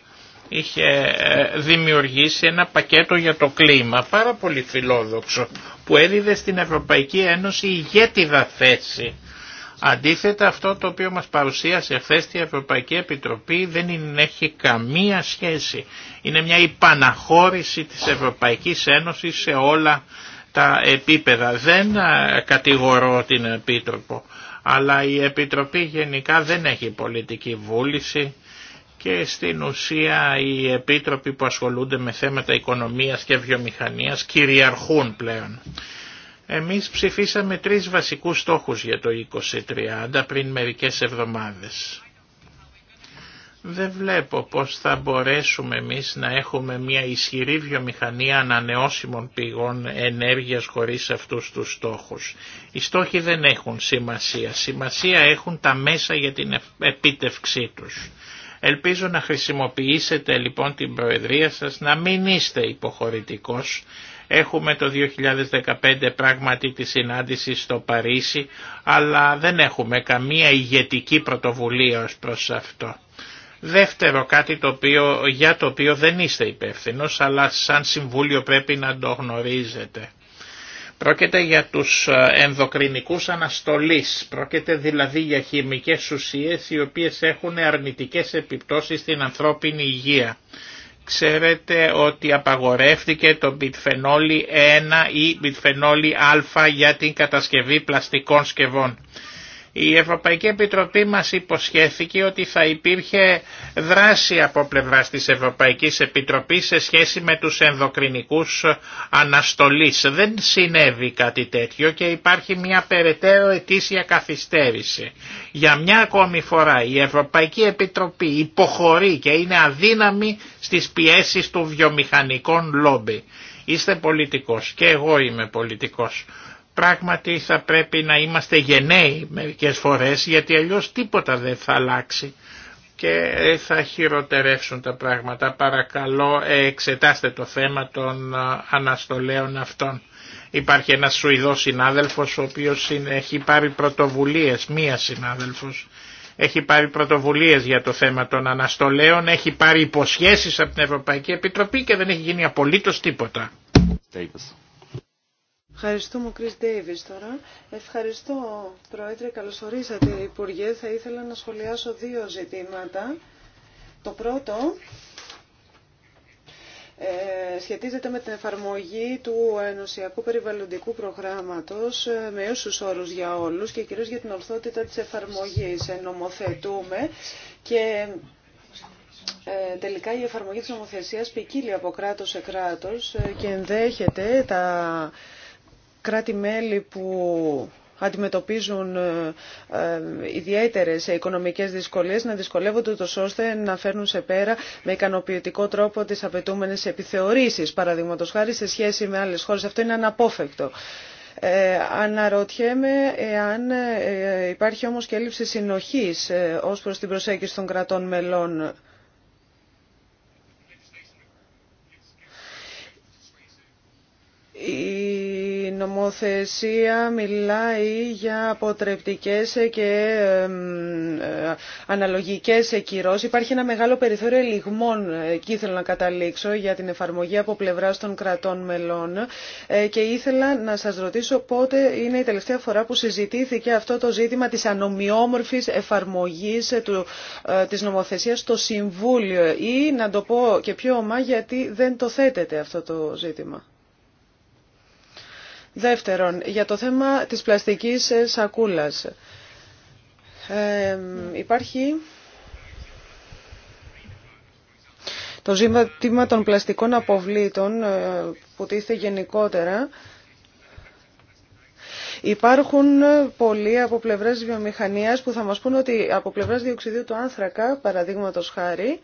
είχε ε, δημιουργήσει ένα πακέτο για το κλίμα πάρα πολύ φιλόδοξο που έδιδε στην Ευρωπαϊκή Ένωση ηγέτιδα θέση. Αντίθετα αυτό το οποίο μας παρουσίασε χθε η Ευρωπαϊκή Επιτροπή δεν έχει καμία σχέση. Είναι μια υπαναχώρηση της Ευρωπαϊκής Ένωσης σε όλα τα επίπεδα. Δεν κατηγορώ την Επίτροπο, αλλά η Επιτροπή γενικά δεν έχει πολιτική βούληση και στην ουσία οι Επίτροποι που ασχολούνται με θέματα οικονομίας και βιομηχανίας κυριαρχούν πλέον. Εμείς ψηφίσαμε τρεις βασικούς στόχους για το 2030 πριν μερικές εβδομάδες. Δεν βλέπω πώς θα μπορέσουμε εμείς να έχουμε μια ισχυρή βιομηχανία ανανεώσιμων πηγών ενέργειας χωρίς αυτούς τους στόχους. Οι στόχοι δεν έχουν σημασία. Σημασία έχουν τα μέσα για την επίτευξή τους. Ελπίζω να χρησιμοποιήσετε λοιπόν την Προεδρία σας, να μην είστε υποχωρητικός. Έχουμε το 2015 πράγματι τη συνάντηση στο Παρίσι, αλλά δεν έχουμε καμία ηγετική πρωτοβουλία ως προς αυτό. Δεύτερο κάτι το οποίο, για το οποίο δεν είστε υπεύθυνο, αλλά σαν Συμβούλιο πρέπει να το γνωρίζετε. Πρόκειται για τους ε, ενδοκρινικούς αναστολής, πρόκειται δηλαδή για χημικές ουσίες οι οποίες έχουν αρνητικές επιπτώσεις στην ανθρώπινη υγεία. Ξέρετε ότι απαγορεύτηκε το μπιτφενόλι 1 ή μπιτφενόλι α για την κατασκευή πλαστικών σκευών. Η Ευρωπαϊκή Επιτροπή μας υποσχέθηκε ότι θα υπήρχε δράση από πλευράς της Ευρωπαϊκής Επιτροπής σε σχέση με τους ενδοκρινικούς αναστολής. Δεν συνέβη κάτι τέτοιο και υπάρχει μια περαιτέρω ετήσια καθυστέρηση. Για μια ακόμη φορά η Ευρωπαϊκή Επιτροπή υποχωρεί και είναι αδύναμη στις πιέσεις του βιομηχανικών λόμπι. Είστε πολιτικός και εγώ είμαι πολιτικός. Πράγματι θα πρέπει να είμαστε γενναίοι μερικές φορές γιατί αλλιώς τίποτα δεν θα αλλάξει και θα χειροτερεύσουν τα πράγματα. Παρακαλώ εξετάστε το θέμα των αναστολέων αυτών. Υπάρχει ένας Σουηδός συνάδελφος ο οποίος έχει πάρει πρωτοβουλίες, μία συνάδελφος, έχει πάρει πρωτοβουλίες για το θέμα των αναστολέων, έχει πάρει υποσχέσεις από την Ευρωπαϊκή Επιτροπή και δεν έχει γίνει απολύτως τίποτα. Ευχαριστούμε, Κρίς Ντέιβις τώρα. Ευχαριστώ, Πρόεδρε. Καλωσορίσατε, Υπουργέ. Θα ήθελα να σχολιάσω δύο ζητήματα. Το πρώτο ε, σχετίζεται με την εφαρμογή του ενωσιακού περιβαλλοντικού προγράμματος ε, με όσους όρους για όλους και κυρίως για την ορθότητα της εφαρμογής. Ενομοθετούμε και ε, τελικά η εφαρμογή της νομοθεσίας ποικίλει από κράτος σε κράτος και ενδέχεται τα κράτη-μέλη που αντιμετωπίζουν ε, ε, ιδιαίτερες οικονομικές δυσκολίες να δυσκολεύονται το ώστε να φέρνουν σε πέρα με ικανοποιητικό τρόπο τις απαιτούμενες επιθεωρήσεις παραδείγματος χάρη σε σχέση με άλλες χώρες. Αυτό είναι αναπόφευκτο. Ε, αναρωτιέμαι εάν ε, υπάρχει όμως και έλλειψη συνοχής ε, ως προς την προσέγγιση των κρατών μελών. Η νομοθεσία μιλάει για αποτρεπτικές και ε, αναλογικές κυρώσεις. Υπάρχει ένα μεγάλο περιθώριο λιγμών, εκεί ήθελα να καταλήξω, για την εφαρμογή από πλευρά των κρατών μελών ε, και ήθελα να σας ρωτήσω πότε είναι η τελευταία φορά που συζητήθηκε αυτό το ζήτημα της ανομοιόμορφης εφαρμογής του, ε, της νομοθεσίας στο Συμβούλιο ή να το πω και πιο ομά γιατί δεν το θέτεται αυτό το ζήτημα. Δεύτερον, για το θέμα της πλαστικής ε, σακούλας. Ε, υπάρχει το ζήτημα των πλαστικών αποβλήτων ε, που τίθεται γενικότερα. Υπάρχουν ε, πολλοί από πλευράς βιομηχανίας που θα μας πούν ότι από πλευράς διοξιδίου του άνθρακα, παραδείγματος χάρη,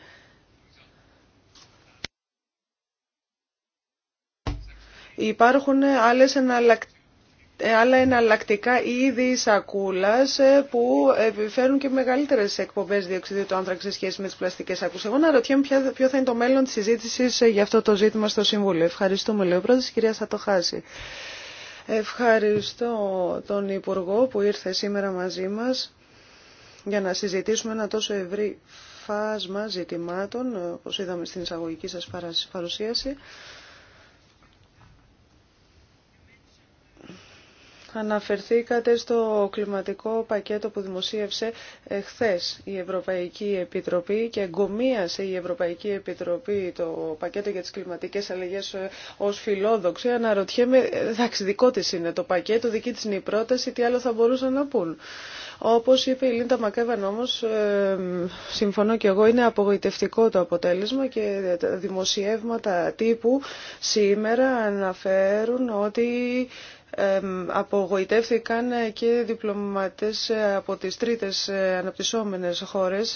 Υπάρχουν άλλες εναλλακτικές ε, άλλα εναλλακτικά είδη σακούλας ε, που επιφέρουν και μεγαλύτερες εκπομπές διοξιδίου του άνθρακα σε σχέση με τις πλαστικές σακούλες. Εγώ να ρωτιέμαι ποιο θα είναι το μέλλον της συζήτηση ε, για αυτό το ζήτημα στο Συμβούλιο. Ευχαριστούμε, λέει ο πρόεδρος, κυρία Σατοχάση. Ευχαριστώ τον Υπουργό που ήρθε σήμερα μαζί μας για να συζητήσουμε ένα τόσο ευρύ φάσμα ζητημάτων, όπως είδαμε στην εισαγωγική σας παρουσίαση. Αναφερθήκατε στο κλιματικό πακέτο που δημοσίευσε ε, χθες η Ευρωπαϊκή Επιτροπή και εγκομίασε η Ευρωπαϊκή Επιτροπή το πακέτο για τις κλιματικές αλλαγές ε, ως φιλόδοξη. Αναρωτιέμαι, ε, εντάξει δικό της είναι το πακέτο, δική της είναι η πρόταση, τι άλλο θα μπορούσαν να πούν. Όπως είπε η Λίντα Μακέβαν όμως, συμφωνώ και εγώ, είναι απογοητευτικό το αποτέλεσμα και δημοσιεύματα τύπου σήμερα αναφέρουν ότι Απογοητεύθηκαν και διπλωματές από τις τρίτες αναπτυσσόμενες χώρες.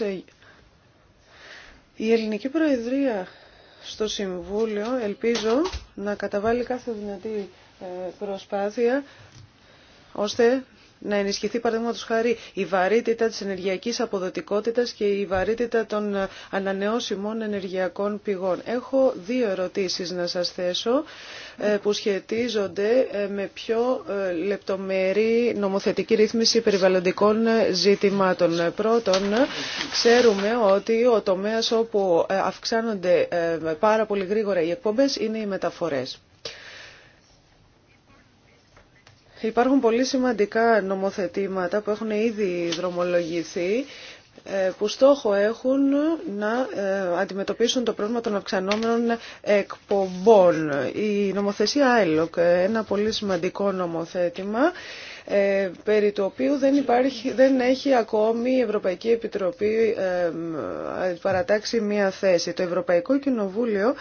Η Ελληνική Προεδρία στο Συμβούλιο ελπίζω να καταβάλει κάθε δυνατή ε, προσπάθεια ώστε να ενισχυθεί παραδείγματο χάρη η βαρύτητα της ενεργειακής αποδοτικότητας και η βαρύτητα των ανανεώσιμων ενεργειακών πηγών. Έχω δύο ερωτήσεις να σας θέσω ε, που σχετίζονται ε, με πιο ε, λεπτομερή νομοθετική ρύθμιση περιβαλλοντικών ζητημάτων. Πρώτον, ξέρουμε ότι ο τομέας όπου αυξάνονται πάρα πολύ γρήγορα οι εκπομπές είναι οι μεταφορές. Υπάρχουν πολύ σημαντικά νομοθετήματα που έχουν ήδη δρομολογηθεί ε, που στόχο έχουν να ε, αντιμετωπίσουν το πρόβλημα των αυξανόμενων εκπομπών. Η νομοθεσία ILOC, ε, ένα πολύ σημαντικό νομοθέτημα, περί του οποίου δεν, υπάρχει, δεν έχει ακόμη η Ευρωπαϊκή Επιτροπή παρατάξει μία θέση. Το Ευρωπαϊκό Κοινοβούλιο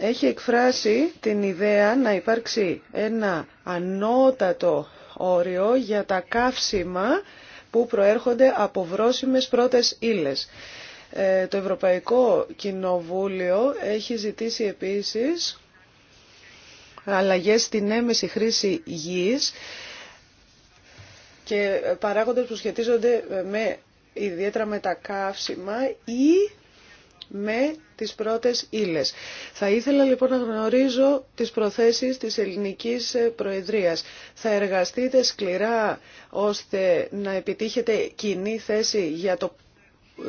έχει εκφράσει την ιδέα να υπάρξει ένα ανώτατο όριο για τα καύσιμα που προέρχονται από βρόσιμες πρώτες ύλες. Ε, το Ευρωπαϊκό Κοινοβούλιο έχει ζητήσει επίσης αλλαγές στην έμεση χρήση γης και παράγοντες που σχετίζονται με ιδιαίτερα με τα καύσιμα ή με τις πρώτες ύλες. Θα ήθελα λοιπόν να γνωρίζω τις προθέσεις της ελληνικής ε, προεδρίας. Θα εργαστείτε σκληρά ώστε να επιτύχετε κοινή θέση για το,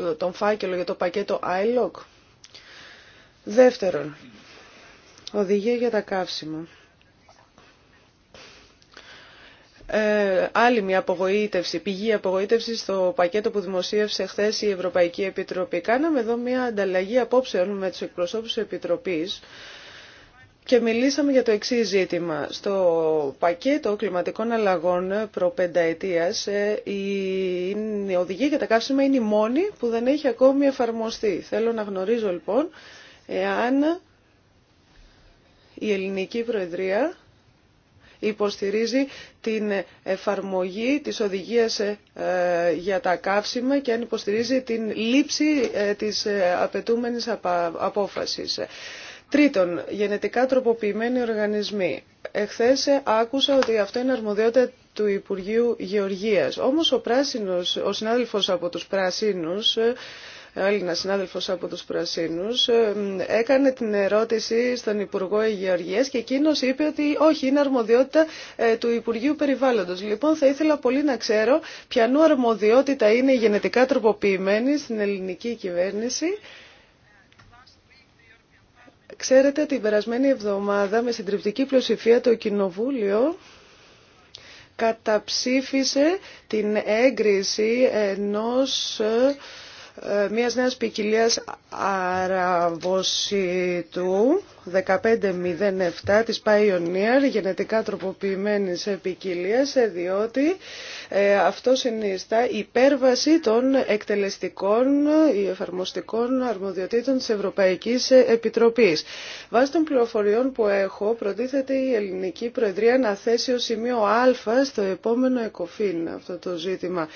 ε, τον φάκελο, για το πακέτο ILOC. Δεύτερον, οδηγία για τα καύσιμα. Ε, άλλη μια απογοήτευση, πηγή απογοήτευση στο πακέτο που δημοσίευσε χθε η Ευρωπαϊκή Επιτροπή. Κάναμε εδώ μια ανταλλαγή απόψεων με του εκπροσώπους της Επιτροπής και μιλήσαμε για το εξή ζήτημα. Στο πακέτο κλιματικών αλλαγών προπενταετίας ε, η οδηγία για τα καύσιμα είναι η μόνη που δεν έχει ακόμη εφαρμοστεί. Θέλω να γνωρίζω λοιπόν εάν η ελληνική προεδρία υποστηρίζει την εφαρμογή της οδηγίας ε, για τα καύσιμα και αν υποστηρίζει την λήψη ε, της ε, απαιτούμενης απόφασης. Τρίτον, γενετικά τροποποιημένοι οργανισμοί. Εχθές άκουσα ότι αυτό είναι αρμοδιότητα του Υπουργείου Γεωργίας. Όμως ο, πράσινος, ο συνάδελφος από τους πράσινους Έλληνα συνάδελφος από τους Πρασίνους, ε, έκανε την ερώτηση στον Υπουργό Υγεωργίας και εκείνος είπε ότι όχι, είναι αρμοδιότητα ε, του Υπουργείου Περιβάλλοντος. Λοιπόν, θα ήθελα πολύ να ξέρω ποιανού αρμοδιότητα είναι η γενετικά τροποποιημένη στην ελληνική κυβέρνηση. Ξέρετε, την περασμένη εβδομάδα με συντριπτική πλειοψηφία το Κοινοβούλιο καταψήφισε την έγκριση ενός ε, ε, μιας νέας ποικιλία αραβοσιτού 1507 της Pioneer γενετικά τροποποιημένης ποικιλία διότι ε, αυτό συνιστά υπέρβαση των εκτελεστικών ή εφαρμοστικών αρμοδιοτήτων της Ευρωπαϊκής Επιτροπής. Βάσει των πληροφοριών που έχω προτίθεται η Ελληνική Προεδρία να θέσει ως σημείο α στο επόμενο εκοφήν αυτό το ζήτημα.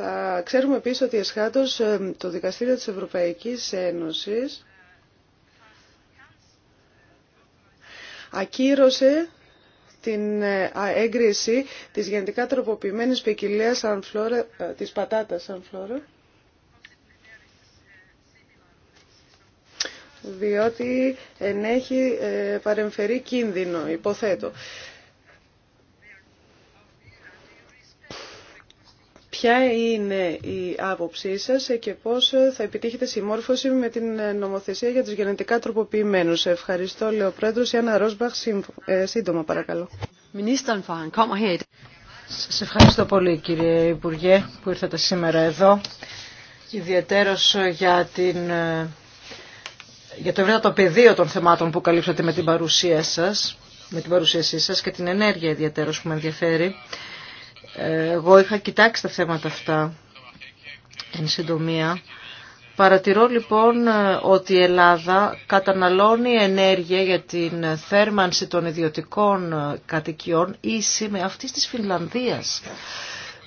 Θα ξέρουμε επίσης ότι εσχάτως ε, το Δικαστήριο της Ευρωπαϊκής Ένωσης ακύρωσε την ε, έγκριση της γενετικά τροποποιημένης ποικιλία ε, της πατάτας φλόρα διότι ενέχει παρεμφερή κίνδυνο, υποθέτω. Ποια είναι η άποψή σας και πώς θα επιτύχετε συμμόρφωση με την νομοθεσία για τους γενετικά τροποποιημένους. Ευχαριστώ, λέει ο Πρόεδρος. Ιάννα Ρόσμπαχ, ε, σύντομα παρακαλώ. Σας ευχαριστώ πολύ κύριε Υπουργέ που ήρθατε σήμερα εδώ. ιδιαίτερο για την ε, για το ευρύτατο πεδίο των θεμάτων που καλύψατε με την παρουσία σας, παρουσίασή σας και την ενέργεια ιδιαίτερο που με ενδιαφέρει. Εγώ είχα κοιτάξει τα θέματα αυτά εν συντομία. Παρατηρώ λοιπόν ότι η Ελλάδα καταναλώνει ενέργεια για την θέρμανση των ιδιωτικών κατοικιών ίση με αυτή της Φινλανδίας.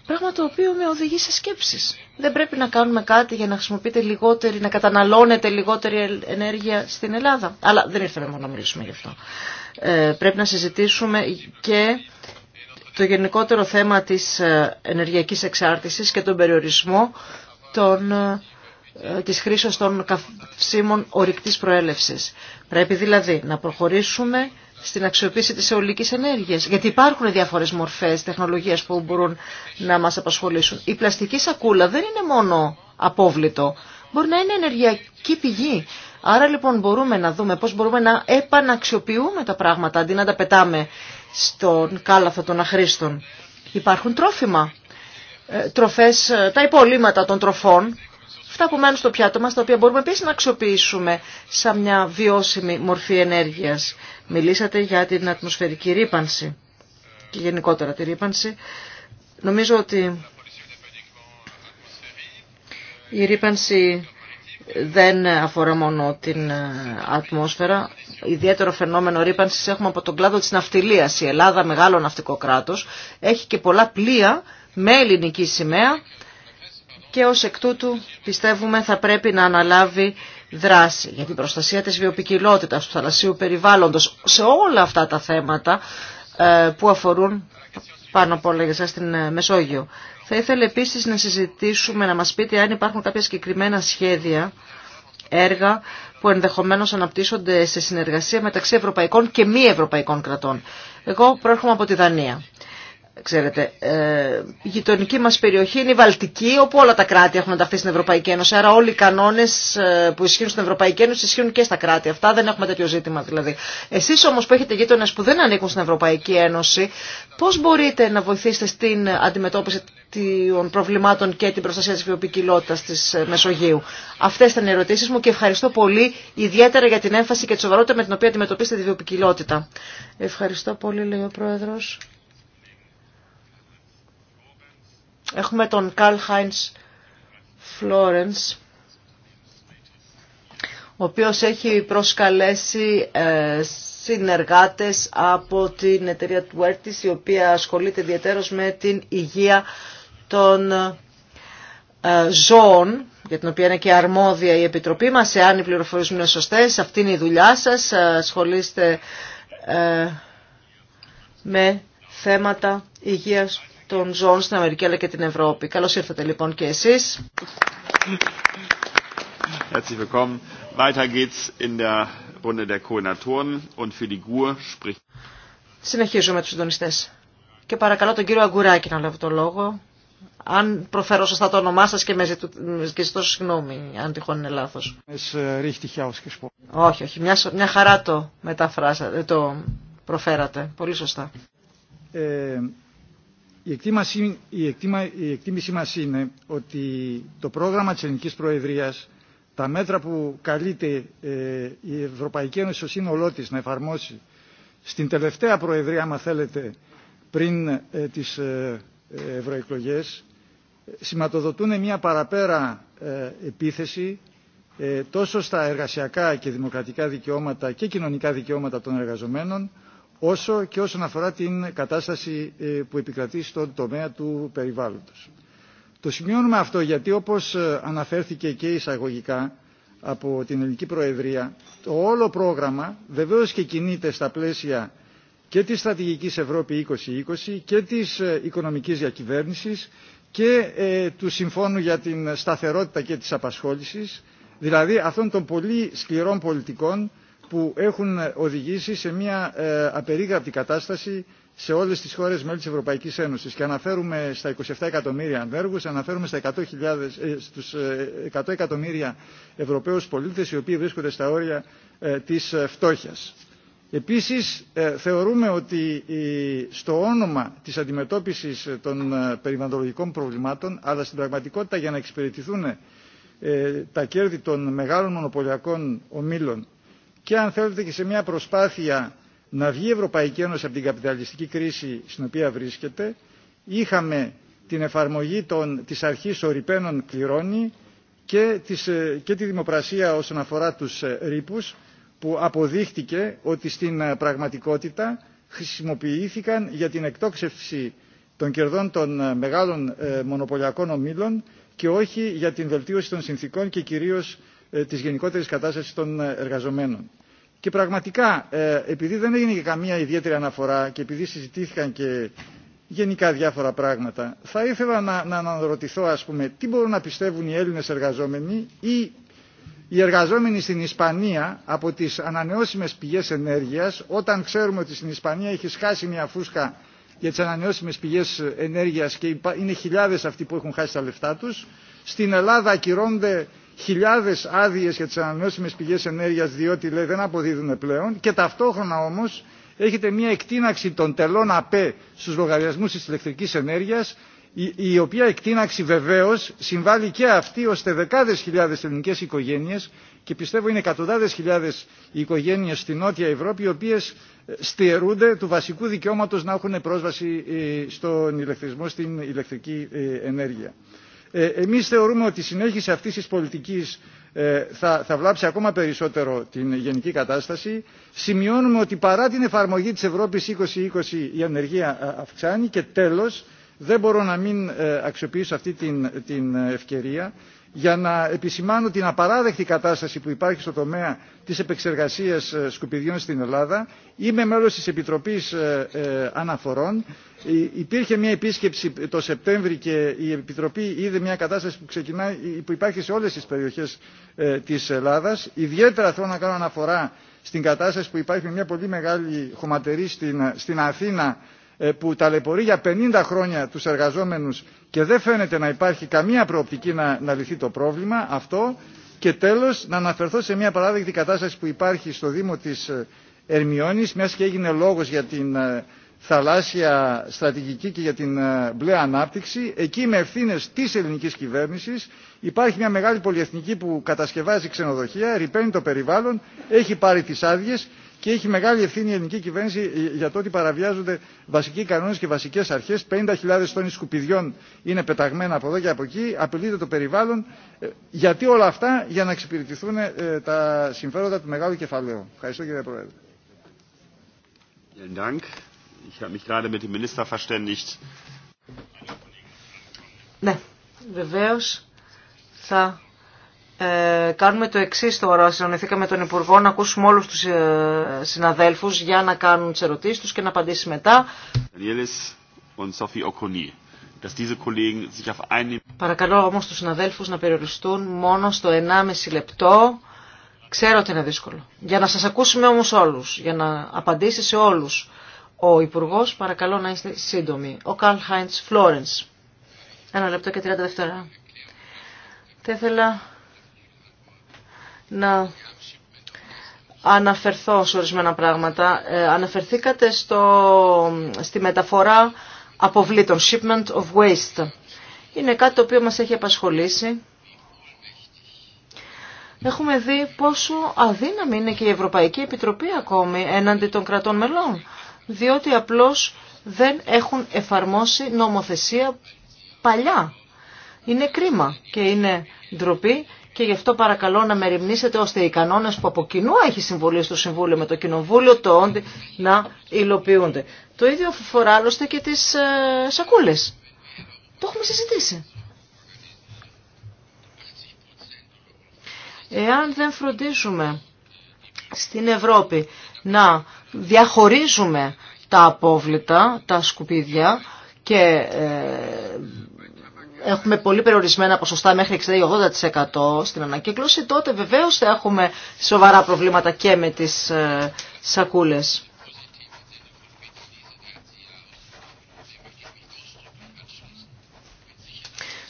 Πράγμα το οποίο με οδηγεί σε σκέψεις. Δεν πρέπει να κάνουμε κάτι για να χρησιμοποιείτε λιγότερη, να καταναλώνετε λιγότερη ενέργεια στην Ελλάδα. Αλλά δεν ήρθαμε μόνο να μιλήσουμε γι' αυτό. Ε, πρέπει να συζητήσουμε και το γενικότερο θέμα της ε, ενεργειακής εξάρτησης και τον περιορισμό των, ε, της χρήσης των καυσίμων ορυκτής προέλευσης. Πρέπει δηλαδή να προχωρήσουμε στην αξιοποίηση της αιωλικής ενέργειας. Γιατί υπάρχουν διάφορες μορφές τεχνολογίας που μπορούν να μας απασχολήσουν. Η πλαστική σακούλα δεν είναι μόνο απόβλητο. Μπορεί να είναι ενεργειακή πηγή. Άρα λοιπόν μπορούμε να δούμε πώς μπορούμε να επαναξιοποιούμε τα πράγματα αντί να τα πετάμε στον κάλαθο των αχρήστων. Υπάρχουν τρόφιμα, ε, τροφές, ε, τα υπολείμματα των τροφών, αυτά που μένουν στο πιάτο μας, τα οποία μπορούμε επίσης να αξιοποιήσουμε σαν μια βιώσιμη μορφή ενέργειας. Μιλήσατε για την ατμοσφαιρική ρήπανση και γενικότερα τη ρήπανση. Νομίζω ότι η ρήπανση δεν αφορά μόνο την ε, ατμόσφαιρα. Ιδιαίτερο φαινόμενο ρήπανσης έχουμε από τον κλάδο της ναυτιλίας. Η Ελλάδα, μεγάλο ναυτικό κράτος, έχει και πολλά πλοία με ελληνική σημαία και ως εκ τούτου πιστεύουμε θα πρέπει να αναλάβει δράση για την προστασία της βιοπικιλότητας του θαλασσίου περιβάλλοντος σε όλα αυτά τα θέματα ε, που αφορούν πάνω από όλα για σας την ε, Μεσόγειο. Θα ήθελα επίσης να συζητήσουμε, να μας πείτε αν υπάρχουν κάποια συγκεκριμένα σχέδια, έργα που ενδεχομένως αναπτύσσονται σε συνεργασία μεταξύ ευρωπαϊκών και μη ευρωπαϊκών κρατών. Εγώ προέρχομαι από τη Δανία. Ξέρετε, ε, η γειτονική μας περιοχή είναι η Βαλτική, όπου όλα τα κράτη έχουν ενταχθεί στην Ευρωπαϊκή Ένωση. Άρα όλοι οι κανόνες ε, που ισχύουν στην Ευρωπαϊκή Ένωση ισχύουν και στα κράτη. Αυτά δεν έχουμε τέτοιο ζήτημα δηλαδή. Εσείς όμως που έχετε γείτονες που δεν ανήκουν στην Ευρωπαϊκή Ένωση, πώς μπορείτε να βοηθήσετε στην αντιμετώπιση των προβλημάτων και την προστασία της βιοποικιλότητας της ε, Μεσογείου. Αυτές ήταν οι ερωτήσεις μου και ευχαριστώ πολύ ιδιαίτερα για την έμφαση και τη σοβαρότητα με την οποία αντιμετωπίσετε τη βιοποικιλότητα. Ευχαριστώ πολύ λέει ο Πρόεδρος. Έχουμε τον Καρλ Χάιντς Φλόρενς ο οποίος έχει προσκαλέσει ε, συνεργάτες από την εταιρεία του η οποία ασχολείται ιδιαίτερως με την υγεία των ε, ζώων, για την οποία είναι και αρμόδια η Επιτροπή μας, εάν οι πληροφορίες μου είναι σωστές, αυτή είναι η δουλειά σας, ε, ασχολείστε ε, με θέματα υγείας των ζώων στην Αμερική αλλά και την Ευρώπη. Καλώς ήρθατε λοιπόν και εσείς. Συνεχίζουμε του συντονιστέ. Και παρακαλώ τον κύριο Αγκουράκη να λάβει το λόγο αν προφέρω σωστά το όνομά σα και, με ζητώ, και ζητώ συγγνώμη αν τυχόν είναι λάθος. Ε, όχι, όχι, μια, χαρά το μεταφράσατε, το προφέρατε, πολύ σωστά. Ε, η, η, εκτίμα, η εκτίμησή μας είναι ότι το πρόγραμμα της Ελληνικής Προεδρίας, τα μέτρα που καλείται ε, η Ευρωπαϊκή Ένωση στο σύνολό της να εφαρμόσει στην τελευταία Προεδρία, άμα θέλετε, πριν ε, τις ε, ευρωεκλογέ σηματοδοτούν μια παραπέρα ε, επίθεση ε, τόσο στα εργασιακά και δημοκρατικά δικαιώματα και κοινωνικά δικαιώματα των εργαζομένων όσο και όσον αφορά την κατάσταση ε, που επικρατεί στον τομέα του περιβάλλοντος. Το σημειώνουμε αυτό γιατί όπως αναφέρθηκε και εισαγωγικά από την Ελληνική Προεδρία το όλο πρόγραμμα βεβαίως και κινείται στα πλαίσια και της στρατηγικής Ευρώπη 2020 και της ε, οικονομικής διακυβέρνησης και ε, του Συμφώνου για την σταθερότητα και της απασχόλησης, δηλαδή αυτών των πολύ σκληρών πολιτικών που έχουν ε, οδηγήσει σε μια ε, απερίγραπτη κατάσταση σε όλες τις χώρες μέλη της Ευρωπαϊκής Ένωσης. Και αναφέρουμε στα 27 εκατομμύρια ανέργους, αναφέρουμε στα 100 στους 100 εκατομμύρια Ευρωπαίους πολίτες οι οποίοι βρίσκονται στα όρια της φτώχειας. Επίσης ε, θεωρούμε ότι στο όνομα της αντιμετώπισης των ε, περιβαλλοντικών προβλημάτων αλλά στην πραγματικότητα για να εξυπηρετηθούν ε, τα κέρδη των μεγάλων μονοπωλιακών ομίλων και αν θέλετε και σε μια προσπάθεια να βγει η Ευρωπαϊκή Ένωση από την καπιταλιστική κρίση στην οποία βρίσκεται είχαμε την εφαρμογή των, της αρχής ορυπαίνων πληρώνει και, και τη δημοπρασία όσον αφορά τους ρήπους που αποδείχτηκε ότι στην ε, πραγματικότητα χρησιμοποιήθηκαν για την εκτόξευση των κερδών των ε, μεγάλων ε, μονοπωλιακών ομίλων και όχι για την βελτίωση των συνθήκων και κυρίως της γενικότερης κατάστασης των εργαζομένων. Και πραγματικά, επειδή δεν έγινε και καμία ιδιαίτερη αναφορά και επειδή συζητήθηκαν και γενικά διάφορα πράγματα, θα ήθελα να, να αναρωτηθώ, ας πούμε, τι μπορούν να πιστεύουν οι Έλληνες εργαζόμενοι ή οι εργαζόμενοι στην Ισπανία από τις ανανεώσιμες πηγές ενέργειας, όταν ξέρουμε ότι στην Ισπανία έχει χάσει μια φούσκα για τις ανανεώσιμες πηγές ενέργειας και είναι χιλιάδες αυτοί που έχουν χάσει τα λεφτά τους, στην Ελλάδα ακυρώνονται χιλιάδες άδειες για τις ανανεώσιμες πηγές ενέργειας διότι λέει, δεν αποδίδουν πλέον και ταυτόχρονα όμως έχετε μια εκτείναξη των τελών ΑΠΕ στους λογαριασμού της ηλεκτρικής ενέργειας η οποία εκτείναξη βεβαίως συμβάλλει και αυτή ώστε δεκάδες χιλιάδες ελληνικές οικογένειες και πιστεύω είναι εκατοντάδες χιλιάδες οικογένειες στη Νότια Ευρώπη οι οποίες ε, στερούνται του βασικού δικαιώματος να έχουν πρόσβαση ε, στον ηλεκτρισμό, στην ηλεκτρική ε, ενέργεια. Εμείς θεωρούμε ότι η συνέχιση αυτής της πολιτικής θα, θα βλάψει ακόμα περισσότερο την γενική κατάσταση. Σημειώνουμε ότι παρά την εφαρμογή της Ευρώπης 2020 η ανεργία αυξάνει και τέλος δεν μπορώ να μην ε, αξιοποιήσω αυτή την, την ευκαιρία για να επισημάνω την απαράδεκτη κατάσταση που υπάρχει στο τομέα της επεξεργασίας ε, σκουπιδιών στην Ελλάδα. Είμαι μέλος της Επιτροπής ε, Αναφορών. Υπήρχε μια επίσκεψη το Σεπτέμβρη και η Επιτροπή είδε μια κατάσταση που, ξεκινάει, που υπάρχει σε όλες τις περιοχές της Ελλάδας. Ιδιαίτερα θέλω να κάνω αναφορά στην κατάσταση που υπάρχει με μια πολύ μεγάλη χωματερή στην, στην Αθήνα ε, που ταλαιπωρεί για 50 χρόνια τους εργαζόμενους και δεν φαίνεται να υπάρχει καμία προοπτική να, λυθεί το πρόβλημα αυτό. Και τέλος να αναφερθώ σε μια παράδειγμα κατάσταση που υπάρχει στο Δήμο της ε, Ερμιώνης μιας και έγινε λόγος για την ε, θαλάσσια στρατηγική και για την μπλε ανάπτυξη. Εκεί με ευθύνε τη ελληνική κυβέρνηση υπάρχει μια μεγάλη πολυεθνική που κατασκευάζει ξενοδοχεία, ρηπαίνει το περιβάλλον, έχει πάρει τι άδειε και έχει μεγάλη ευθύνη η ελληνική κυβέρνηση ε, για το ότι παραβιάζονται βασικοί κανόνε και βασικέ αρχέ. 50.000 τόνοι σκουπιδιών είναι πεταγμένα από εδώ και από εκεί, απειλείται το περιβάλλον. Ε, γιατί όλα αυτά για να εξυπηρετηθούν ε, τα συμφέροντα του μεγάλου κεφαλαίου. Ευχαριστώ κύριε Πρόεδρε. Ναι, θα ε, κάνουμε το εξή τώρα. Συνονιθήκαμε τον Υπουργό να ακούσουμε όλου του ε, συναδέλφου για να κάνουν τι ερωτήσει του και να απαντήσει μετά. Παρακαλώ όμω του συναδέλφου να περιοριστούν μόνο στο 1,5 λεπτό. Ξέρω ότι είναι δύσκολο. Για να σα ακούσουμε όμω όλου, για να απαντήσει σε όλου. Ο Υπουργό, παρακαλώ να είστε σύντομοι. Ο Καρλ Χάιντ Φλόρεν. Ένα λεπτό και 30 δευτερά. Θα ήθελα να αναφερθώ σε ορισμένα πράγματα. Ε, αναφερθήκατε στο, στη μεταφορά αποβλήτων, shipment of waste. Είναι κάτι το οποίο μας έχει απασχολήσει. Έχουμε δει πόσο αδύναμη είναι και η Ευρωπαϊκή Επιτροπή ακόμη έναντι των κρατών μελών, διότι απλώς δεν έχουν εφαρμόσει νομοθεσία παλιά. Είναι κρίμα και είναι ντροπή και γι' αυτό παρακαλώ να μεριμνήσετε ώστε οι κανόνες που από κοινού έχει συμβολή στο Συμβούλιο με το Κοινοβούλιο το όντι να υλοποιούνται. Το ίδιο αφορά άλλωστε και τις ε, σακούλες. Το έχουμε συζητήσει. Εάν δεν φροντίσουμε στην Ευρώπη να διαχωρίζουμε τα απόβλητα, τα σκουπίδια και ε, έχουμε πολύ περιορισμένα ποσοστά μέχρι 60-80% στην ανακύκλωση, τότε βεβαίως θα έχουμε σοβαρά προβλήματα και με τις ε, σακούλες.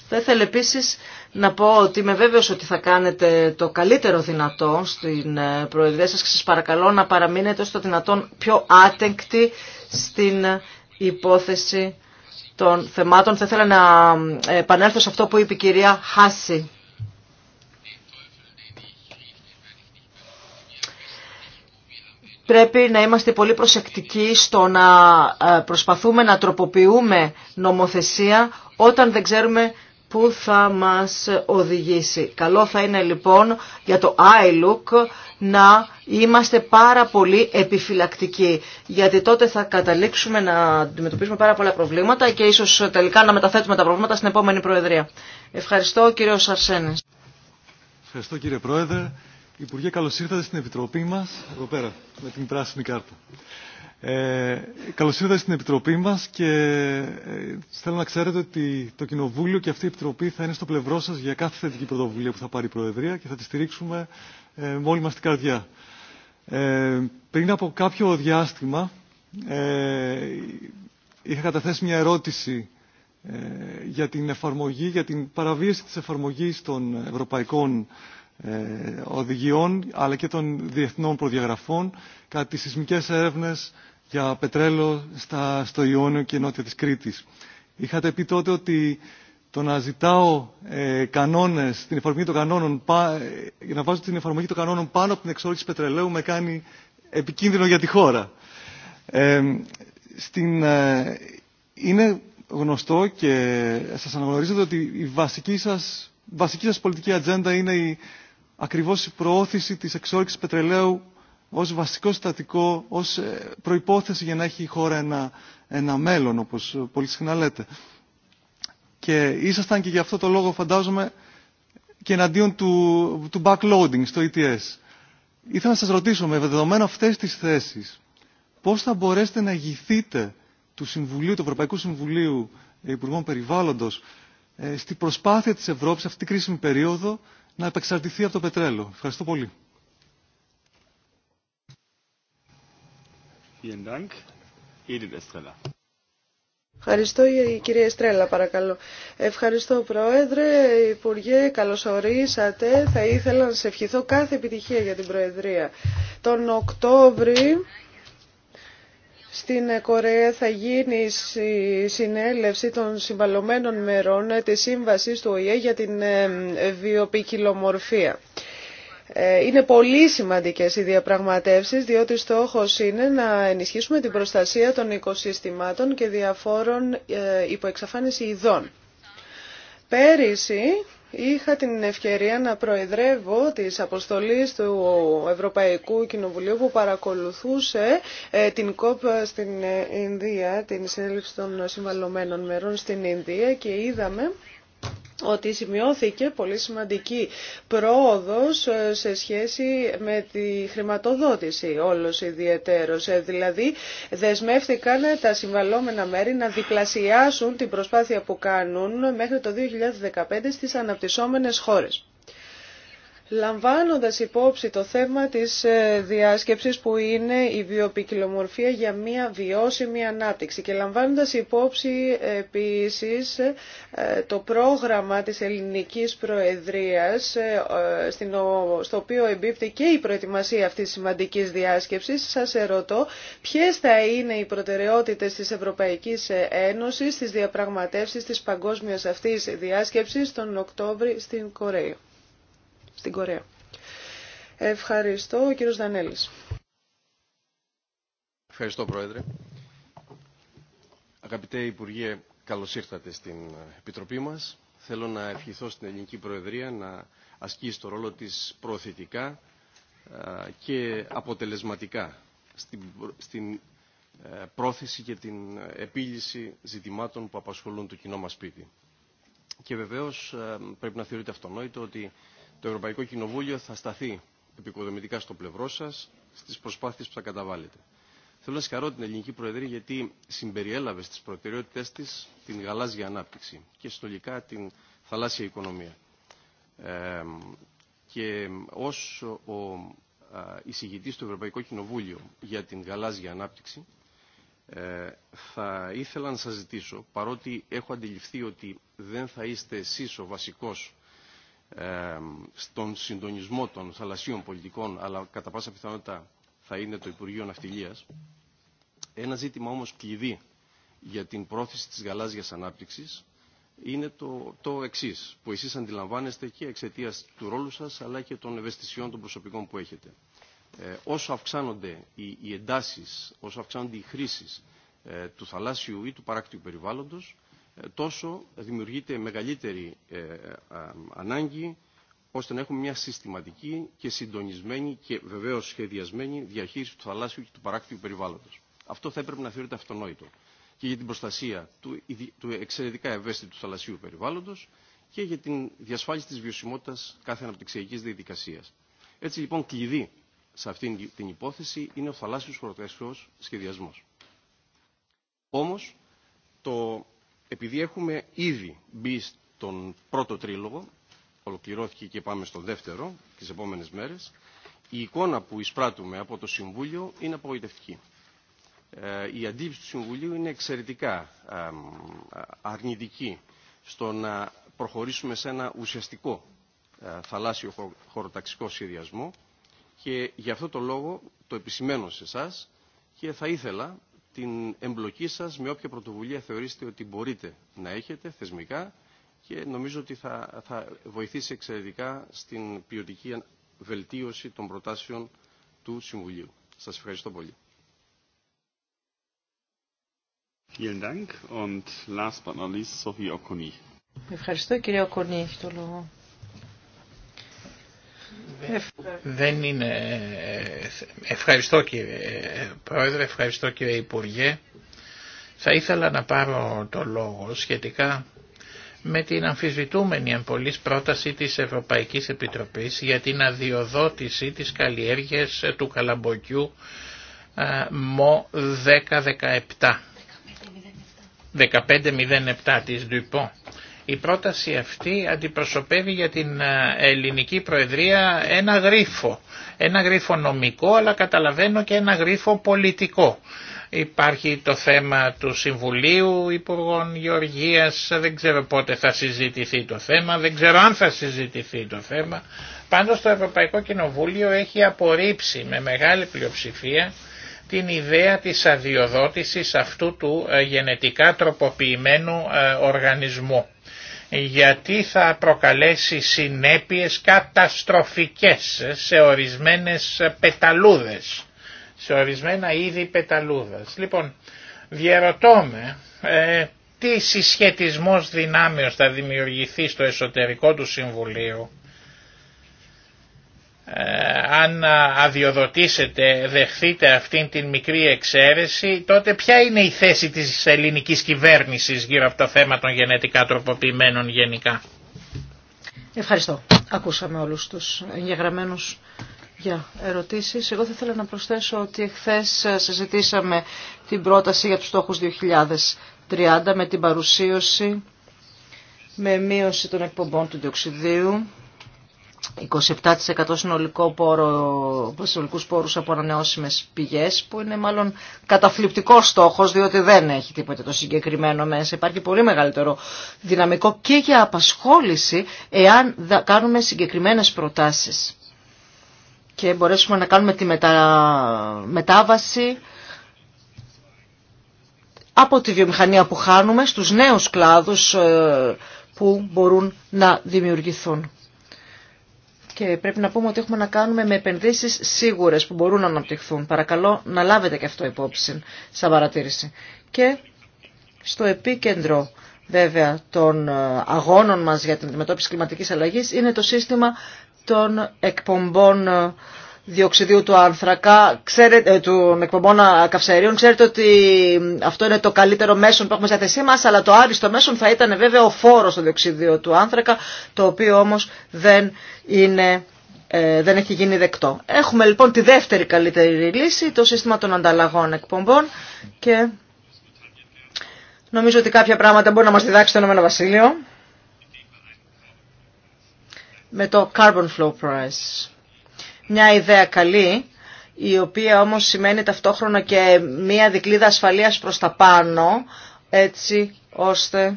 Θα ήθελα επίσης να πω ότι είμαι βέβαιος ότι θα κάνετε το καλύτερο δυνατό στην ε, Προεδρία σας και σας παρακαλώ να παραμείνετε στο δυνατόν πιο άτεγκτοι στην ε, υπόθεση των θεμάτων. Θα ήθελα να επανέλθω σε αυτό που είπε η κυρία Χάση. Πρέπει να είμαστε πολύ προσεκτικοί στο να ε, προσπαθούμε να τροποποιούμε νομοθεσία όταν δεν ξέρουμε που θα μας οδηγήσει. Καλό θα είναι λοιπόν για το iLook να είμαστε πάρα πολύ επιφυλακτικοί, γιατί τότε θα καταλήξουμε να αντιμετωπίσουμε πάρα πολλά προβλήματα και ίσως τελικά να μεταθέτουμε τα προβλήματα στην επόμενη Προεδρία. Ευχαριστώ κύριο Αρσένης. Ευχαριστώ κύριε Πρόεδρε. Υπουργέ, καλώς ήρθατε στην Επιτροπή μας, εδώ πέρα, με την πράσινη κάρτα. Ε, καλώς ήρθατε στην Επιτροπή μας και ε, θέλω να ξέρετε ότι το Κοινοβούλιο και αυτή η Επιτροπή θα είναι στο πλευρό σας για κάθε θετική πρωτοβουλία που θα πάρει η Προεδρία και θα τη στηρίξουμε ε, με όλη μας την καρδιά. Ε, πριν από κάποιο διάστημα ε, είχα καταθέσει μια ερώτηση ε, για την εφαρμογή, για την παραβίαση της εφαρμογής των ευρωπαϊκών ε, οδηγιών αλλά και των διεθνών προδιαγραφών κατά τις σεισμικές έρευνες για πετρέλαιο στα, στο Ιόνιο και νότια της Κρήτης. Είχατε πει τότε ότι το να ζητάω ε, κανόνες, την εφαρμογή των κανόνων, πα, ε, να βάζω την εφαρμογή των κανόνων πάνω από την εξόρυξη πετρελαίου με κάνει επικίνδυνο για τη χώρα. Ε, στην, ε, είναι γνωστό και σας αναγνωρίζετε ότι η βασική σας, βασική σας πολιτική ατζέντα είναι η, ακριβώς η προώθηση της εξόρυξης πετρελαίου ως βασικό στατικό, ως ε, προϋπόθεση για να έχει η χώρα ένα, ένα μέλλον, όπως πολύ συχνά λέτε. Και ήσασταν και γι' αυτό το λόγο, φαντάζομαι, και εναντίον του, του backloading στο ETS. Ήθελα να σας ρωτήσω, με δεδομένο αυτές τις θέσεις, πώς θα μπορέσετε να ηγηθείτε του Συμβουλίου, του Ευρωπαϊκού Συμβουλίου Υπουργών Περιβάλλοντος, ε, στη προσπάθεια της Ευρώπης αυτή την κρίσιμη περίοδο να επεξαρτηθεί από το πετρέλαιο. Ευχαριστώ πολύ. Ευχαριστώ κύριε κυρία Εστρέλα παρακαλώ. Ευχαριστώ Πρόεδρε, Υπουργέ, καλώς Θα ήθελα να σε ευχηθώ κάθε επιτυχία για την Προεδρία. Τον Οκτώβρη στην Κορέα θα γίνει η συνέλευση των συμβαλωμένων μερών της Σύμβασης του ΟΗΕ για την βιοπικιλομορφία. Ε, είναι πολύ σημαντικές οι διαπραγματεύσεις διότι στόχος είναι να ενισχύσουμε την προστασία των οικοσύστηματων και διαφόρων ε, υποεξαφάνιση ειδών. Πέρυσι είχα την ευκαιρία να προεδρεύω της αποστολής του Ευρωπαϊκού Κοινοβουλίου που παρακολουθούσε ε, την COP στην Ινδία, την συνέλευση των συμβαλωμένων μερών στην Ινδία και είδαμε ότι σημειώθηκε πολύ σημαντική πρόοδος ε, σε σχέση με τη χρηματοδότηση όλος ιδιαιτέρως. Ε, δηλαδή δεσμεύτηκαν τα συμβαλόμενα μέρη να διπλασιάσουν την προσπάθεια που κάνουν μέχρι το 2015 στις αναπτυσσόμενες χώρες λαμβάνοντας υπόψη το θέμα της ε, διάσκεψης που είναι η βιοπικιλομορφία για μια βιώσιμη ανάπτυξη και λαμβάνοντας υπόψη ε, επίσης ε, το πρόγραμμα της ελληνικής προεδρίας στο οποίο εμπίπτει και η προετοιμασία αυτής της σημαντικής διάσκεψης σας ερωτώ ποιες θα είναι οι προτεραιότητες της Ευρωπαϊκής Ένωσης στις διαπραγματεύσεις της παγκόσμιας αυτής διάσκεψης τον Οκτώβρη στην Κορέα στην Κορέα. Ευχαριστώ, ο κύριος Δανέλης. Ευχαριστώ, Πρόεδρε. Αγαπητέ Υπουργέ, καλώς ήρθατε στην Επιτροπή μας. Θέλω να ευχηθώ στην Ελληνική Προεδρία να ασκήσει το ρόλο της προθετικά και αποτελεσματικά στην ε, πρόθεση και την επίλυση ζητημάτων που απασχολούν το κοινό μας σπίτι. Και βεβαίως πρέπει να θεωρείται αυτονόητο ότι το Ευρωπαϊκό Κοινοβούλιο θα σταθεί επικοδομητικά στο πλευρό σα στι προσπάθειε που θα καταβάλλετε. Θέλω να συγχαρώ την Ελληνική Προεδρία γιατί συμπεριέλαβε στι προτεραιότητέ τη την γαλάζια ανάπτυξη και συνολικά την θαλάσσια οικονομία. Ε, και ως ο εισηγητή του Ευρωπαϊκού Κοινοβούλιο για την γαλάζια ανάπτυξη ε, θα ήθελα να σα ζητήσω, παρότι έχω αντιληφθεί ότι δεν θα είστε εσεί ο βασικό στον συντονισμό των θαλασσίων πολιτικών, αλλά κατά πάσα πιθανότητα θα είναι το Υπουργείο Ναυτιλίας. Ένα ζήτημα όμως κλειδί για την πρόθεση της γαλάζιας ανάπτυξης είναι το, το εξή, που εσείς αντιλαμβάνεστε και εξαιτία του ρόλου σας, αλλά και των ευαισθησιών των προσωπικών που έχετε. Ε, όσο αυξάνονται οι, οι εντάσεις, όσο αυξάνονται οι χρήσεις ε, του θαλάσσιου ή του παράκτιου περιβάλλοντος, ε, τόσο δημιουργείται μεγαλύτερη ε, ε, ανάγκη ώστε να έχουμε μια συστηματική και συντονισμένη και βεβαίως σχεδιασμένη διαχείριση του θαλάσσιου και του παράκτιου περιβάλλοντος. Αυτό θα έπρεπε να θεωρείται αυτονόητο και για την προστασία του, εξαιρετικά ευαίσθητου θαλασσίου περιβάλλοντος και για την διασφάλιση της βιωσιμότητας κάθε αναπτυξιακής διαδικασίας. Έτσι λοιπόν κλειδί σε αυτή την υπόθεση είναι ο θαλάσσιος σχεδιασμός. Όμως το επειδή έχουμε ήδη μπει στον πρώτο τρίλογο, ολοκληρώθηκε και πάμε στον δεύτερο τις επόμενες μέρες, η εικόνα που εισπράττουμε από το Συμβούλιο είναι απογοητευτική. Ε, η αντίληψη του Συμβουλίου είναι εξαιρετικά αρνητική στο να προχωρήσουμε σε ένα ουσιαστικό ε, θαλάσσιο χωροταξικό σχεδιασμό και γι' αυτό το λόγο το επισημαίνω σε εσά και θα ήθελα την εμπλοκή σας με όποια πρωτοβουλία θεωρήσετε ότι μπορείτε να έχετε θεσμικά και νομίζω ότι θα, θα βοηθήσει εξαιρετικά στην ποιοτική βελτίωση των προτάσεων του Συμβουλίου. Σας ευχαριστώ πολύ. Ευχαριστώ κύριε δεν είναι... Ευχαριστώ κύριε Πρόεδρε, ευχαριστώ κύριε Υπουργέ. Θα ήθελα να πάρω το λόγο σχετικά με την αμφισβητούμενη εμπολής πρόταση της Ευρωπαϊκής Επιτροπής για την αδειοδότηση της καλλιέργειας του καλαμποκιού ΜΟ 1017. 1507 της Ντουιπό η πρόταση αυτή αντιπροσωπεύει για την ε, ελληνική προεδρία ένα γρίφο. Ένα γρίφο νομικό αλλά καταλαβαίνω και ένα γρίφο πολιτικό. Υπάρχει το θέμα του Συμβουλίου Υπουργών Γεωργίας, δεν ξέρω πότε θα συζητηθεί το θέμα, δεν ξέρω αν θα συζητηθεί το θέμα. Πάντως το Ευρωπαϊκό Κοινοβούλιο έχει απορρίψει με μεγάλη πλειοψηφία την ιδέα της αδειοδότησης αυτού του ε, γενετικά τροποποιημένου ε, οργανισμού γιατί θα προκαλέσει συνέπειες καταστροφικές σε ορισμένες πεταλούδες, σε ορισμένα είδη πεταλούδας. Λοιπόν, διαρωτώ με, ε, τι συσχετισμός δυνάμεως θα δημιουργηθεί στο εσωτερικό του Συμβουλίου ε, αν αδειοδοτήσετε, δεχθείτε αυτήν την μικρή εξαίρεση, τότε ποια είναι η θέση της ελληνικής κυβέρνησης γύρω από το θέμα των γενετικά τροποποιημένων γενικά. Ευχαριστώ. Ακούσαμε όλους τους εγγεγραμμένους για ερωτήσεις. Εγώ θα ήθελα να προσθέσω ότι εχθές ε, συζητήσαμε την πρόταση για τους στόχους 2030 με την παρουσίαση με μείωση των εκπομπών του διοξιδίου 27% συνολικό πόρο, συνολικούς πόρους από ανανεώσιμες πηγές που είναι μάλλον καταφληπτικός στόχος διότι δεν έχει τίποτα το συγκεκριμένο μέσα. Υπάρχει πολύ μεγαλύτερο δυναμικό και για απασχόληση εάν κάνουμε συγκεκριμένες προτάσεις και μπορέσουμε να κάνουμε τη μετα... μετάβαση από τη βιομηχανία που χάνουμε στους νέους κλάδους ε, που μπορούν να δημιουργηθούν. Και πρέπει να πούμε ότι έχουμε να κάνουμε με επενδύσεις σίγουρες που μπορούν να αναπτυχθούν. Παρακαλώ να λάβετε και αυτό υπόψη σαν παρατήρηση. Και στο επίκεντρο βέβαια των ε, αγώνων μας για την αντιμετώπιση κλιματικής αλλαγής είναι το σύστημα των εκπομπών ε, διοξιδίου του άνθρακα, ξέρετε, ε, του ε, εκπομπών καυσαερίων, ξέρετε ότι αυτό είναι το καλύτερο μέσον που έχουμε σε θέσή μας, αλλά το άριστο μέσον θα ήταν βέβαια ο φόρος στο διοξιδίου του άνθρακα, το οποίο όμως δεν είναι... Ε, δεν έχει γίνει δεκτό. Έχουμε λοιπόν τη δεύτερη καλύτερη λύση, το σύστημα των ανταλλαγών εκπομπών και νομίζω ότι κάποια πράγματα μπορεί να μας διδάξει το Ηνωμένο Βασίλειο με το Carbon Flow Price μια ιδέα καλή, η οποία όμως σημαίνει ταυτόχρονα και μια δικλίδα ασφαλείας προς τα πάνω, έτσι ώστε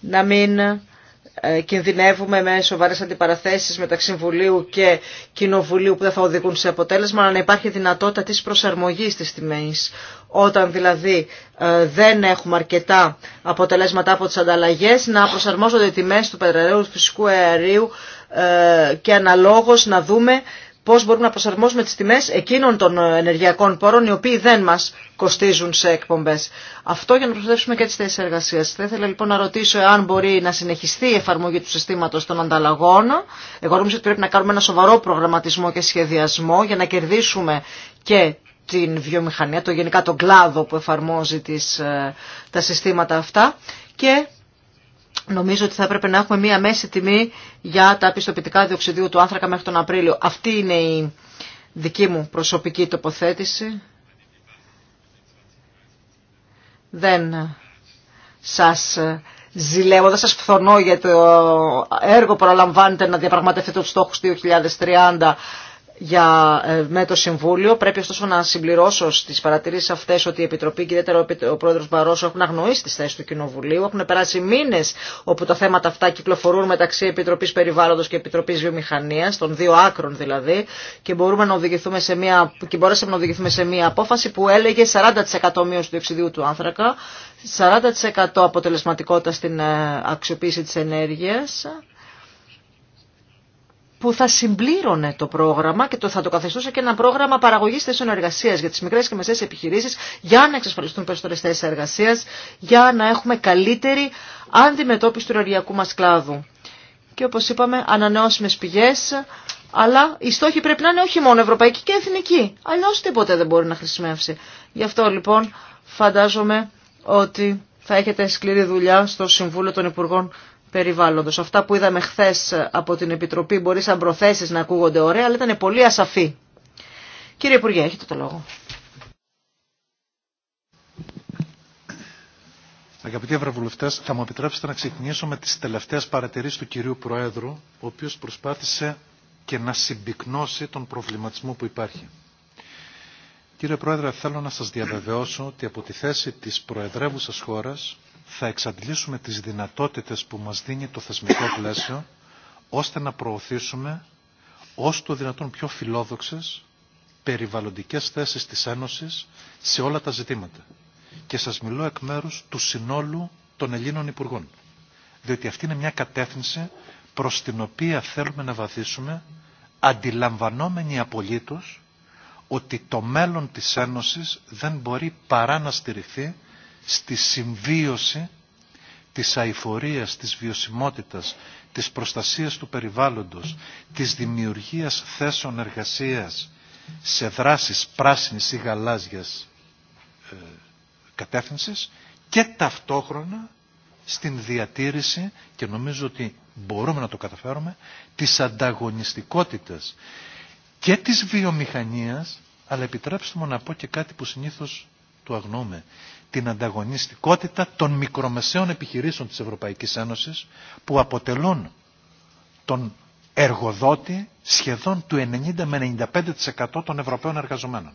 να μην ε, κινδυνεύουμε με σοβαρέ αντιπαραθέσει μεταξύ Βουλίου και Κοινοβουλίου που δεν θα οδηγούν σε αποτέλεσμα, αλλά να υπάρχει δυνατότητα της προσαρμογής της τιμή. Όταν δηλαδή ε, δεν έχουμε αρκετά αποτελέσματα από τι ανταλλαγέ, να προσαρμόζονται οι τιμέ του πετρελαίου, του φυσικού αερίου ε, και αναλόγως να δούμε πώς μπορούμε να προσαρμόσουμε τις τιμές εκείνων των ενεργειακών πόρων οι οποίοι δεν μας κοστίζουν σε εκπομπές. Αυτό για να προσθέσουμε και τις θέσεις εργασίας. Θα ήθελα λοιπόν να ρωτήσω εάν μπορεί να συνεχιστεί η εφαρμογή του συστήματος των ανταλλαγών. Εγώ νομίζω ότι πρέπει να κάνουμε ένα σοβαρό προγραμματισμό και σχεδιασμό για να κερδίσουμε και την βιομηχανία, το γενικά τον κλάδο που εφαρμόζει τις, ε, τα συστήματα αυτά και Νομίζω ότι θα έπρεπε να έχουμε μία μέση τιμή για τα πιστοποιητικά διοξιδίου του άνθρακα μέχρι τον Απρίλιο. Αυτή είναι η δική μου προσωπική τοποθέτηση. Δεν σας ζηλεύω, δεν σας φθονώ για το έργο που προλαμβάνετε να διαπραγματευτείτε τους στόχους 2030 για, ε, με το Συμβούλιο. Πρέπει ωστόσο να συμπληρώσω στι παρατηρήσει αυτέ ότι η Επιτροπή, και ιδιαίτερα ο πρόεδρο Μπαρόσο, έχουν αγνοήσει τι θέσει του Κοινοβουλίου. Έχουν περάσει μήνε όπου τα θέματα αυτά κυκλοφορούν μεταξύ Επιτροπή Περιβάλλοντο και Επιτροπή Βιομηχανία, των δύο άκρων δηλαδή, και, μπορούμε να οδηγηθούμε σε μια, και μπορέσαμε να οδηγηθούμε σε μια απόφαση που έλεγε 40% μείωση του εξιδίου του άνθρακα, 40% αποτελεσματικότητα στην ε, αξιοποίηση τη ενέργεια που θα συμπλήρωνε το πρόγραμμα και το θα το καθεστούσε και ένα πρόγραμμα παραγωγή θέσεων εργασία για τι μικρέ και μεσαίε επιχειρήσει, για να εξασφαλιστούν περισσότερε θέσει εργασία, για να έχουμε καλύτερη αντιμετώπιση του ενεργειακού μα κλάδου. Και όπω είπαμε, ανανεώσιμε πηγέ, αλλά οι στόχοι πρέπει να είναι όχι μόνο ευρωπαϊκοί και εθνικοί. Αλλιώ τίποτε δεν μπορεί να χρησιμεύσει. Γι' αυτό λοιπόν φαντάζομαι ότι θα έχετε σκληρή δουλειά στο Συμβούλιο των Υπουργών περιβάλλοντος. Αυτά που είδαμε χθες από την Επιτροπή μπορεί σαν προθέσεις να ακούγονται ωραία, αλλά ήταν πολύ ασαφή. Κύριε Υπουργέ, έχετε το λόγο. Αγαπητοί Ευρωβουλευτέ, θα μου επιτρέψετε να ξεκινήσω με τι τελευταίε παρατηρήσει του κυρίου Προέδρου, ο οποίο προσπάθησε και να συμπυκνώσει τον προβληματισμό που υπάρχει. Κύριε Πρόεδρε, θέλω να σας διαβεβαιώσω ότι από τη θέση της προεδρεύουσας χώρας θα εξαντλήσουμε τις δυνατότητες που μας δίνει το θεσμικό πλαίσιο, ώστε να προωθήσουμε ως το δυνατόν πιο φιλόδοξες περιβαλλοντικές θέσεις της Ένωσης σε όλα τα ζητήματα. Και σας μιλώ εκ μέρους του συνόλου των Ελλήνων Υπουργών. Διότι αυτή είναι μια κατεύθυνση προς την οποία θέλουμε να βαθίσουμε αντιλαμβανόμενοι απολύτως ότι το μέλλον της Ένωσης δεν μπορεί παρά να στηριχθεί στη συμβίωση της αηφορίας, της βιωσιμότητας, της προστασίας του περιβάλλοντος, της δημιουργίας θέσεων εργασίας σε δράσεις πράσινης ή γαλάζιας ε, κατεύθυνσης και ταυτόχρονα στην διατήρηση, και νομίζω ότι μπορούμε να το καταφέρουμε, της ανταγωνιστικότητας και της βιομηχανίας, αλλά επιτρέψτε μου να πω και κάτι που συνήθως το αγνώμαι την ανταγωνιστικότητα των μικρομεσαίων επιχειρήσεων της Ευρωπαϊκής Ένωσης που αποτελούν τον εργοδότη σχεδόν του 90 με 95% των Ευρωπαίων εργαζομένων.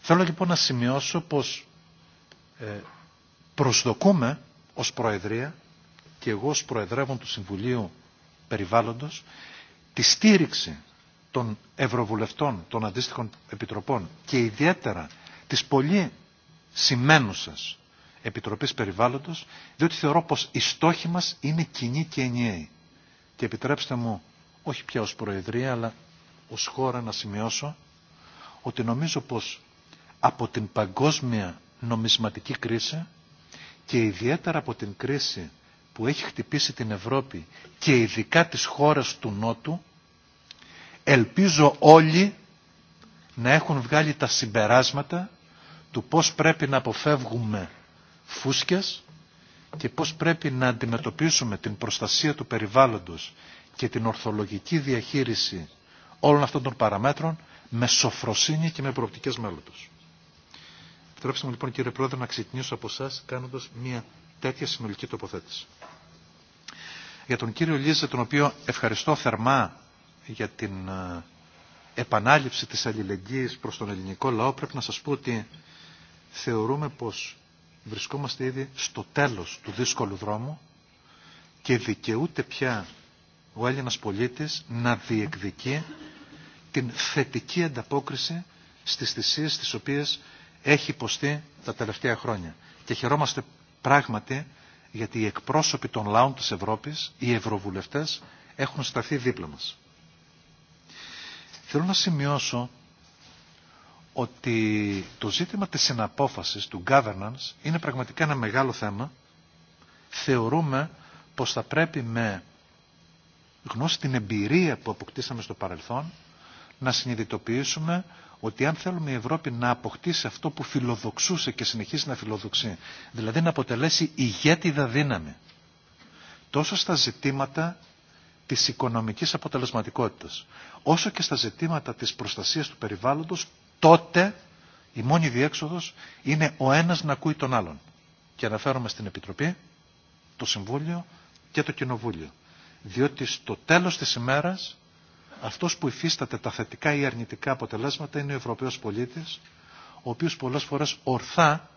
Θέλω λοιπόν να σημειώσω πως ε, προσδοκούμε ως Προεδρία και εγώ ως Προεδρεύων του Συμβουλίου Περιβάλλοντος τη στήριξη των Ευρωβουλευτών των αντίστοιχων επιτροπών και ιδιαίτερα της πολύ σημαίνουσας Επιτροπής Περιβάλλοντος, διότι θεωρώ πως οι στόχοι μας είναι κοινοί και ενιαίοι. Και επιτρέψτε μου, όχι πια ως Προεδρία, αλλά ως χώρα να σημειώσω, ότι νομίζω πως από την παγκόσμια νομισματική κρίση και ιδιαίτερα από την κρίση που έχει χτυπήσει την Ευρώπη και ειδικά τις χώρες του Νότου, ελπίζω όλοι να έχουν βγάλει τα συμπεράσματα του πώς πρέπει να αποφεύγουμε φούσκες και πώς πρέπει να αντιμετωπίσουμε την προστασία του περιβάλλοντος και την ορθολογική διαχείριση όλων αυτών των παραμέτρων με σοφροσύνη και με προοπτικές μέλλοντος. Επιτρέψτε μου λοιπόν κύριε Πρόεδρε να ξεκινήσω από εσά κάνοντας μια τέτοια συνολική τοποθέτηση. Για τον κύριο Λίζε, τον οποίο ευχαριστώ θερμά για την ε, επανάληψη της αλληλεγγύης προς τον ελληνικό λαό, πρέπει να σας πω ότι θεωρούμε πως βρισκόμαστε ήδη στο τέλος του δύσκολου δρόμου και δικαιούται πια ο Έλληνας πολίτης να διεκδικεί την θετική ανταπόκριση στις θυσίες τις οποίες έχει υποστεί τα τελευταία χρόνια. Και χαιρόμαστε πράγματι γιατί οι εκπρόσωποι των λαών της Ευρώπης, οι ευρωβουλευτές, έχουν σταθεί δίπλα μας. Θέλω να σημειώσω ότι το ζήτημα της συναπόφασης, του governance, είναι πραγματικά ένα μεγάλο θέμα. Θεωρούμε πως θα πρέπει με γνώση την εμπειρία που αποκτήσαμε στο παρελθόν να συνειδητοποιήσουμε ότι αν θέλουμε η Ευρώπη να αποκτήσει αυτό που φιλοδοξούσε και συνεχίζει να φιλοδοξεί, δηλαδή να αποτελέσει ηγέτιδα δύναμη, τόσο στα ζητήματα της οικονομικής αποτελεσματικότητας, όσο και στα ζητήματα της προστασίας του περιβάλλοντος τότε η μόνη διέξοδος είναι ο ένας να ακούει τον άλλον. Και αναφέρομαι στην Επιτροπή, το Συμβούλιο και το Κοινοβούλιο. Διότι στο τέλος της ημέρας αυτός που υφίσταται τα θετικά ή αρνητικά αποτελέσματα είναι ο Ευρωπαίος πολίτης, ο οποίος πολλές φορές ορθά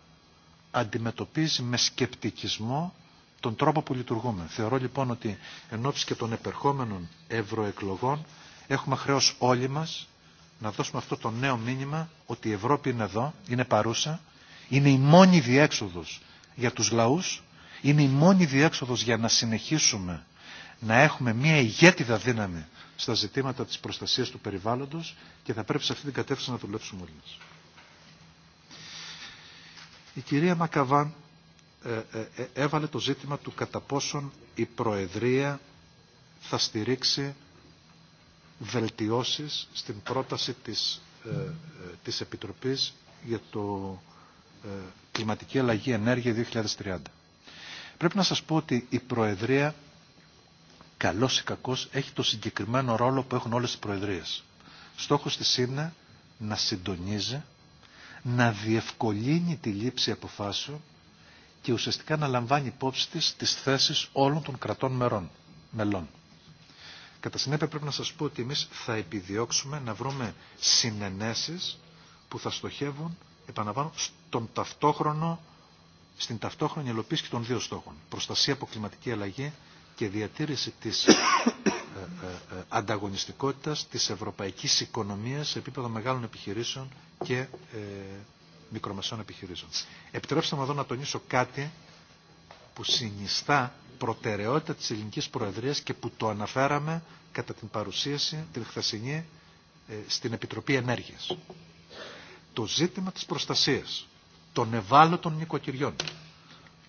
αντιμετωπίζει με σκεπτικισμό τον τρόπο που λειτουργούμε. Θεωρώ λοιπόν ότι εν και των επερχόμενων ευρωεκλογών έχουμε χρέος όλοι μας να δώσουμε αυτό το νέο μήνυμα ότι η Ευρώπη είναι εδώ, είναι παρούσα, είναι η μόνη διέξοδος για τους λαούς, είναι η μόνη διέξοδος για να συνεχίσουμε να έχουμε μια ηγέτιδα δύναμη στα ζητήματα της προστασίας του περιβάλλοντος και θα πρέπει σε αυτή την κατεύθυνση να δουλέψουμε όλοι μας. Η κυρία Μακαβάν ε, ε, ε έβαλε το ζήτημα του κατά πόσον η Προεδρία θα στηρίξει βελτιώσεις στην πρόταση της, ε, ε της Επιτροπής για το ε, Κλιματική Αλλαγή Ενέργεια 2030. Πρέπει να σας πω ότι η Προεδρία, καλός ή κακός, έχει το συγκεκριμένο ρόλο που έχουν όλες οι Προεδρίες. Στόχος της είναι να συντονίζει, να διευκολύνει τη λήψη αποφάσεων και ουσιαστικά να λαμβάνει υπόψη της τις θέσεις όλων των κρατών μελών. Κατά συνέπεια πρέπει να σας πω ότι εμείς θα επιδιώξουμε να βρούμε συνενέσεις που θα στοχεύουν, επαναλαμβάνω, στον ταυτόχρονο, στην ταυτόχρονη ελοπίση και των δύο στόχων. Προστασία από κλιματική αλλαγή και διατήρηση της ε, ε, ε, ανταγωνιστικότητας της ευρωπαϊκής οικονομίας σε επίπεδο μεγάλων επιχειρήσεων και μικρομεσαίων επιχειρήσεων. Επιτρέψτε μου εδώ να τονίσω κάτι που συνιστά προτεραιότητα της ελληνικής προεδρίας και που το αναφέραμε κατά την παρουσίαση την χθεσινή ε, στην Επιτροπή Ενέργειας. Το ζήτημα της προστασίας των ευάλωτων νοικοκυριών,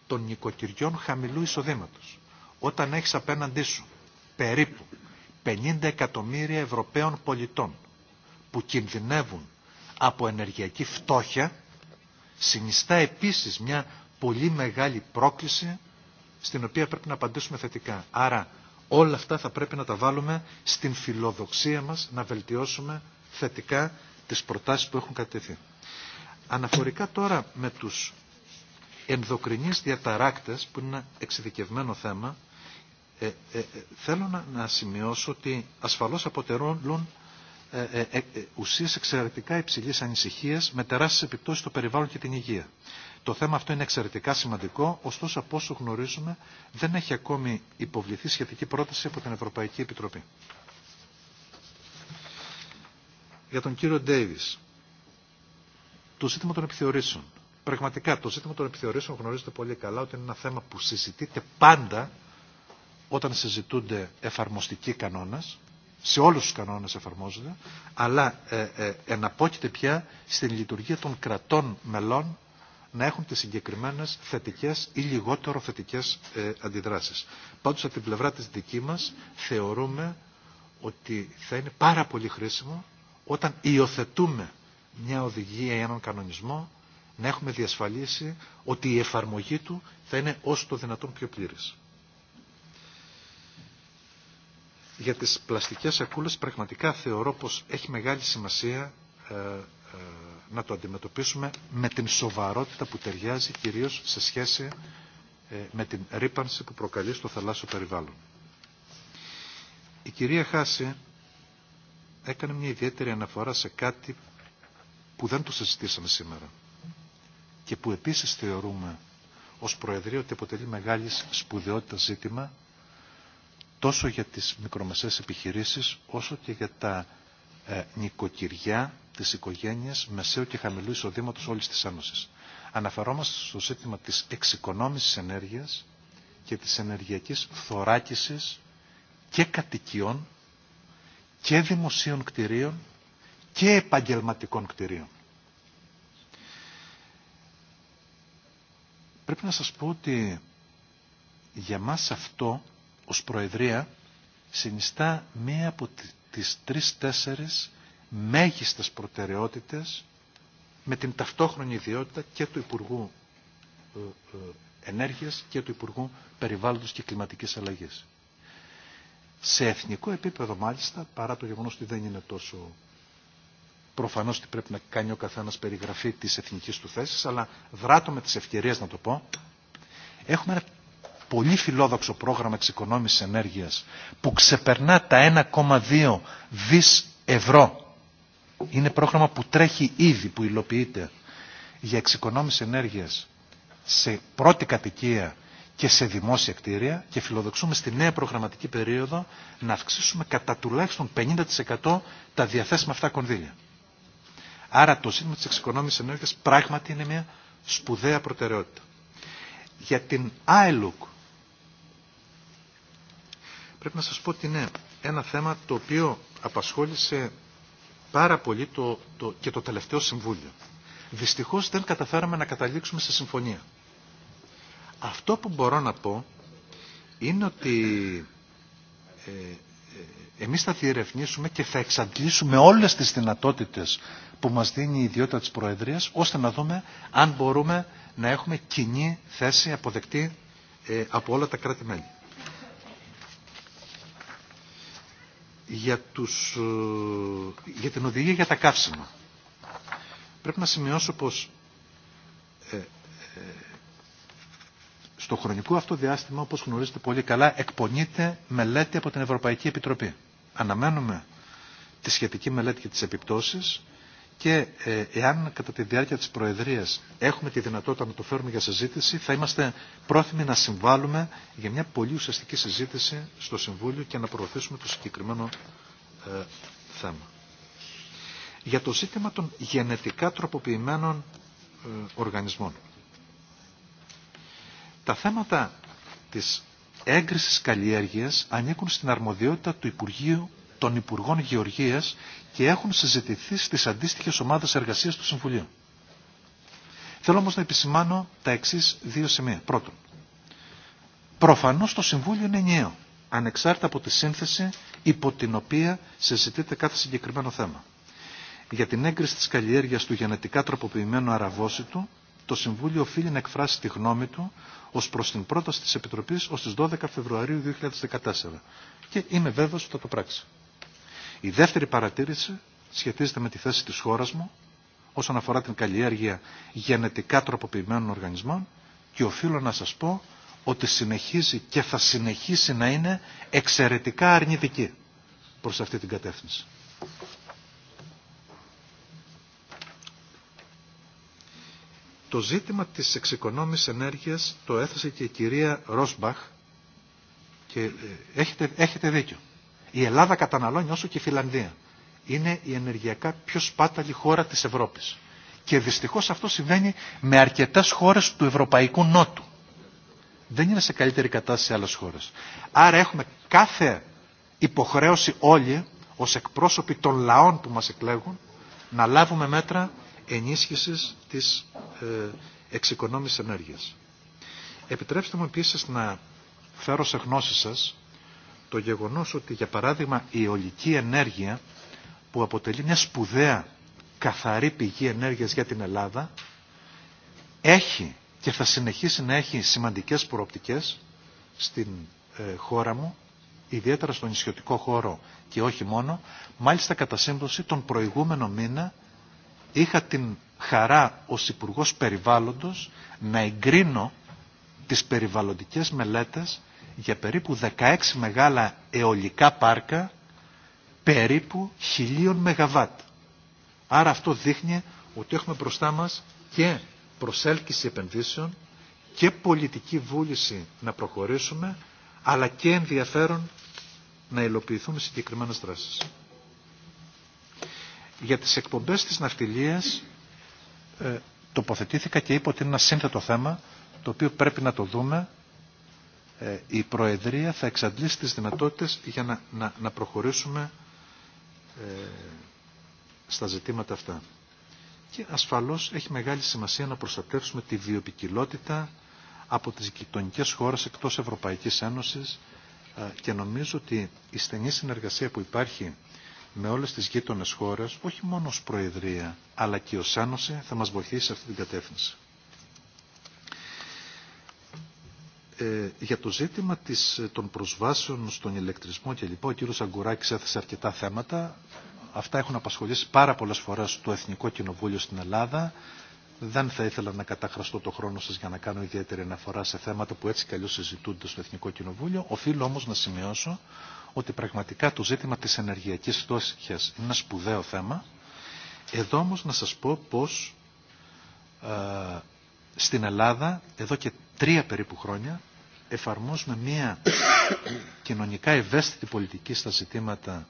των νοικοκυριών χαμηλού εισοδήματος, όταν έχεις απέναντί σου περίπου 50 εκατομμύρια Ευρωπαίων πολιτών που κινδυνεύουν από ενεργειακή φτώχεια, συνιστά επίσης μια πολύ μεγάλη πρόκληση στην οποία πρέπει να απαντήσουμε θετικά. Άρα όλα αυτά θα πρέπει να τα βάλουμε στην φιλοδοξία μας να βελτιώσουμε θετικά τις προτάσεις που έχουν κατευθεί. Αναφορικά τώρα με τους ενδοκρινείς διαταράκτες, που είναι ένα εξειδικευμένο θέμα, ε, ε, ε, θέλω να, να σημειώσω ότι ασφαλώς αποτελούν ε, ε, ε, ουσίες εξαιρετικά υψηλής ανησυχίας με τεράστιες επιπτώσεις στο περιβάλλον και την υγεία. Το θέμα αυτό είναι εξαιρετικά σημαντικό, ωστόσο από όσο γνωρίζουμε δεν έχει ακόμη υποβληθεί σχετική πρόταση από την Ευρωπαϊκή Επιτροπή. Για τον κύριο Ντέιβις, το ζήτημα των επιθεωρήσεων. Πραγματικά το ζήτημα των επιθεωρήσεων γνωρίζετε πολύ καλά ότι είναι ένα θέμα που συζητείται πάντα όταν συζητούνται εφαρμοστικοί κανόνες σε όλους τους κανόνες εφαρμόζονται, αλλά ε, ε, εναπόκειται πια στην λειτουργία των κρατών μελών να έχουν τις συγκεκριμένες θετικές ή λιγότερο θετικές ε, αντιδράσεις. Πάντως από την πλευρά της δική μας θεωρούμε ότι θα είναι πάρα πολύ χρήσιμο όταν υιοθετούμε μια οδηγία ή έναν κανονισμό να έχουμε διασφαλίσει ότι η εφαρμογή του θα είναι όσο το δυνατόν πιο πλήρης. για τις πλαστικές σακούλες πραγματικά θεωρώ πως έχει μεγάλη σημασία ε, ε, να το αντιμετωπίσουμε με την σοβαρότητα που ταιριάζει κυρίως σε σχέση ε, με την ρήπανση που προκαλεί στο θαλάσσιο περιβάλλον. Η κυρία Χάση έκανε μια ιδιαίτερη αναφορά σε κάτι που δεν το συζητήσαμε σήμερα και που επίσης θεωρούμε ως Προεδρείο ότι αποτελεί μεγάλη σπουδαιότητα ζήτημα τόσο για τις μικρομεσαίες επιχειρήσεις όσο και για τα ε, νοικοκυριά της οικογένειας μεσαίου και χαμηλού εισοδήματος όλης της Ένωσης. Αναφερόμαστε στο ζήτημα της εξοικονόμησης ενέργειας και της ενεργειακής θωράκισης και κατοικιών και δημοσίων κτηρίων και επαγγελματικών κτηρίων. Πρέπει να σας πω ότι για μας αυτό ως Προεδρία συνιστά μία από τις τρεις-τέσσερις μέγιστες προτεραιότητες με την ταυτόχρονη ιδιότητα και του Υπουργού ε, ε, Ενέργειας και του Υπουργού Περιβάλλοντος και Κλιματικής Αλλαγής. Σε εθνικό επίπεδο μάλιστα, παρά το γεγονός ότι δεν είναι τόσο προφανώς ότι πρέπει να κάνει ο καθένας περιγραφή της εθνικής του θέσης, αλλά δράτω με τις ευκαιρίες να το πω, έχουμε ένα πολύ φιλόδοξο πρόγραμμα εξοικονόμησης ενέργειας που ξεπερνά τα 1,2 δις ευρώ. Είναι πρόγραμμα που τρέχει ήδη, που υλοποιείται για εξοικονόμηση ενέργειας σε πρώτη κατοικία και σε δημόσια κτίρια και φιλοδοξούμε στη νέα προγραμματική περίοδο να αυξήσουμε κατά τουλάχιστον 50% τα διαθέσιμα αυτά κονδύλια. Άρα το ζήτημα της εξοικονόμησης ενέργειας πράγματι είναι μια σπουδαία προτεραιότητα. Για την ILUC πρέπει να σας πω ότι είναι ένα θέμα το οποίο απασχόλησε πάρα πολύ το, το, και το τελευταίο Συμβούλιο. Δυστυχώς δεν καταφέραμε να καταλήξουμε σε συμφωνία. Αυτό που μπορώ να πω είναι ότι ε, ε, εμείς θα διερευνήσουμε και θα εξαντλήσουμε όλες τις δυνατότητες που μας δίνει η ιδιότητα της Προεδρίας ώστε να δούμε αν μπορούμε να έχουμε κοινή θέση αποδεκτή ε, από όλα τα κράτη-μέλη. για, τους, ε, για την οδηγία για τα καύσιμα. Πρέπει να σημειώσω πως ε, ε, στο χρονικό αυτό διάστημα, όπως γνωρίζετε πολύ καλά, εκπονείται μελέτη από την Ευρωπαϊκή Επιτροπή. Αναμένουμε τη σχετική μελέτη και τις επιπτώσεις και ε, εάν κατά τη διάρκεια της Προεδρίας έχουμε τη δυνατότητα να το φέρουμε για συζήτηση, θα είμαστε πρόθυμοι να συμβάλλουμε για μια πολύ ουσιαστική συζήτηση στο Συμβούλιο και να προωθήσουμε το συγκεκριμένο ε, θέμα. Για το ζήτημα των γενετικά τροποποιημένων ε, οργανισμών. Τα θέματα της έγκρισης καλλιέργειας ανήκουν στην αρμοδιότητα του Υπουργείου των Υπουργών Γεωργίας και έχουν συζητηθεί στις αντίστοιχες ομάδες εργασίας του Συμβουλίου. Θέλω όμως να επισημάνω τα εξής δύο σημεία. Πρώτον, προφανώς το Συμβούλιο είναι ενιαίο, ανεξάρτητα από τη σύνθεση υπό την οποία συζητείται κάθε συγκεκριμένο θέμα. Για την έγκριση της καλλιέργειας του γενετικά τροποποιημένου του, το Συμβούλιο οφείλει να εκφράσει τη γνώμη του ως προς την πρόταση της Επιτροπής ω 12 Φεβρουαρίου 2014. Και είμαι βέβαιος ότι θα το πράξει. Η δεύτερη παρατήρηση σχετίζεται με τη θέση της χώρας μου όσον αφορά την καλλιέργεια γενετικά τροποποιημένων οργανισμών και οφείλω να σας πω ότι συνεχίζει και θα συνεχίσει να είναι εξαιρετικά αρνητική προς αυτή την κατεύθυνση. Το ζήτημα της εξοικονόμησης ενέργειας το έθεσε και η κυρία Ρόσμπαχ και ε, έχετε, έχετε δίκιο. Η Ελλάδα καταναλώνει όσο και η Φιλανδία. Είναι η ενεργειακά πιο σπάταλη χώρα της Ευρώπης. Και δυστυχώς αυτό συμβαίνει με αρκετές χώρες του Ευρωπαϊκού Νότου. Δεν είναι σε καλύτερη κατάσταση σε άλλες χώρες. Άρα έχουμε κάθε υποχρέωση όλοι, ως εκπρόσωποι των λαών που μας εκλέγουν, να λάβουμε μέτρα ενίσχυσης της ε, εξοικονόμησης ενέργειας. Επιτρέψτε μου επίσης να φέρω σε γνώση σας το γεγονός ότι για παράδειγμα η ολική ενέργεια που αποτελεί μια σπουδαία καθαρή πηγή ενέργειας για την Ελλάδα έχει και θα συνεχίσει να έχει σημαντικές προοπτικές στην ε, χώρα μου, ιδιαίτερα στον νησιωτικό χώρο και όχι μόνο. Μάλιστα κατά σύμπτωση τον προηγούμενο μήνα είχα την χαρά ως Υπουργό Περιβάλλοντος να εγκρίνω τις περιβαλλοντικές μελέτες για περίπου 16 μεγάλα αιωλικά πάρκα περίπου χιλίων μεγαβάτ. Άρα αυτό δείχνει ότι έχουμε μπροστά μας και προσέλκυση επενδύσεων και πολιτική βούληση να προχωρήσουμε αλλά και ενδιαφέρον να υλοποιηθούμε συγκεκριμένες δράσεις. Για τις εκπομπές της ναυτιλίας ε, τοποθετήθηκα και είπα ότι είναι ένα σύνθετο θέμα το οποίο πρέπει να το δούμε ε, η Προεδρία θα εξαντλήσει τις δυνατότητες για να, να, προχωρήσουμε ε, στα ζητήματα αυτά. Και ασφαλώς έχει μεγάλη σημασία να προστατεύσουμε τη βιοπικιλότητα από τις γειτονικέ χώρες εκτός Ευρωπαϊκής Ένωσης ε, και νομίζω ότι η στενή συνεργασία που υπάρχει με όλες τις γείτονες χώρες, όχι μόνο ως Προεδρία, αλλά και ως Ένωση, θα μας βοηθήσει σε αυτή την κατεύθυνση. Ε, για το ζήτημα της, ε, των προσβάσεων στον ηλεκτρισμό και λοιπό, ο κύριος Αγκουράκης έθεσε αρκετά θέματα. Αυτά έχουν απασχολήσει πάρα πολλές φορές το Εθνικό Κοινοβούλιο στην Ελλάδα. Δεν θα ήθελα να καταχραστώ το χρόνο σας για να κάνω ιδιαίτερη αναφορά σε θέματα που έτσι καλώς συζητούνται στο Εθνικό Κοινοβούλιο. Οφείλω όμως να σημειώσω ότι πραγματικά το ζήτημα της ενεργειακής φτώχειας είναι ένα σπουδαίο θέμα. Εδώ όμως να σας πω πως ε, στην Ελλάδα εδώ και τρία περίπου χρόνια εφαρμόσουμε μια κοινωνικά ευαίσθητη πολιτική στα ζητήματα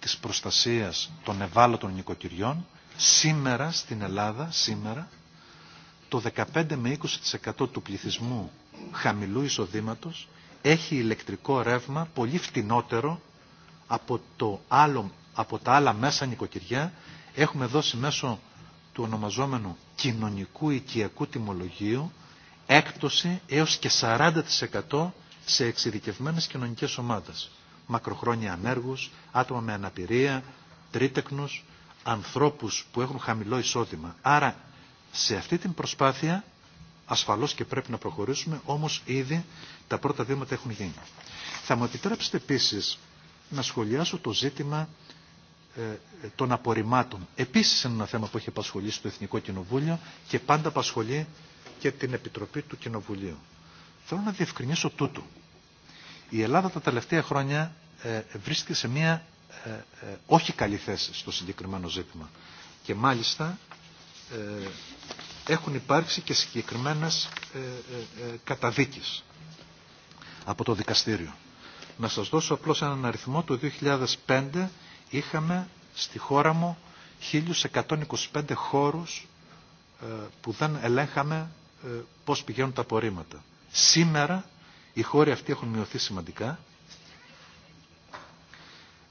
της προστασίας των ευάλωτων νοικοκυριών, σήμερα στην Ελλάδα, σήμερα, το 15 με 20% του πληθυσμού χαμηλού εισοδήματος έχει ηλεκτρικό ρεύμα πολύ φτηνότερο από, το άλλο, από τα άλλα μέσα νοικοκυριά. Έχουμε δώσει μέσω του ονομαζόμενου κοινωνικού οικιακού τιμολογίου έκπτωση έως και 40% σε εξειδικευμένες κοινωνικές ομάδες. Μακροχρόνια ανέργους, άτομα με αναπηρία, τρίτεκνους, ανθρώπους που έχουν χαμηλό εισόδημα. Άρα σε αυτή την προσπάθεια ασφαλώς και πρέπει να προχωρήσουμε, όμως ήδη τα πρώτα βήματα έχουν γίνει. Θα μου επιτρέψετε επίσης να σχολιάσω το ζήτημα ε, των απορριμμάτων. Επίσης είναι ένα θέμα που έχει απασχολήσει το Εθνικό Κοινοβούλιο και πάντα απασχολεί και την Επιτροπή του Κοινοβουλίου. Θέλω να διευκρινίσω τούτο. Η Ελλάδα τα τελευταία χρόνια ε, βρίσκεται σε μια ε, ε, όχι καλή θέση στο συγκεκριμένο ζήτημα. Και μάλιστα έχουν υπάρξει και συγκεκριμένες καταδίκες από το δικαστήριο. Να σας δώσω απλώς έναν αριθμό. Το 2005 είχαμε στη χώρα μου 1.125 χώρους που δεν ελέγχαμε ε, πώς πηγαίνουν τα απορρίμματα. Σήμερα οι χώροι αυτοί έχουν μειωθεί σημαντικά.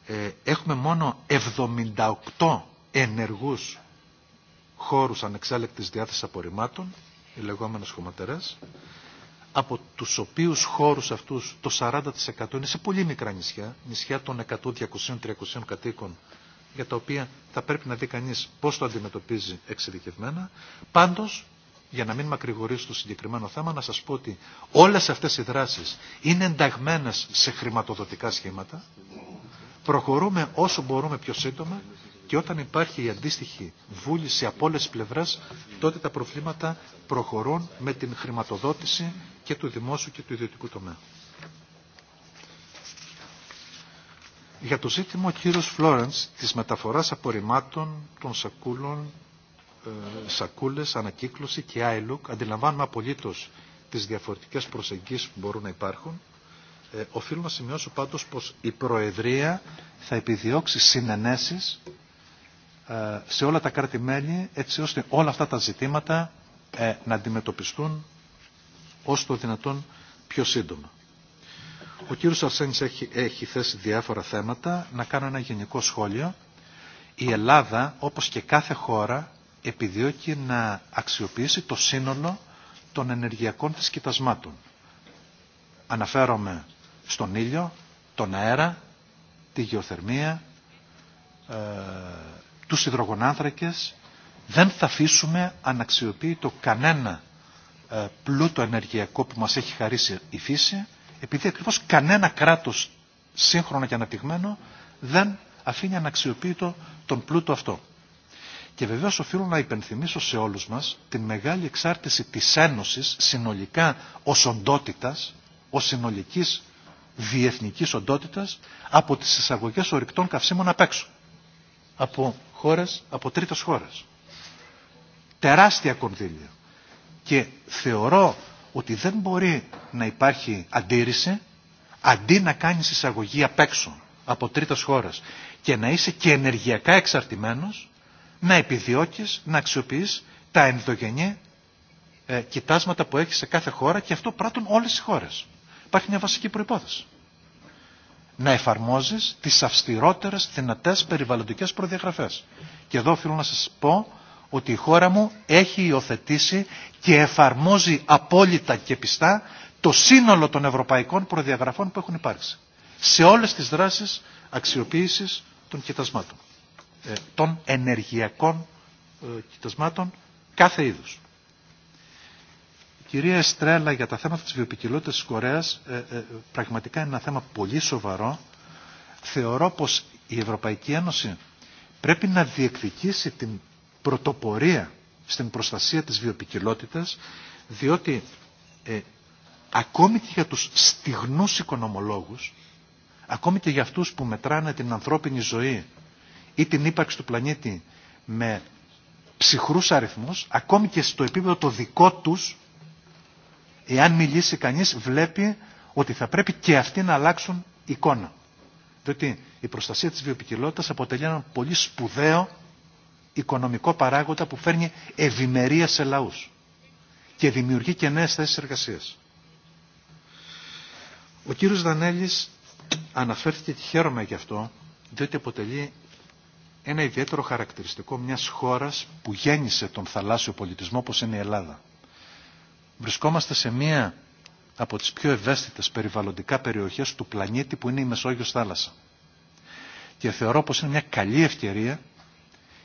Ε, έχουμε μόνο 78 ενεργούς χώρους ανεξάλλεκτης διάθεσης απορριμμάτων, οι λεγόμενες χωματερές, από τους οποίους χώρους αυτούς το 40% είναι σε πολύ μικρά νησιά, νησιά των 100, 200, 300 κατοίκων, για τα οποία θα πρέπει να δει κανείς πώς το αντιμετωπίζει εξειδικευμένα. Πάντως, για να μην μακρηγορήσω το συγκεκριμένο θέμα, να σας πω ότι όλες αυτές οι δράσεις είναι ενταγμένες σε χρηματοδοτικά σχήματα. Προχωρούμε όσο μπορούμε πιο σύντομα και όταν υπάρχει η αντίστοιχη βούληση από όλες τις πλευρές, τότε τα προβλήματα προχωρούν με την χρηματοδότηση και του δημόσιου και του ιδιωτικού τομέα. Για το ζήτημα ο κύριος Φλόρενς της μεταφοράς απορριμμάτων των σακούλων ε, σακούλες, ανακύκλωση και i-look. Αντιλαμβάνουμε απολύτως τις διαφορετικές προσεγγίσεις που μπορούν να υπάρχουν. Ε, οφείλω να σημειώσω πάντως πως η Προεδρία θα επιδιώξει συνενέσεις ε, σε όλα τα κράτη-μέλη έτσι ώστε όλα αυτά τα ζητήματα ε, να αντιμετωπιστούν όσο το δυνατόν πιο σύντομα. Ο κύριος Αρσένης έχει, έχει θέσει διάφορα θέματα. Να κάνω ένα γενικό σχόλιο. Η Ελλάδα, όπως και κάθε χώρα, επιδιώκει να αξιοποιήσει το σύνολο των ενεργειακών της κοιτασμάτων. Αναφέρομαι στον ήλιο, τον αέρα, τη γεωθερμία, ε, τους υδρογονάνθρακες. Δεν θα αφήσουμε αναξιοποιητό κανένα ε, πλούτο ενεργειακό που μας έχει χαρίσει η φύση, επειδή ακριβώς κανένα κράτος σύγχρονα και αναπτυγμένο δεν αφήνει αναξιοποιητό τον πλούτο αυτό. Και βεβαίως οφείλω να υπενθυμίσω σε όλους μας την μεγάλη εξάρτηση της Ένωσης συνολικά ως οντότητας, ως συνολικής διεθνικής οντότητας, από τις εισαγωγές ορυκτών καυσίμων απ' έξω. Από χώρες, από τρίτες χώρες. Τεράστια κονδύλια. Και θεωρώ ότι δεν μπορεί να υπάρχει αντίρρηση αντί να κάνει εισαγωγή απ' έξω από τρίτες χώρες και να είσαι και ενεργειακά εξαρτημένος να επιδιώκεις, να αξιοποιείς τα ενδογενή ε, κοιτάσματα που έχει σε κάθε χώρα και αυτό πράττουν όλες οι χώρες. Υπάρχει μια βασική προϋπόθεση. Να εφαρμόζεις τις αυστηρότερες δυνατές περιβαλλοντικές προδιαγραφές. Και εδώ οφείλω να σας πω ότι η χώρα μου έχει υιοθετήσει και εφαρμόζει απόλυτα και πιστά το σύνολο των ευρωπαϊκών προδιαγραφών που έχουν υπάρξει. Σε όλες τις δράσεις αξιοποίησης των κοιτασμάτων. Ε, των ενεργειακών ε, κοιτασμάτων κάθε είδους. κυρία Εστρέλα, για τα θέματα της βιοποικιλότητας της Κορέας ε, πραγματικά είναι ένα θέμα πολύ σοβαρό. Θεωρώ πως η Ευρωπαϊκή Ένωση πρέπει να διεκδικήσει την πρωτοπορία στην προστασία της βιοποικιλότητας διότι ακόμη και για τους στιγνούς οικονομολόγους ακόμη και για αυτούς που μετράνε την ανθρώπινη ζωή ή την ύπαρξη του πλανήτη με ψυχρούς αριθμούς, ακόμη και στο επίπεδο το δικό τους, εάν μιλήσει κανείς, βλέπει ότι θα πρέπει και αυτοί να αλλάξουν εικόνα. Διότι η προστασία της βιοπικιλότητας αποτελεί ένα πολύ σπουδαίο οικονομικό παράγοντα που φέρνει ευημερία σε λαούς και δημιουργεί και νέες θέσεις εργασίας. Ο κύριος Δανέλης αναφέρθηκε και χαίρομαι γι' αυτό, διότι αποτελεί ένα ιδιαίτερο χαρακτηριστικό μιας χώρας που γέννησε τον θαλάσσιο πολιτισμό όπως είναι η Ελλάδα. Βρισκόμαστε σε μία από τις πιο ευαίσθητες περιβαλλοντικά περιοχές του πλανήτη που είναι η Μεσόγειος θάλασσα. Και θεωρώ πως είναι μια καλή ευκαιρία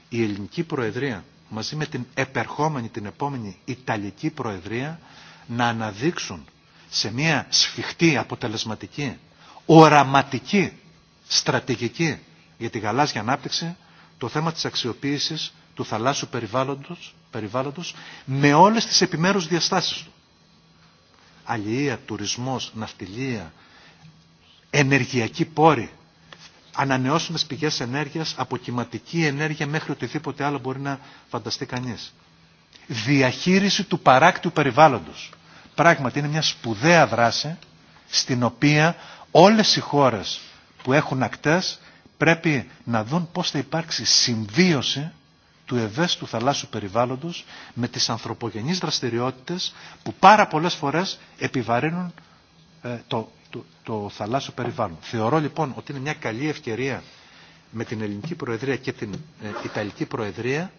η ελληνική προεδρία μαζί με την επερχόμενη την επόμενη Ιταλική Προεδρία να αναδείξουν σε μια σφιχτή, αποτελεσματική, οραματική, στρατηγική για τη γαλάζια ανάπτυξη το θέμα της αξιοποίησης του θαλάσσου περιβάλλοντος, περιβάλλοντος με όλες τις επιμέρους διαστάσεις του. Αλληλεία, τουρισμός, ναυτιλία, ενεργειακή πόρη, ανανεώσιμες πηγές ενέργειας, αποκυματική ενέργεια μέχρι οτιδήποτε άλλο μπορεί να φανταστεί κανείς. Διαχείριση του παράκτου περιβάλλοντος. Πράγματι είναι μια σπουδαία δράση στην οποία όλες οι χώρες που έχουν ακτές πρέπει να δουν πώς θα υπάρξει συμβίωση του ευαίσθητου θαλάσσιου περιβάλλοντος με τις ανθρωπογενείς δραστηριότητες που πάρα πολλές φορές επιβαρύνουν ε, το, το, το θαλάσσιο περιβάλλον. Θεωρώ λοιπόν ότι είναι μια καλή ευκαιρία με την Ελληνική Προεδρία και την ε, Ιταλική Προεδρία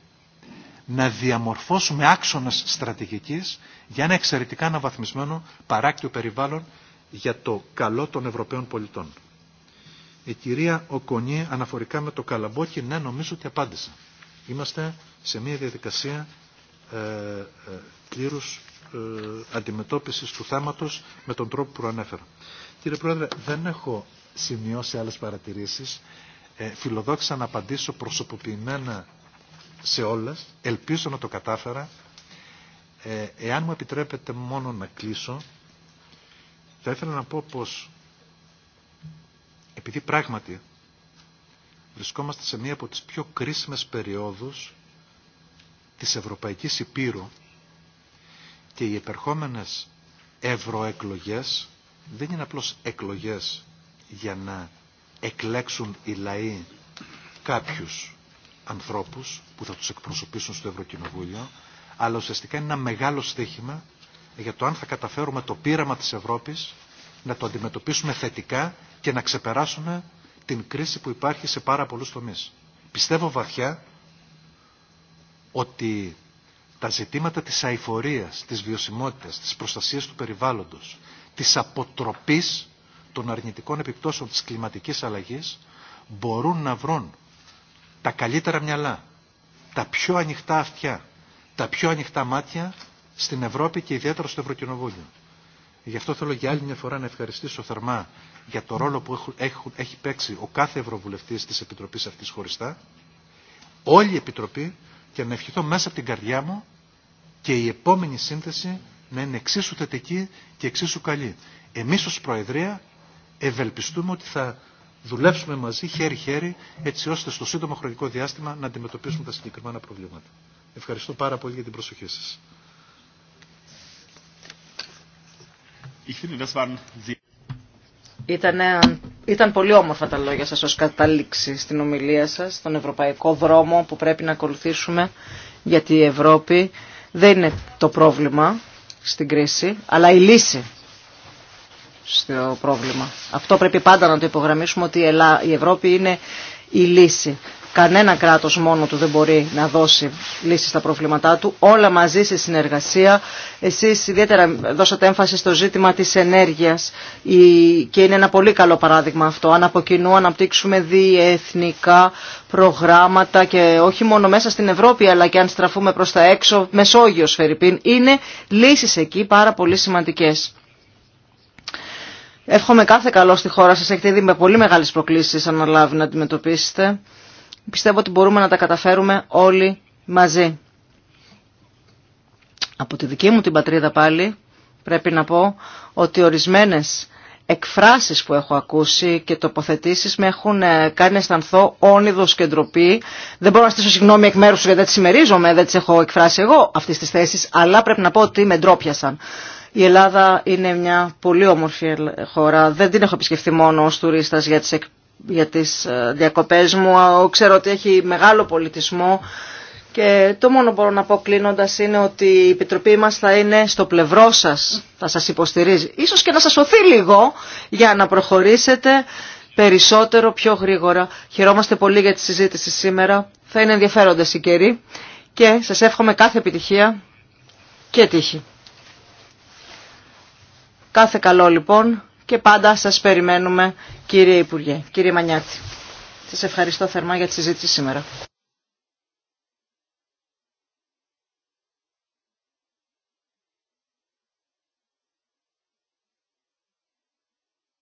να διαμορφώσουμε άξονες στρατηγικής για ένα εξαιρετικά αναβαθμισμένο παράκτιο περιβάλλον για το καλό των Ευρωπαίων πολιτών η κυρία Οκονή, αναφορικά με το καλαμπόκι, ναι νομίζω ότι απάντησα. Είμαστε σε μια διαδικασία ε, ε, ε, αντιμετώπισης του θέματος με τον τρόπο που προανέφερα. Κύριε Πρόεδρε, δεν έχω σημειώσει άλλες παρατηρήσεις. Ε, φιλοδόξα να απαντήσω προσωποποιημένα σε όλες. Ελπίζω να το κατάφερα. Ε, εάν μου επιτρέπετε μόνο να κλείσω, θα ήθελα να πω πως επειδή πράγματι βρισκόμαστε σε μία από τις πιο κρίσιμες περιόδους της Ευρωπαϊκής Υπήρου και οι επερχόμενες ευρωεκλογές δεν είναι απλώς εκλογές για να εκλέξουν οι λαοί κάποιους ανθρώπους που θα τους εκπροσωπήσουν στο Ευρωκοινοβούλιο, αλλά ουσιαστικά είναι ένα μεγάλο στίχημα για το αν θα καταφέρουμε το πείραμα της Ευρώπης να το αντιμετωπίσουμε θετικά και να ξεπεράσουμε την κρίση που υπάρχει σε πάρα πολλούς τομείς. Πιστεύω βαθιά ότι τα ζητήματα της αηφορίας, της βιωσιμότητας, της προστασίας του περιβάλλοντος, της αποτροπής των αρνητικών επιπτώσεων της κλιματικής αλλαγής μπορούν να βρουν τα καλύτερα μυαλά, τα πιο ανοιχτά αυτιά, τα πιο ανοιχτά μάτια στην Ευρώπη και ιδιαίτερα στο Ευρωκοινοβούλιο. Γι' αυτό θέλω για άλλη μια φορά να ευχαριστήσω θερμά για το ρόλο που έχουν, έχει παίξει ο κάθε Ευρωβουλευτής της Επιτροπής αυτής χωριστά, όλη η Επιτροπή και να ευχηθώ μέσα από την καρδιά μου και η επόμενη σύνθεση να είναι εξίσου θετική και εξίσου καλή. Εμείς ως Προεδρία ευελπιστούμε ότι θα δουλέψουμε μαζί χέρι-χέρι έτσι ώστε στο σύντομο χρονικό διάστημα να αντιμετωπίσουμε τα συγκεκριμένα προβλήματα. Ευχαριστώ πάρα πολύ για την προσοχή σας. Ε, ήταν, πολύ όμορφα τα λόγια σας ως κατάληξη στην ομιλία σας, στον ευρωπαϊκό δρόμο που πρέπει να ακολουθήσουμε, γιατί η Ευρώπη δεν είναι το πρόβλημα στην κρίση, αλλά η λύση στο πρόβλημα. Αυτό πρέπει πάντα να το υπογραμμίσουμε ότι η Ευρώπη είναι η λύση. Κανένα κράτος μόνο του δεν μπορεί να δώσει λύσεις στα προβλήματά του. Όλα μαζί σε συνεργασία. Εσείς ιδιαίτερα δώσατε έμφαση στο ζήτημα της ενέργειας και είναι ένα πολύ καλό παράδειγμα αυτό. Αν από κοινού αναπτύξουμε διεθνικά προγράμματα και όχι μόνο μέσα στην Ευρώπη αλλά και αν στραφούμε προς τα έξω, Μεσόγειος Φερρυπίν, είναι λύσεις εκεί πάρα πολύ σημαντικές. Εύχομαι κάθε καλό στη χώρα σας. Έχετε δει με πολύ μεγάλες προκλήσεις αναλάβει να αντιμετωπίσετε. Πιστεύω ότι μπορούμε να τα καταφέρουμε όλοι μαζί. Από τη δική μου την πατρίδα πάλι πρέπει να πω ότι ορισμένες εκφράσεις που έχω ακούσει και τοποθετήσεις με έχουν ε, κάνει να αισθανθώ όνειδος και ντροπή. Δεν μπορώ να στήσω συγγνώμη εκ μέρους γιατί δεν τις συμμερίζομαι, δεν τις έχω εκφράσει εγώ αυτές τις θέσεις, αλλά πρέπει να πω ότι με ντρόπιασαν. Η Ελλάδα είναι μια πολύ όμορφη χώρα. Δεν την έχω επισκεφθεί μόνο ως τουρίστας για τις για τις ε, διακοπές μου. Ε, ξέρω ότι έχει μεγάλο πολιτισμό και το μόνο μπορώ να πω κλείνοντας είναι ότι η Επιτροπή μας θα είναι στο πλευρό σας, θα σας υποστηρίζει. Ίσως και να σας σωθεί λίγο για να προχωρήσετε περισσότερο, πιο γρήγορα. Χαιρόμαστε πολύ για τη συζήτηση σήμερα. Θα είναι ενδιαφέροντες οι καιροί και σας εύχομαι κάθε επιτυχία και τύχη. Κάθε καλό λοιπόν και πάντα σας περιμένουμε κύριε Υπουργέ, κύριε Μανιάτη. Σας ευχαριστώ θερμά για τη συζήτηση σήμερα.